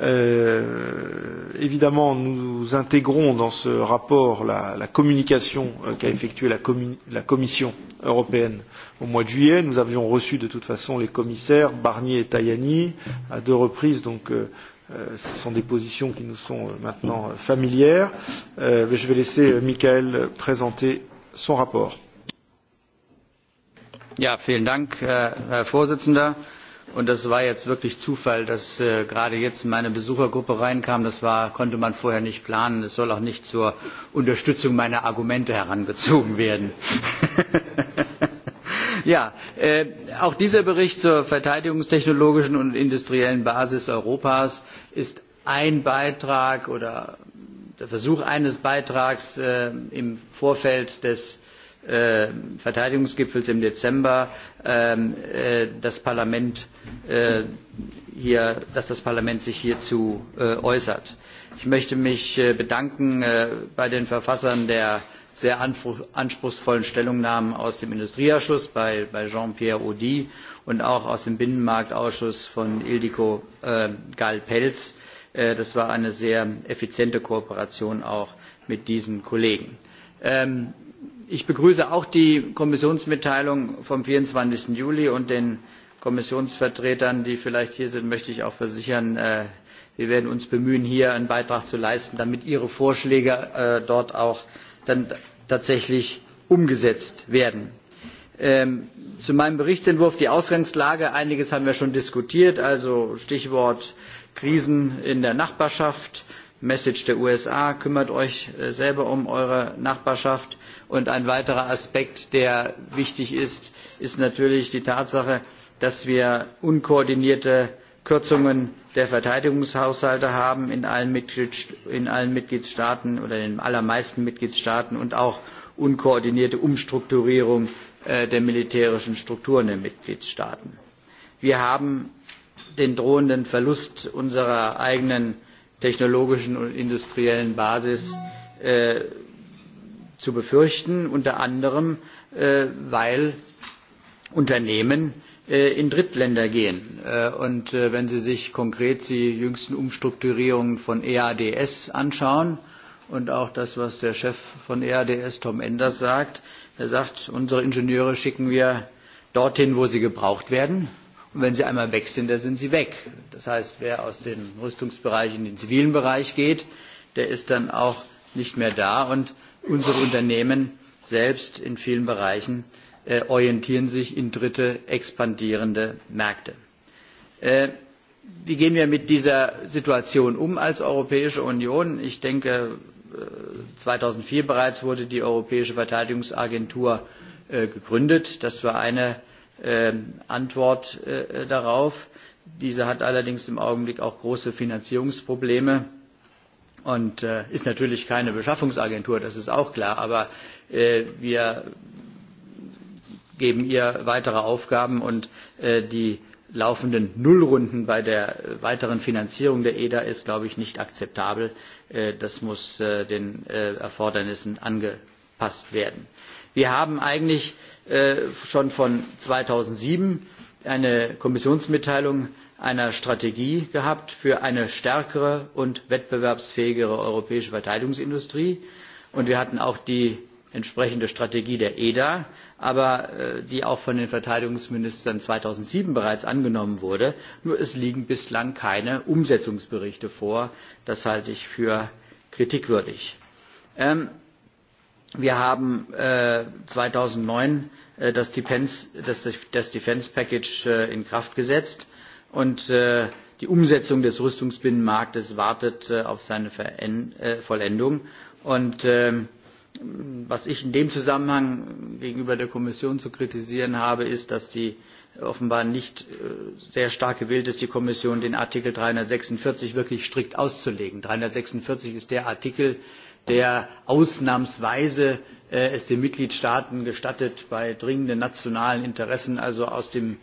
Euh, évidemment nous intégrons dans ce rapport la, la communication euh, qu'a effectuée la, commission européenne au mois de juillet nous avions reçu de toute façon les commissaires barnier et tajani à deux reprises donc euh, ce sont des positions qui nous sont maintenant familières. je vais laisser michael présenter son rapport. Ja, vielen Dank, und das war jetzt wirklich zufall dass äh, gerade jetzt meine besuchergruppe reinkam das konnte man vorher nicht planen es soll auch nicht zur unterstützung meiner argumente herangezogen werden. <laughs> ja, äh, auch dieser bericht zur verteidigungstechnologischen und industriellen basis europas ist ein beitrag oder der versuch eines beitrags äh, im vorfeld des Äh, verteidigungsgipfels im dezember ähm, äh, das parlament äh, dass das parlament sich hierzu äußert. ich möchte mich bedanken bei den verfassern der sehr anspruchsvollen stellungnahmen aus dem industrieausschuss bei jean pierre audy und auch aus dem binnenmarktausschuss von ildikó gll pelcz. das war eine sehr effiziente kooperation auch mit diesen kollegen. Ähm, ich begrüße auch die kommissionsmitteilung vom. vierundzwanzig juli und den kommissionsvertretern die vielleicht hier sind möchte ich auch versichern äh, wir werden uns bemühen hier einen beitrag zu leisten damit ihre vorschläge äh, dort auch dann tatsächlich umgesetzt werden. Ähm, zu meinem berichtsentwurf die ausgangslage einiges haben wir schon diskutiert also stichwort krisen in der nachbarschaft message der usa kümmert euch äh, selber um eure nachbarschaft und ein weiterer aspekt der wichtig ist ist natürlich die tatsache dass wir unkoordinierte kürzungen der verteidigungshaushalte haben in allen, mitgliedstaaten oder in den allermeisten mitgliedstaaten und auch unkoordinierte umstrukturierung äh, der militärischen strukturen der mitgliedstaaten. wir haben den drohenden verlust unserer eigenen technologischen und industriellen basis äh, zu befürchten unter anderem äh, weil unternehmen äh, in drittländer gehen. Äh, und wenn sie sich konkret die jüngsten umstrukturierungen von eads anschauen und auch das was der chef von eads tom enders sagt er sagt unsere ingenieure schicken wir dorthin wo sie gebraucht werden und wenn sie einmal weg sind dann sind sie weg. das heißt wer aus dem rüstungsbereich in den zivilen bereich geht der ist dann auch nicht mehr da. und unsere Unternehmen selbst in vielen Bereichen äh, orientieren sich in dritte expandierende Märkte. Äh, wie gehen wir mit dieser Situation um als Europäische Union? Ich denke, 2004 äh, bereits wurde die Europäische Verteidigungsagentur gegründet. Das war eine ähm, Antwort darauf. Diese hat allerdings im Augenblick auch große Finanzierungsprobleme und äh, ist natürlich keine beschaffungsagentur das ist auch klar aber äh, wir geben ihr weitere aufgaben und äh, die laufenden nullrunden bei der weiteren finanzierung der eda ist glaube ich nicht akzeptabel das muss den erfordernissen angepasst werden. wir haben eigentlich schon von 2007 eine kommissionsmitteilung einer strategie gehabt für eine stärkere und wettbewerbsfähigere europäische verteidigungsindustrie und wir hatten auch die entsprechende strategie der eda aber äh, die auch von den verteidigungsministern zweitausendsieben bereits angenommen wurde nur es liegen bislang keine umsetzungsberichte vor. das halte ich für kritikwürdig. Ähm, wir haben äh, zweitausendneun äh, das defence package in kraft gesetzt und äh, die umsetzung des rüstungsbinnenmarktes wartet äh, auf seine äh, vollendung. und ähm, was ich in dem zusammenhang gegenüber der kommission zu kritisieren habe ist dass die offenbar nicht sehr stark gewillt ist die kommission den artikel 346 wirklich strikt auszulegen. 346 ist der artikel der ausnahmsweise den mitgliedstaaten gestattet bei dringenden nationalen interessen also aus dem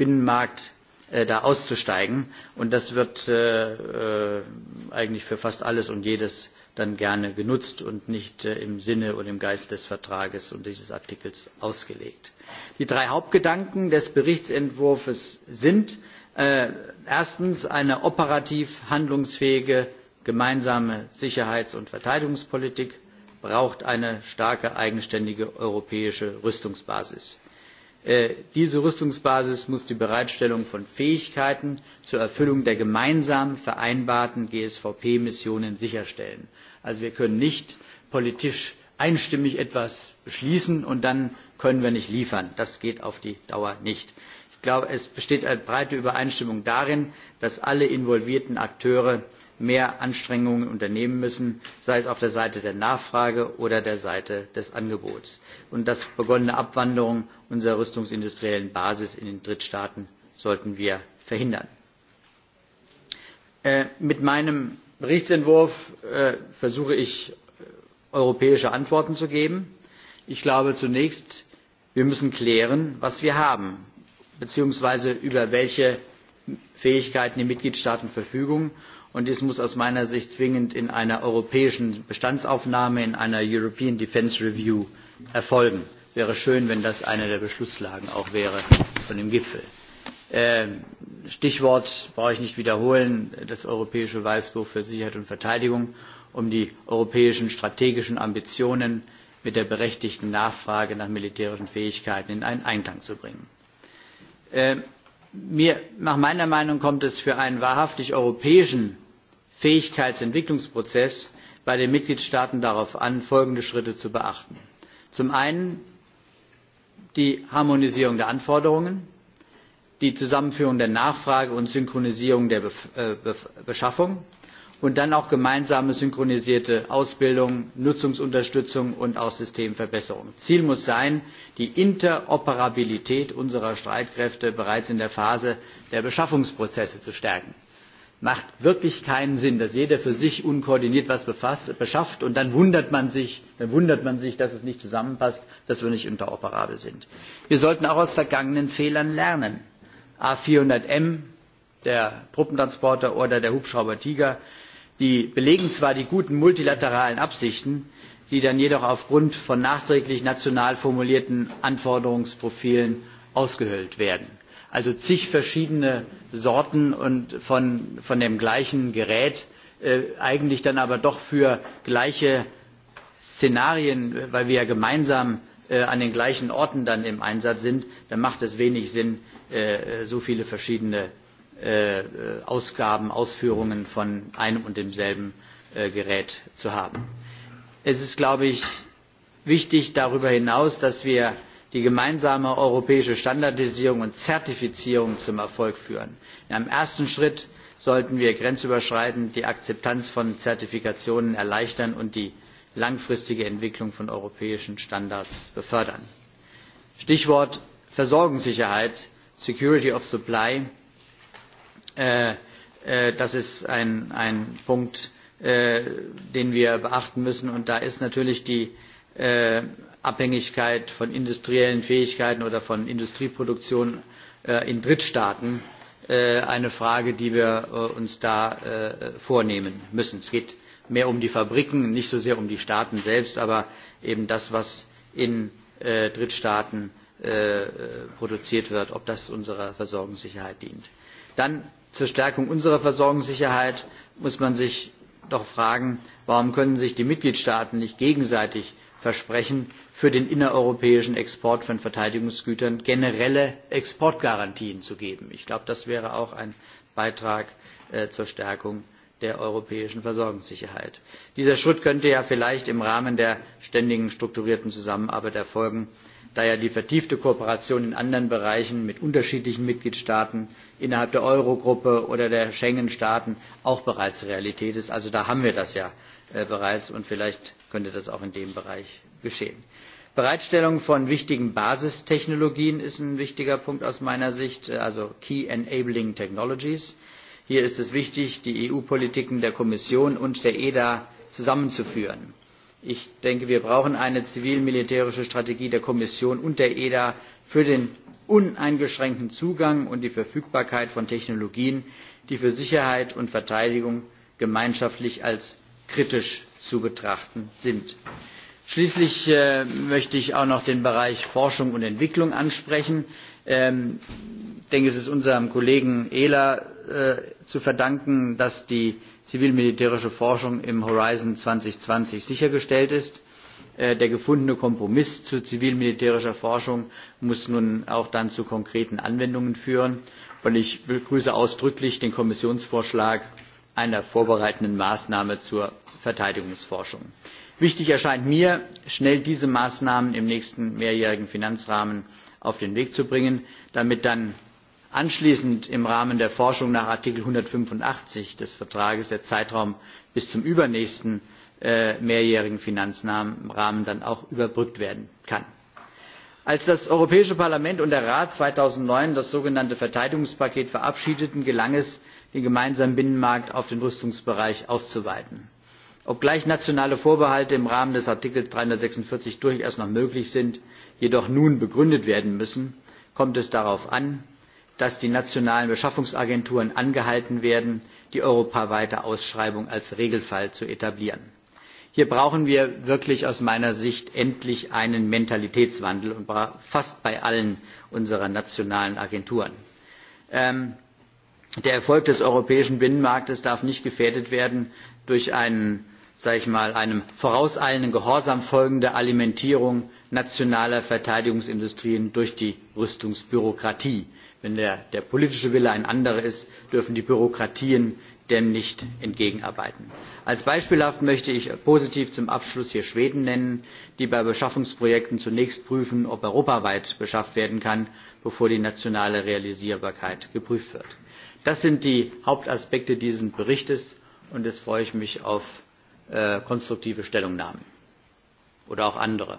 binnenmarkt äh, da auszusteigen und das wird äh, äh, eigentlich für fast alles und jedes dann gerne genutzt und nicht im sinne und im geist des vertrages und dieses artikels ausgelegt. die drei hauptgedanken des berichtsentwurfs sind erstens eine operativ handlungsfähige gemeinsame sicherheits und verteidigungspolitik braucht eine starke eigenständige europäische rüstungsbasis. Äh, diese rüstungsbasis muss die bereitstellung von fähigkeiten zur erfüllung der gemeinsam vereinbarten gsvp missionen sicherstellen. also wir können nicht politisch einstimmig etwas beschließen und dann können wir nicht liefern. das geht auf die dauer nicht. ich glaube es besteht eine breite übereinstimmung darin dass alle involvierten akteure mehr anstrengungen unternehmen müssen sei es auf der seite der nachfrage oder der seite des angebots und das begonnene abwanderung unserer rüstungsindustriellen basis in den drittstaaten sollten wir verhindern. Äh, mit meinem berichtsentwurf äh, versuche ich äh, europäische antworten zu geben. ich glaube zunächst wir müssen klären was wir haben beziehungsweise über welche fähigkeiten die mitgliedstaaten verfügen und dies muss aus meiner sicht zwingend in einer europäischen bestandsaufnahme in einer european defence review erfolgen. es wäre schön wenn das eine der beschlusslagen auch wäre von dem gipfel. Ähm, stichwort brauche ich nicht wiederholen das europäische weißbuch für sicherheit und verteidigung um die europäischen strategischen ambitionen mit der berechtigten nachfrage nach militärischen fähigkeiten in einen einklang zu bringen. Ähm, nach meiner meinung kommt es für einen wahrhaftig europäischen fähigkeitsentwicklungsprozess bei den mitgliedstaaten darauf an folgende schritte zu beachten zum einen die harmonisierung der anforderungen die zusammenführung der nachfrage und synchronisierung der äh, beschaffung und dann auch gemeinsame synchronisierte ausbildung nutzungsunterstützung und auch systemverbesserung. ziel muss sein die interoperabilität unserer streitkräfte bereits in der phase der beschaffungsprozesse zu stärken. macht wirklich keinen sinn dass jeder für sich unkoordiniert etwas beschafft und dann wundert, man sich, dass es nicht zusammenpasst dass wir nicht interoperabel sind. wir sollten auch aus vergangenen fehlern lernen a 400 m der Truppentransporter oder der Hubschrauber Tiger die belegen zwar die guten multilateralen absichten die dann jedoch aufgrund von nachträglich national formulierten anforderungsprofilen ausgehöhlt werden also zig verschiedene sorten und von, dem gleichen gerät äh, eigentlich dann aber doch für gleiche szenarien weil wir ja gemeinsam äh, an den gleichen orten dann im einsatz sind dann macht es wenig sinn äh, so viele verschiedene Äh, Ausgaben, Ausführungen von einem und demselben äh, Gerät zu haben. Es ist, glaube ich, wichtig darüber hinaus, dass wir die gemeinsame europäische Standardisierung und Zertifizierung zum Erfolg führen. In einem ersten Schritt sollten wir grenzüberschreitend die Akzeptanz von Zertifikationen erleichtern und die langfristige Entwicklung von europäischen Standards befördern. Stichwort Versorgungssicherheit Security of Supply Äh, äh, das ist ein, punkt äh, den wir beachten müssen und da ist natürlich die abhängigkeit von industriellen fähigkeiten oder von industrieproduktion in drittstaaten eine frage die wir uns da vornehmen müssen. es geht mehr um die fabriken nicht so sehr um die staaten selbst aber eben das was in drittstaaten produziert wird ob das unserer versorgungssicherheit dient. dann zur stärkung unserer versorgungssicherheit muss man sich doch fragen warum können sich die mitgliedstaaten nicht gegenseitig versprechen für den innereuropäischen export von verteidigungsgütern generelle exportgarantien zu geben? ich glaube das wäre auch ein beitrag äh, zur stärkung der europäischen versorgungssicherheit. dieser schritt könnte ja vielleicht im rahmen der ständigen strukturierten zusammenarbeit erfolgen da ja die vertiefte kooperation in anderen bereichen mit unterschiedlichen mitgliedstaaten innerhalb der eurogruppe oder der schengen staaten auch bereits realität ist. also da haben wir das ja äh, bereits und vielleicht könnte das auch in dem bereich geschehen. bereitstellung von wichtigen basistechnologien ist ein wichtiger punkt aus meiner sicht äh, also key enabling technologies. hier ist es wichtig die eu politiken der kommission und der eda zusammenzuführen ich denke wir brauchen eine zivil militärische strategie der kommission und der eda für den uneingeschränkten zugang und die verfügbarkeit von technologien die für sicherheit und verteidigung gemeinschaftlich als kritisch zu betrachten sind. schließlich äh, möchte ich auch noch den bereich forschung und entwicklung ansprechen. Ähm, ich denke es ist unserem kollegen ehler äh, zu verdanken dass die zivil militärische forschung im horizont zweitausendzwanzig sichergestellt ist. Äh, der gefundene kompromiss zu zivil militärischer forschung muss nun auch dann zu konkreten anwendungen führen und ich begrüße ausdrücklich den kommissionsvorschlag einer vorbereitenden maßnahme zur verteidigungsforschung. wichtig erscheint mir schnell diese maßnahmen im nächsten mehrjährigen finanzrahmen auf den weg zu bringen damit dann anschließend im rahmen der forschung nach artikel einhundertfünfundachtzig des vertrages der zeitraum bis zum übernächsten äh, mehrjährigen finanzrahmen dann auch überbrückt werden kann. als das europäische parlament und der rat zweitausendneun das sogenannte verteidigungspaket verabschiedeten gelang es den gemeinsamen binnenmarkt auf den rüstungsbereich auszuweiten. obgleich nationale vorbehalte im rahmen des artikels dreihundertsechsundvierzig durchaus noch möglich sind jedoch nun begründet werden müssen kommt es darauf an dass die nationalen beschaffungsagenturen angehalten werden die europaweite ausschreibung als regelfall zu etablieren. hier brauchen wir wirklich aus meiner sicht endlich einen mentalitätswandel und fast bei allen unserer nationalen agenturen. Ähm, der erfolg des europäischen binnenmarktes darf nicht gefährdet werden durch einen, ich mal, einem vorauseilenden gehorsam folgende alimentierung nationaler verteidigungsindustrien durch die rüstungsbürokratie. wenn der, politische wille ein anderer ist dürfen die bürokratien dem nicht entgegenarbeiten. als beispielhaft möchte ich positiv zum abschluss hier schweden nennen die bei beschaffungsprojekten zunächst prüfen ob europaweit beschafft werden kann bevor die nationale realisierbarkeit geprüft wird. das sind die hauptaspekte dieses berichts und jetzt freue ich mich auf äh, konstruktive stellungnahmen oder auch andere.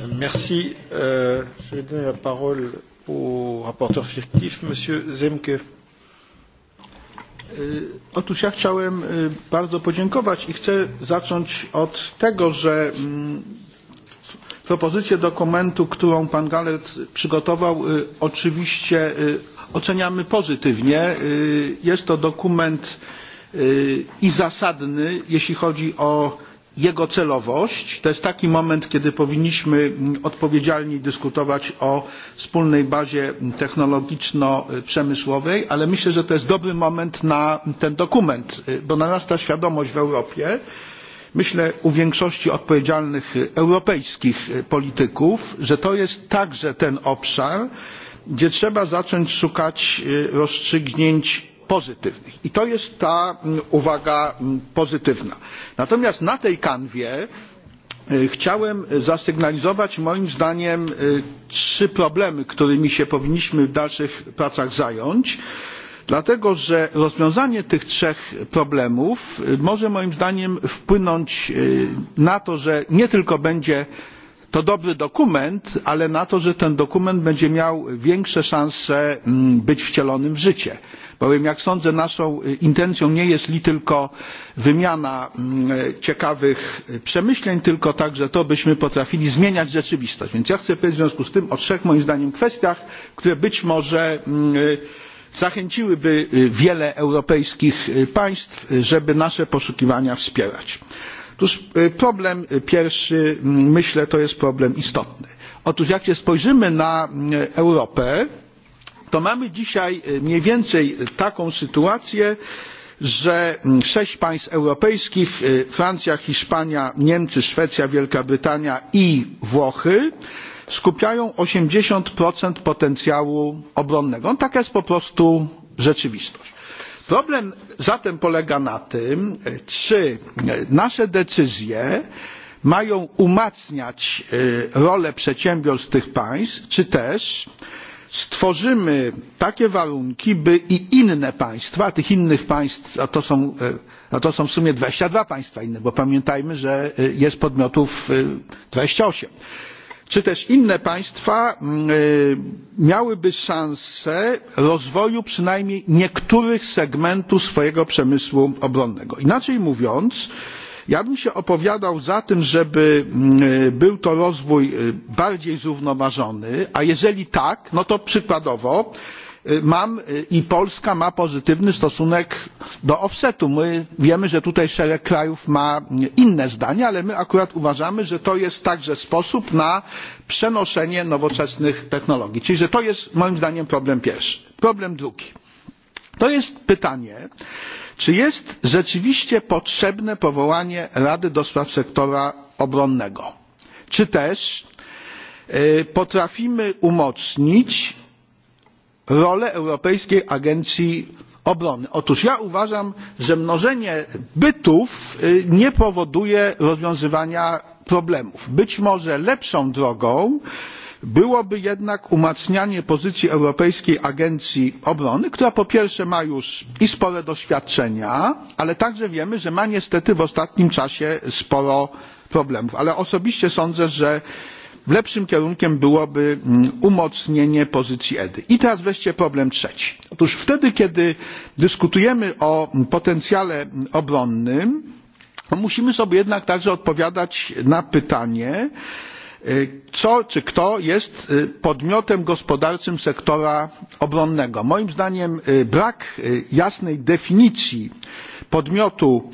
Euh, merci. Euh, je vais donner la parole au rapporteur fictif, Monsieur Zemke. E, otóż ja chciałem e, bardzo podziękować i chcę zacząć od tego, że mm, propozycję dokumentu, którą pan Galet przygotował, e, oczywiście oceniamy pozytywnie. Jest to dokument i zasadny, jeśli chodzi o jego celowość. To jest taki moment, kiedy powinniśmy mm, odpowiedzialnie dyskutować o wspólnej bazie technologiczno-przemysłowej, ale myślę, że to jest dobry moment na ten dokument, bo narasta świadomość w Europie, myślę u większości odpowiedzialnych europejskich polityków, że to jest także ten obszar, gdzie trzeba zacząć szukać rozstrzygnięć pozytywnych i to jest ta mm, uwaga mm, pozytywna. natomiast na tej kanwie chciałem zasygnalizować moim zdaniem trzy problemy którymi się powinniśmy w dalszych pracach zająć dlatego że rozwiązanie tych trzech problemów może moim zdaniem wpłynąć na to że nie tylko będzie to dobry dokument ale na to że ten dokument będzie miał większe szanse mm, być wcielonym w życie bowiem jak sądzę naszą intencją nie jest li tylko wymiana mm, ciekawych przemyśleń tylko także to byśmy potrafili zmieniać rzeczywistość. więc ja chcę powiedzieć w związku z tym o trzech moim zdaniem kwestiach które być może mm, zachęciłyby wiele europejskich państw żeby nasze poszukiwania wspierać otóż e, problem e, pierwszy mm, myślę to jest problem istotny. otóż jak się spojrzymy na mm, europę to mamy dzisiaj e, mniej więcej taką sytuację że mm, sześć państw europejskich francja hiszpania niemcy szwecja wielka brytania i włochy skupiają osiemdziesiąt potencjału obronnego. taka jest po prostu rzeczywistość problem zatem polega na tym czy nasze decyzje mają umacniać rolę przedsiębiorstw tych państw czy też stworzymy takie warunki by i inne państwa a tych innych państw a to są, a w sumie dwadzieścia dwa państwa inne bo pamiętajmy że jest podmiotów dwadzieścia osiem czy też inne państwa mm, e, miałyby szansę rozwoju przynajmniej niektórych segmentów swojego przemysłu obronnego. inaczej mówiąc ja bym się opowiadał za tym żeby mm, e, był to rozwój e, bardziej zrównoważony a jeżeli tak no to przykładowo E, mam e, i polska ma pozytywny stosunek do offsetu. my wiemy że tutaj szereg krajów ma inne zdanie ale my akurat uważamy że to jest także sposób na przenoszenie nowoczesnych technologii czyli że to jest moim zdaniem problem pierwszy. problem drugi to jest pytanie czy jest rzeczywiście potrzebne powołanie rady do spraw sektora obronnego czy też e, potrafimy umocnić rolę europejskiej agencji obrony. otóż ja uważam że mnożenie bytów nie powoduje rozwiązywania problemów. być może lepszą drogą byłoby jednak umacnianie pozycji europejskiej agencji obrony która po pierwsze ma już i spore doświadczenia ale także wiemy że ma niestety w ostatnim czasie sporo problemów. ale osobiście sądzę że lepszym kierunkiem byłoby mm, umocnienie pozycji edy. i teraz wreszcie problem trzeci otóż wtedy kiedy dyskutujemy o mm, potencjale mm, obronnym musimy sobie jednak także odpowiadać na pytanie e, co czy kto jest e, podmiotem gospodarczym sektora obronnego. moim zdaniem e, brak jasnej definicji podmiotu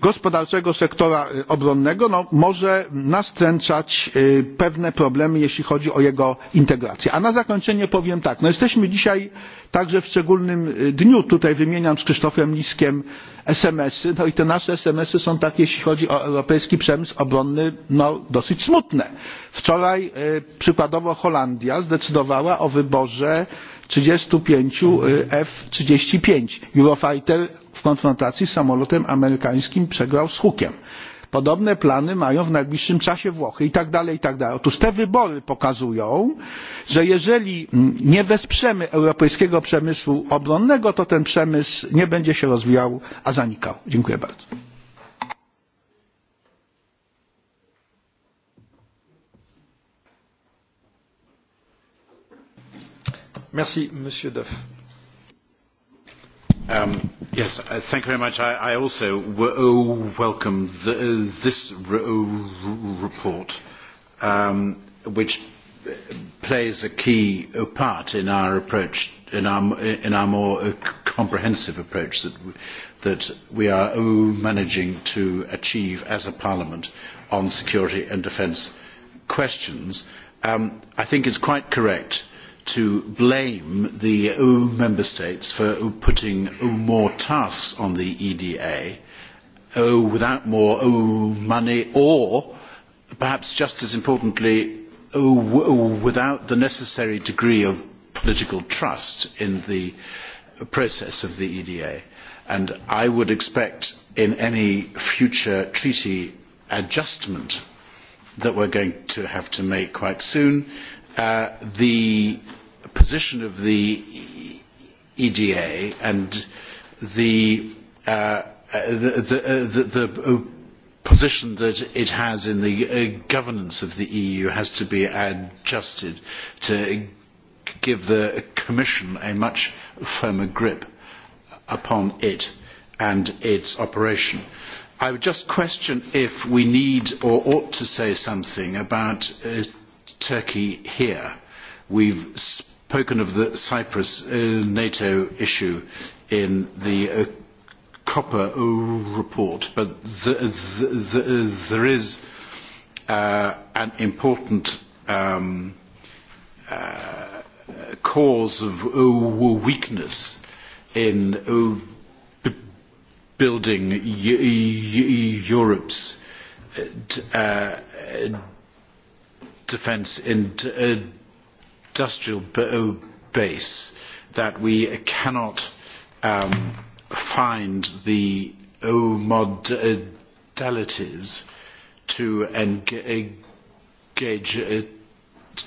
gospodarczego sektora obronnego może nastręczać pewne problemy jeśli chodzi o jego integrację. a na zakończenie powiem tak jesteśmy dzisiaj także w szczególnym dniu tutaj wymieniam z krzysztofem liskiem smsy no i te nasze smsy są tak jeśli chodzi o europejski przemysł obronny no dosyć smutne. wczoraj przykładowo holandia zdecydowała o wyborze 35 F-35. Eurofighter w konfrontacji z samolotem amerykańskim przegrał z hukiem. Podobne plany mają w najbliższym czasie Włochy i tak dalej, i tak dalej. Otóż te wybory pokazują, że jeżeli mm, nie wesprzemy europejskiego przemysłu obronnego, to ten przemysł nie będzie się rozwijał, a zanikał. Dziękuję bardzo. Mr Duff. Um, uh, very much. I, also uh, welcome uh, this report, um, which plays a key part in our approach, in our, more comprehensive approach that, we are managing to achieve as a parliament on security and defence questions. Um, I think it is quite correct to blame the member states for putting more tasks on the eda without more money or perhaps just as importantly without the necessary degree of political trust in the process of the eda and i would expect in any future treaty adjustment that we are going to have to make quite soon uh, the position of the EDA and the, uh, uh, the, the, uh, position that it has in the governance of the EU has to be adjusted to give the Commission a much firmer grip upon it and its operation. I would just question if we need or ought to say something about Turkey here. We've Spoken of the Cyprus uh, NATO issue in the uh, copper report, but there is uh, an important um, cause of uh, weakness in building Europe's defence in industrial uh, base that we cannot um, find the modalities to engage uh,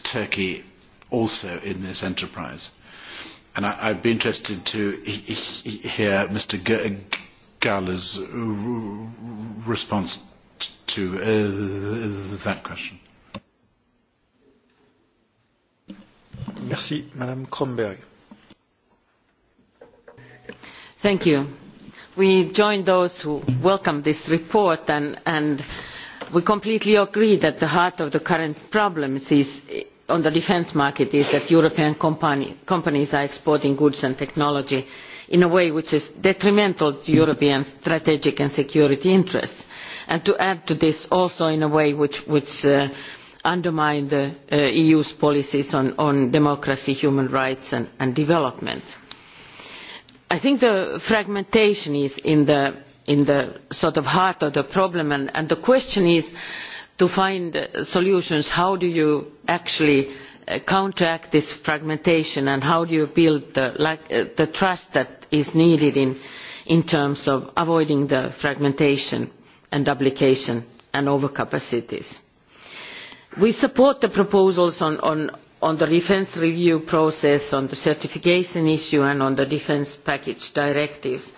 Turkey also in this enterprise. And I, I'd be interested to hear Mr. Gala's response to uh, that question. Merci, We join those who welcome this report and, we completely agree that the heart of the current problems on the defence market is that European companies are exporting goods and technology in a way which is detrimental to European strategic and security interests, and to add to this also in a way which, uh, undermine the uh, eu's policies on, democracy human rights and, development. i think the fragmentation is in the, sort of heart of the problem and, the question is to find uh, solutions how do you actually uh, counteract this fragmentation and how do you build the, trust that is needed in, in terms of avoiding the fragmentation and duplication and overcapacities? we support the proposals on, the defence review process on the certification issue and on the defence package directives.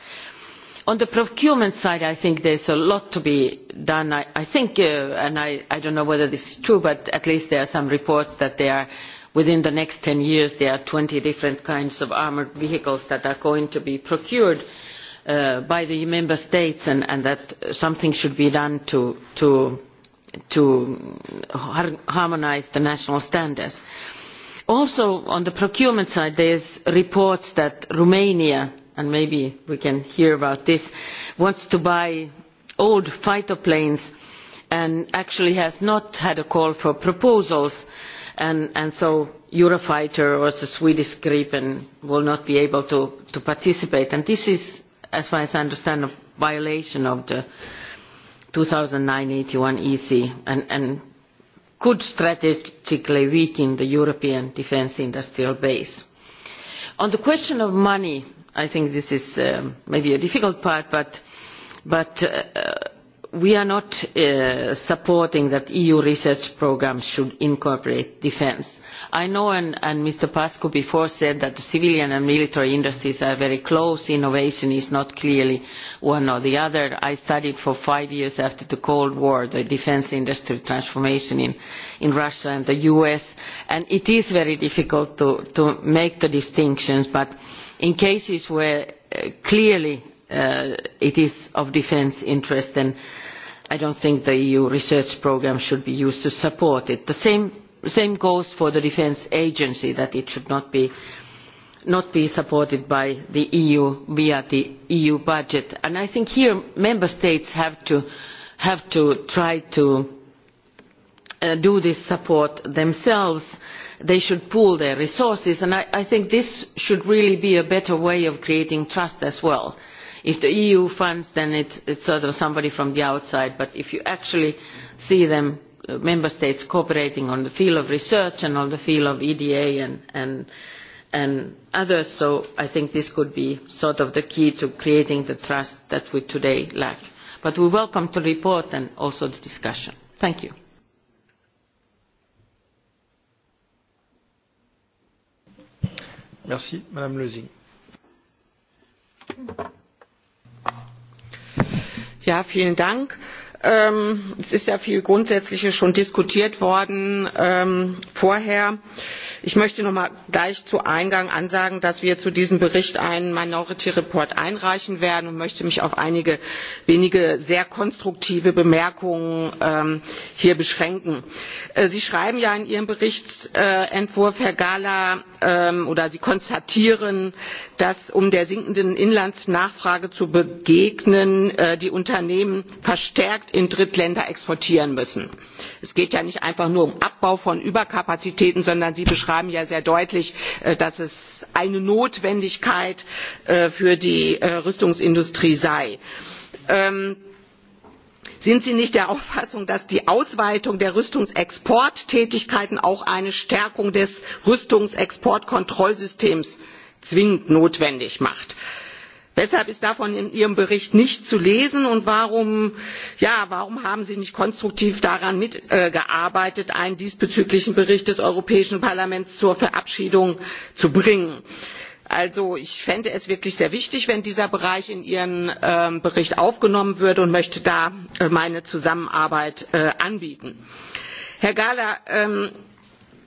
on the procurement side i think there is a lot to be done. i, I think uh, and i, I know whether this is true but at least there are some reports that there within the next 10 years there are 20 different kinds of armoured vehicles that are going to be procured uh, by the member states and, that something should be done to to harmonise the national standards. also on the procurement side there are reports that romania and maybe we can hear about this wants to buy old fighter planes and actually has not had a call for proposals and, so eurofighter or the swedish gripen will not be able to, to participate and this is as far as i understand a violation of the 2009/81/EC e and, and could strategically weaken the European defence industrial base. On the question of money, I think this is um, maybe a difficult part, but, uh, we are not uh, supporting that eu research programmes should incorporate defence. i know and, mr pacu before said that civilian and military industries are very close innovation is not clearly one or the other. i studied for five years after the cold war the defence industry transformation in, russia and the us and it is very difficult to, to make the distinctions but in cases where uh, clearly Uh, it is of defence interest and i do not think the eu research programme should be used to support it. the same, goes for the defence agency that it should not be, not be supported by the eu via the eu budget. i think here member states have to, have to try to uh, do this support themselves. they should pool their resources and i think this should really be a better way of creating trust as well if the eu funds then it's is sort of somebody from the outside but if you actually see them uh, member states cooperating on the field of research and on the field of eda and, others so i think this could be sort of the key to creating the trust that we today lack. but we welcome the report and also the discussion. thank you vielen Dank. Ähm, es ist ja viel Grundsätzliches schon diskutiert worden ähm, vorher ich möchte noch einmal gleich zu eingang ansagen dass wir zu diesem bericht einen minority report einreichen werden und möchte mich auf einige wenige sehr konstruktive bemerkungen ähm, hier beschränken. Äh, sie schreiben ja in ihrem berichtsentwurf herr gahler ähm, oder sie konstatieren dass um der sinkenden inlandsnachfrage zu begegnen äh, die unternehmen verstärkt in drittländer exportieren müssen es geht ja nicht einfach nur um abbau von überkapazitäten sondern sie beschreiben ja sehr deutlich äh, dass es eine notwendigkeit äh, für die äh, rüstungsindustrie sei. Ähm, sind sie nicht der auffassung dass die ausweitung der rüstungsexporttätigkeiten auch eine stärkung des rüstungsexportkontrollsystems zwingend notwendig macht? weshalb ist davon in ihrem bericht nicht zu lesen und warum, haben sie nicht konstruktiv daran mitgearbeitet äh, einen diesbezüglichen bericht des europäischen parlaments zur verabschiedung zu bringen? also ich fände es wirklich sehr wichtig wenn dieser bereich in ihren ähm, bericht aufgenommen würde und möchte da äh, meine zusammenarbeit äh, anbieten. herr gahler ähm,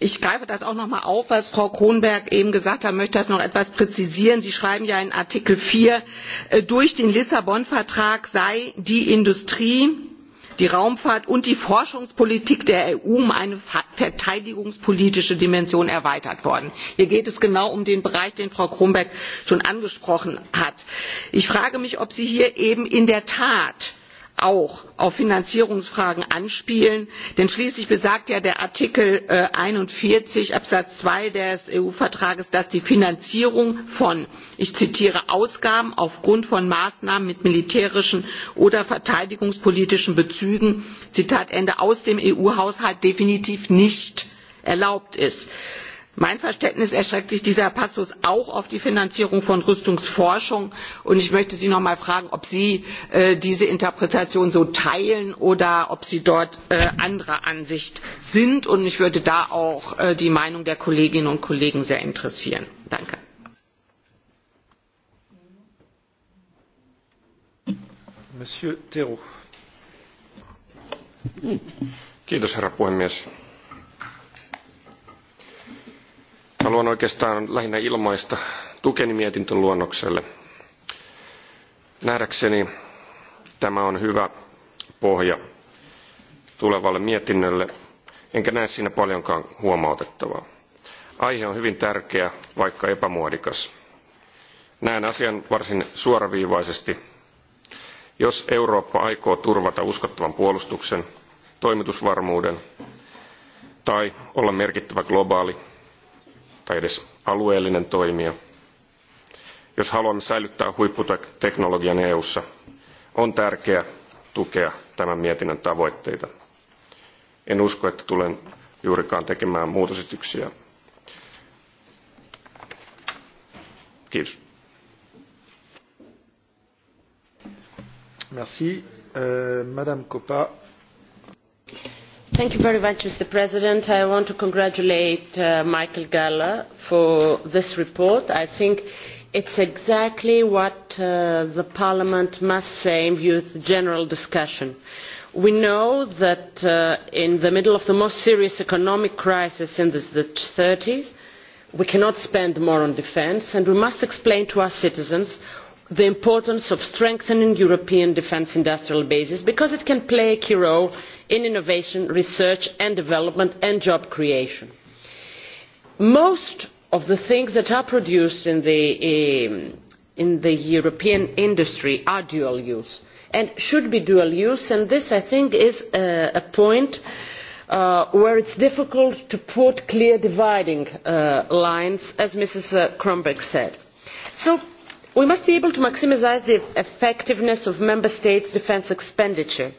ich greife das auch noch mal auf was frau kronberg eben gesagt hat möchte das noch etwas präzisieren sie schreiben ja in artikel vier äh, durch den lissabon vertrag sei die industrie die raumfahrt und die forschungspolitik der eu um eine verteidigungspolitische dimension erweitert worden. hier geht es genau um den bereich den frau kronberg schon angesprochen hat. ich frage mich ob sie hier eben in der tat auch auf finanzierungsfragen anspielen denn schließlich besagt ja der artikel äh, einundvierzig absatz zwei des eu vertrags dass die finanzierung von ich zitiere ausgaben aufgrund von maßnahmen mit militärischen oder verteidigungspolitischen bezügen ende aus dem eu haushalt definitiv nicht erlaubt ist mein verständnis erstreckt sich dieser passus auch auf die finanzierung von rüstungsforschung und ich möchte sie noch einmal fragen ob sie äh, diese interpretation so teilen oder ob sie dort äh, anderer ansicht sind und mich würde da auch äh, die meinung der kolleginnen und kollegen sehr interessieren. danke. Haluan oikeastaan lähinnä ilmaista tukeni mietintöluonnokselle. Nähdäkseni tämä on hyvä pohja tulevalle mietinnölle, enkä näe siinä paljonkaan huomautettavaa. Aihe on hyvin tärkeä, vaikka epämuodikas. Näen asian varsin suoraviivaisesti. Jos Eurooppa aikoo turvata uskottavan puolustuksen, toimitusvarmuuden tai olla merkittävä globaali tai edes alueellinen toimija jos haluamme säilyttää huipputeknologian e ssa on tärkeää tukea tämän mietinnön tavoitteita. En usko, että tulen juurikaan tekemään muutosityksiä. Kiitos. Merci. Euh, Madame Thank you very much, Mr. President. I want to congratulate uh, Michael gahler for this report. I think is exactly what uh, Parliament must say in view of the general discussion. We know that uh, in the middle of the most serious economic crisis in the 30s, we cannot spend more on defence and we must explain to our citizens the importance of strengthening european defence industrial bases because it can play a key role in innovation research and development and job creation. most of the things that are produced um, in the, european industry are dual use and should be dual use and this i think is a, point uh, where it is difficult to put clear dividing uh, lines as mrs uh, krombeck said. so we must be able to maximise the effectiveness of member states' defence expenditure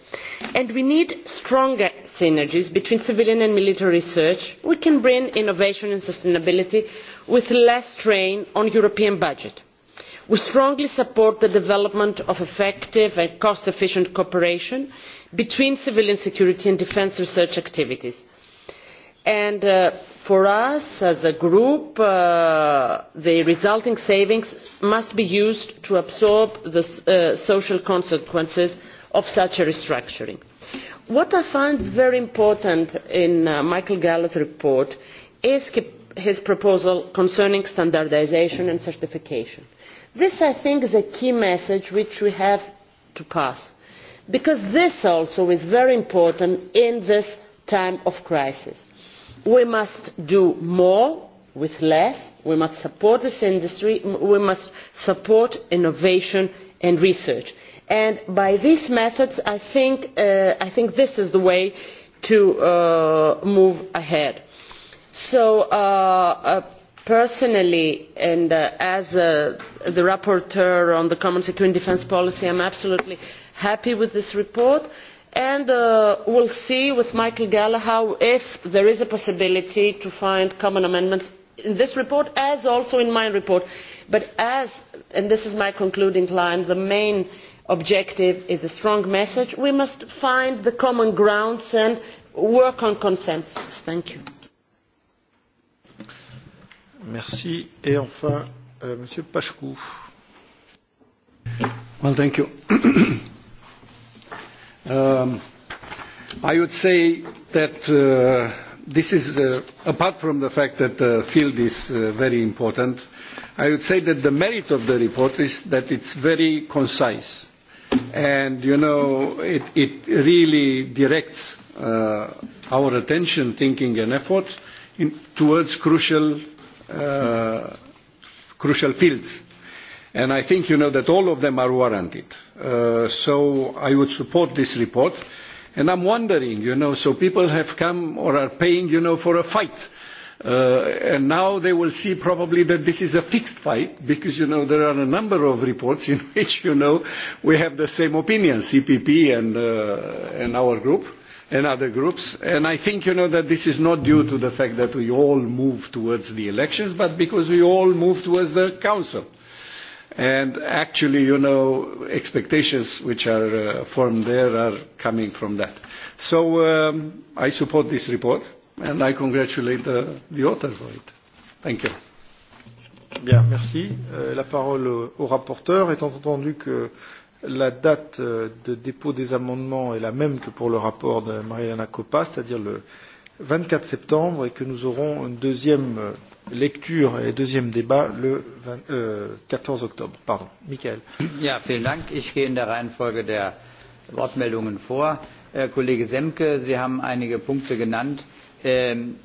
and we need stronger synergies between civilian and military research. we can bring innovation and sustainability with less strain on the european budget. we strongly support the development of effective and cost efficient cooperation between civilian security and defence research activities and uh, for us as a group uh, the resulting savings must be used to absorb the uh, social consequences of such a restructuring. what i find very important in uh, michael gallagher's report is his proposal concerning standardisation and certification. this i think is a key message which we have to pass because this also is very important in this time of crisis we must do more with less we must support this industry we must support innovation and research and by these methods i think, uh, this is the way to uh, move ahead. so uh, personally and as the rapporteur on the common security and defence policy i am absolutely happy with this report and uh, we will see with michael gallagher if there is a possibility to find common amendments in this report as also in my report but as and this is my concluding line the main objective is a strong message we must find the common ground and work on consensus. thank you. Euh, <clears throat> Um, I would say that uh, this is uh, apart from the fact that the field is uh, very important, I would say that the merit of the report is that it's very concise and you know it, it really directs our attention, thinking and effort in, towards crucial, crucial fields and i think you know that all of them are warranted uh, so i would support this report and i'm wondering you know so people have come or are paying you know for a fight uh, and now they will see probably that this is a fixed fight because you know there are a number of reports in <laughs> which you know we have the same opinion cpp and uh, and our group and other groups and i think you know that this is not due to the fact that we all move towards the elections but because we all move towards the council and actually you know expectations which are uh, formed there are coming from that so um, i support this report and i congratulate the, the author for it thank you bien merci euh, la parole au, rapporteur étant entendu que la date euh, de dépôt des amendements est la même que pour le rapport de Mariana Coppa c'est-à-dire le 24 septembre et que nous aurons une deuxième euh, lecture et deuxième débat le 20, euh, 14 octobre. Pardon. Michael. Ja, vielen Dank. Ich gehe in der Reihenfolge der Wortmeldungen vor. Herr äh, Kollege Semke, Sie haben einige Punkte genannt. Ähm,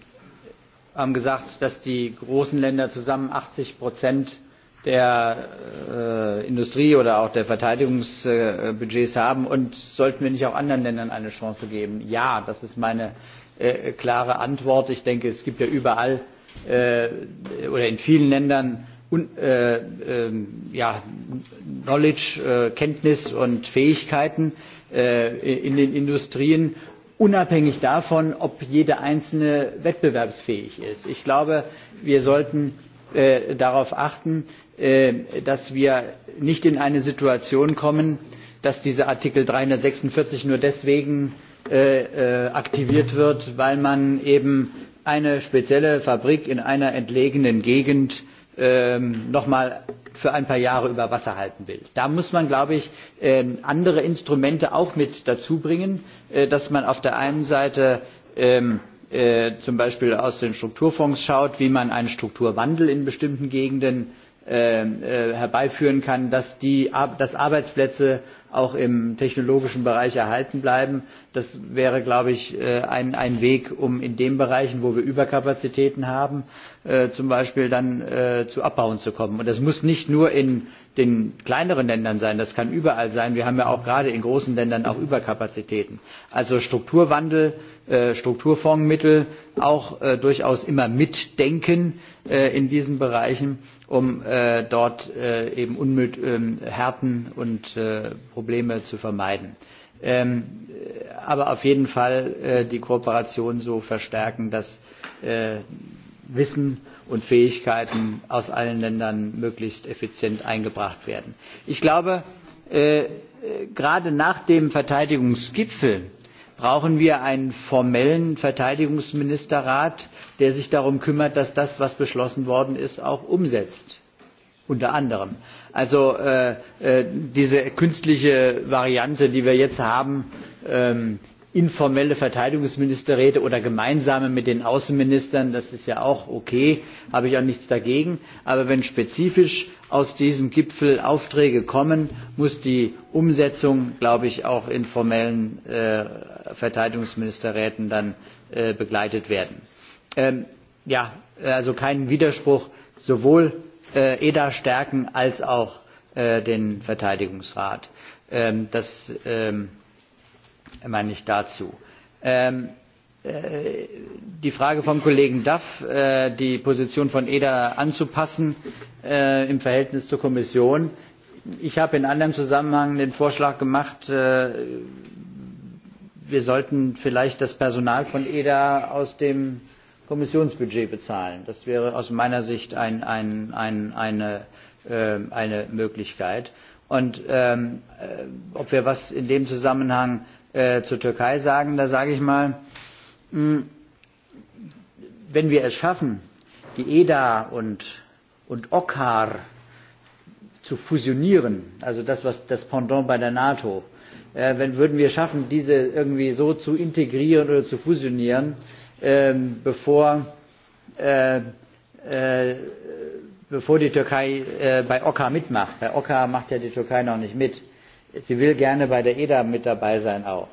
haben gesagt, dass die großen Länder zusammen 80 Prozent der äh, Industrie oder auch der Verteidigungsbudgets äh, haben und sollten wir nicht auch anderen Ländern eine Chance geben? Ja, das ist meine äh, klare Antwort. Ich denke, es gibt ja überall äh, oder in vielen Ländern äh, äh, ja, Knowledge, äh, Kenntnis und Fähigkeiten äh, in den Industrien unabhängig davon, ob jede einzelne wettbewerbsfähig ist. Ich glaube, wir sollten äh, darauf achten, äh, dass wir nicht in eine Situation kommen, dass dieser Artikel 346 nur deswegen äh, äh, aktiviert wird, weil man eben eine spezielle Fabrik in einer entlegenen Gegend ähm, noch mal für ein paar Jahre über Wasser halten will. Da muss man, glaube ich, ähm, andere Instrumente auch mit dazu bringen, äh, dass man auf der einen Seite ähm, äh, zum Beispiel aus den Strukturfonds schaut, wie man einen Strukturwandel in bestimmten Gegenden äh, herbeiführen kann, dass, die, dass Arbeitsplätze auch im technologischen Bereich erhalten bleiben, das wäre glaube ich äh, ein, ein weg um in den bereichen wo wir überkapazitäten haben äh, zum beispiel dann äh, zu abbauen zu kommen. und das muss nicht nur in den kleineren ländern sein das kann überall sein. wir haben ja auch gerade in großen ländern auch überkapazitäten. also strukturwandel strukturfondsmittel auch durchaus immer mitdenken in diesen bereichen um dort eben ähm, härten und probleme zu vermeiden. Ähm, äh, aber auf jeden Fall äh, die Kooperation so verstärken, dass äh, Wissen und Fähigkeiten aus allen Ländern möglichst effizient eingebracht werden. Ich glaube, gerade nach dem Verteidigungsgipfel brauchen wir einen formellen Verteidigungsministerrat, der sich darum kümmert, dass das, was beschlossen worden ist, auch umsetzt unter anderem. also äh, äh, diese künstliche variante die wir jetzt haben ähm, informelle verteidigungsministerräte oder gemeinsame mit den außenministern das ist ja auch okay habe ich auch nichts dagegen aber wenn spezifisch aus diesem gipfel aufträge kommen muss die umsetzung glaube ich auch in formellen äh, verteidigungsministerräten dann äh, begleitet werden. Ähm, ja also kein widerspruch sowohl Äh, eda stärken als auch äh, den verteidigungsrat. Ähm, das ähm, meine ich dazu. Ähm, äh, die frage vom kollegen duff die position von eda anzupassen im verhältnis zur kommission ich habe in anderem zusammenhang den vorschlag gemacht wir sollten vielleicht das personal von eda aus dem Kommissionsbudget bezahlen. Das wäre aus meiner Sicht ein, ein, ein, eine, äh, eine Möglichkeit. Und ähm, äh, ob wir was in dem Zusammenhang äh, zur Türkei sagen, da sage ich mal, mh, hm, wenn wir es schaffen, die EDA und, und OKAR zu fusionieren, also das, was das Pendant bei der NATO, äh, wenn, würden wir schaffen, diese irgendwie so zu integrieren oder zu fusionieren, Ähm, bevor äh, äh, bevor die Türkei äh, bei Oka mitmacht. Bei Oka macht ja die Türkei noch nicht mit. Sie will gerne bei der EDA mit dabei sein auch.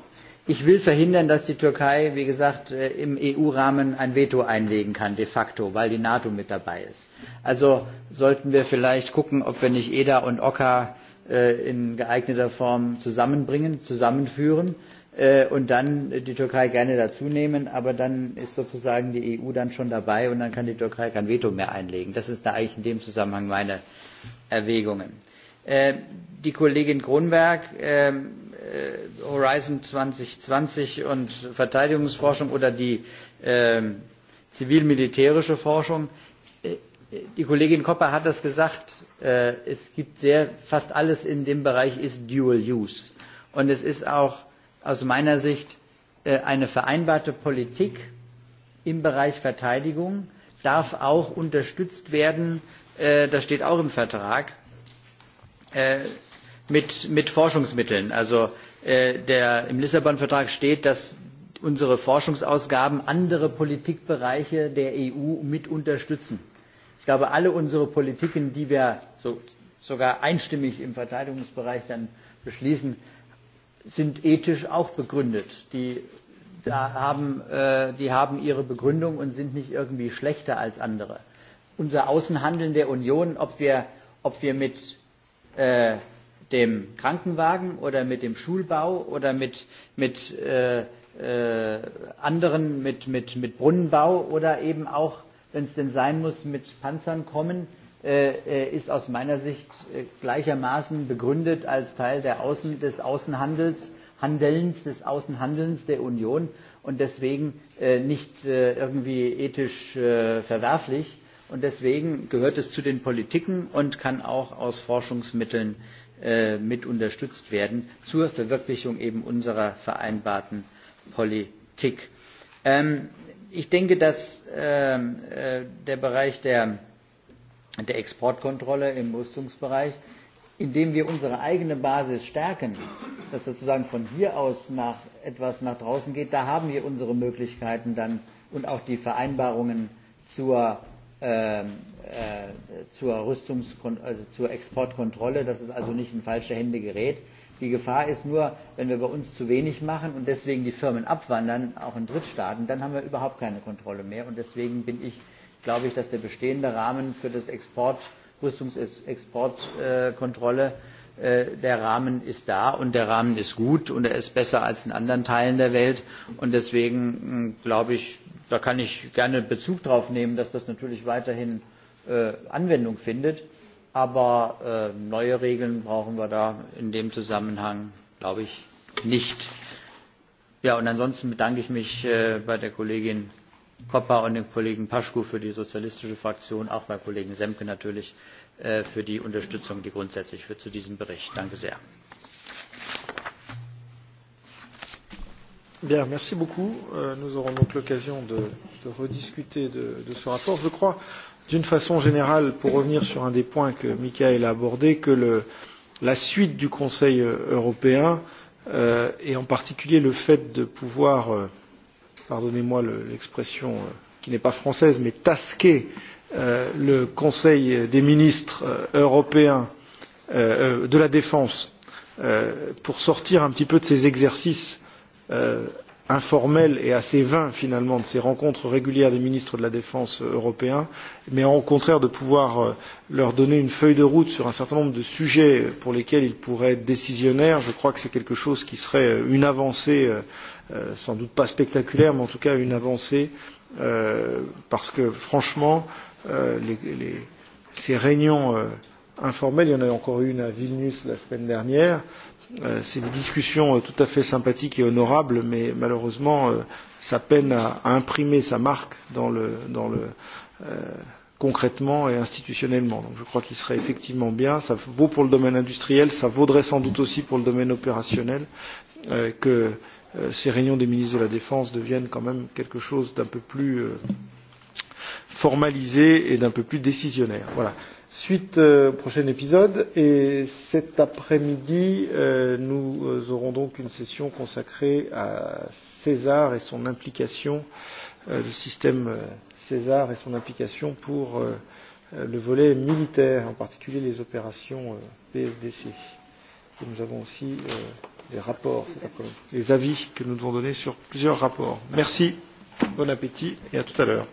Ich will verhindern, dass die Türkei, wie gesagt, im EU-Rahmen ein Veto einlegen kann, de facto, weil die NATO mit dabei ist. Also sollten wir vielleicht gucken, ob wir nicht EDA und Oka in geeigneter Form zusammenbringen, zusammenführen Äh, und dann äh, die Türkei gerne dazu nehmen, aber dann ist sozusagen die EU dann schon dabei und dann kann die Türkei kein Veto mehr einlegen. Das ist da eigentlich in dem Zusammenhang meine Erwägungen. Äh, die Kollegin Kronberg, ähm, Horizon 2020 und Verteidigungsforschung oder die ähm, zivil-militärische Forschung. Die Kollegin Kopper hat das gesagt, es gibt sehr, fast alles in dem Bereich ist Dual Use. Und es ist auch aus meiner Sicht äh, eine vereinbarte Politik im Bereich Verteidigung darf auch unterstützt werden, äh, das steht auch im Vertrag, äh, mit, mit Forschungsmitteln. Also der, im Lissabon-Vertrag steht, dass unsere Forschungsausgaben andere Politikbereiche der EU mit unterstützen. Ich glaube, alle unsere Politiken, die wir sogar einstimmig im Verteidigungsbereich dann beschließen, sind ethisch auch begründet. Die, da haben, äh, die haben ihre Begründung und sind nicht irgendwie schlechter als andere. Unser Außenhandeln der Union, ob wir, ob wir mit äh, dem Krankenwagen oder mit dem Schulbau oder mit, mit äh, anderen, mit, mit, mit Brunnenbau oder eben auch, wenn es denn sein muss, mit Panzern kommen, Äh, äh, ist aus meiner Sicht äh, gleichermaßen begründet als Teil der Außen, des Außenhandels, Handelns, des Außenhandelns der Union und deswegen nicht irgendwie ethisch verwerflich. Und deswegen gehört es zu den Politiken und kann auch aus Forschungsmitteln mit unterstützt werden zur Verwirklichung eben unserer vereinbarten Politik. Ähm, ich denke, dass ähm, der Bereich der der Exportkontrolle im Rüstungsbereich, indem wir unsere eigene Basis stärken, dass sozusagen von hier aus nach etwas nach draußen geht, da haben wir unsere Möglichkeiten dann und auch die Vereinbarungen zur, ähm, äh, zur, also zur Exportkontrolle, dass es also nicht in falsche Hände gerät. Die Gefahr ist nur, wenn wir bei uns zu wenig machen und deswegen die Firmen abwandern, auch in Drittstaaten, dann haben wir überhaupt keine Kontrolle mehr. Und deswegen bin ich glaube ich, dass der bestehende Rahmen für das Export, Rüstungsexportkontrolle, äh, der Rahmen ist da und der Rahmen ist gut und er ist besser als in anderen Teilen der Welt. Und deswegen hm, glaube ich, da kann ich gerne Bezug darauf nehmen, dass das natürlich weiterhin äh, Anwendung findet. Aber äh, neue Regeln brauchen wir da in dem Zusammenhang, glaube ich, nicht. Ja, und ansonsten bedanke ich mich bei der Kollegin Koppa und dem Kollegen Paschku für die sozialistische Fraktion, auch beim Kollegen Semke natürlich, äh, für die Unterstützung, die grundsätzlich für zu diesem Bericht. Danke sehr. Bien, merci beaucoup. Euh, nous aurons donc l'occasion de, de rediscuter de, de ce rapport. Je crois, d'une façon générale, pour revenir sur un des points que Michael a abordé, que le, la suite du Conseil euh, européen euh, et en particulier le fait de pouvoir pardonnez-moi l'expression euh, qui n'est pas française, mais tasquer euh, le Conseil des ministres euh, européens de la défense pour sortir un petit peu de ces exercices informel et assez vain finalement de ces rencontres régulières des ministres de la défense européens mais au contraire de pouvoir euh, leur donner une feuille de route sur un certain nombre de sujets pour lesquels ils pourraient être décisionnaires je crois que c'est quelque chose qui serait euh, une avancée euh, sans doute pas spectaculaire mais en tout cas une avancée parce que franchement les, ces réunions informelles il y en a encore eu une à Vilnius la semaine dernière Euh, c'est des discussions euh, tout à fait sympathiques et honorables, mais malheureusement, ça euh, peine à, imprimer sa marque dans le, dans le, concrètement et institutionnellement. Donc je crois qu'il serait effectivement bien, ça vaut pour le domaine industriel, ça vaudrait sans doute aussi pour le domaine opérationnel, que ces réunions des ministres de la Défense deviennent quand même quelque chose d'un peu plus formalisé et d'un peu plus décisionnaire. Voilà suite euh, au prochain épisode et cet après-midi euh, nous aurons donc une session consacrée à César et son implication euh, le système César et son implication pour le volet militaire en particulier les opérations PSDC et nous avons aussi des rapports cet les avis que nous devons donner sur plusieurs rapports merci bon appétit et à tout à l'heure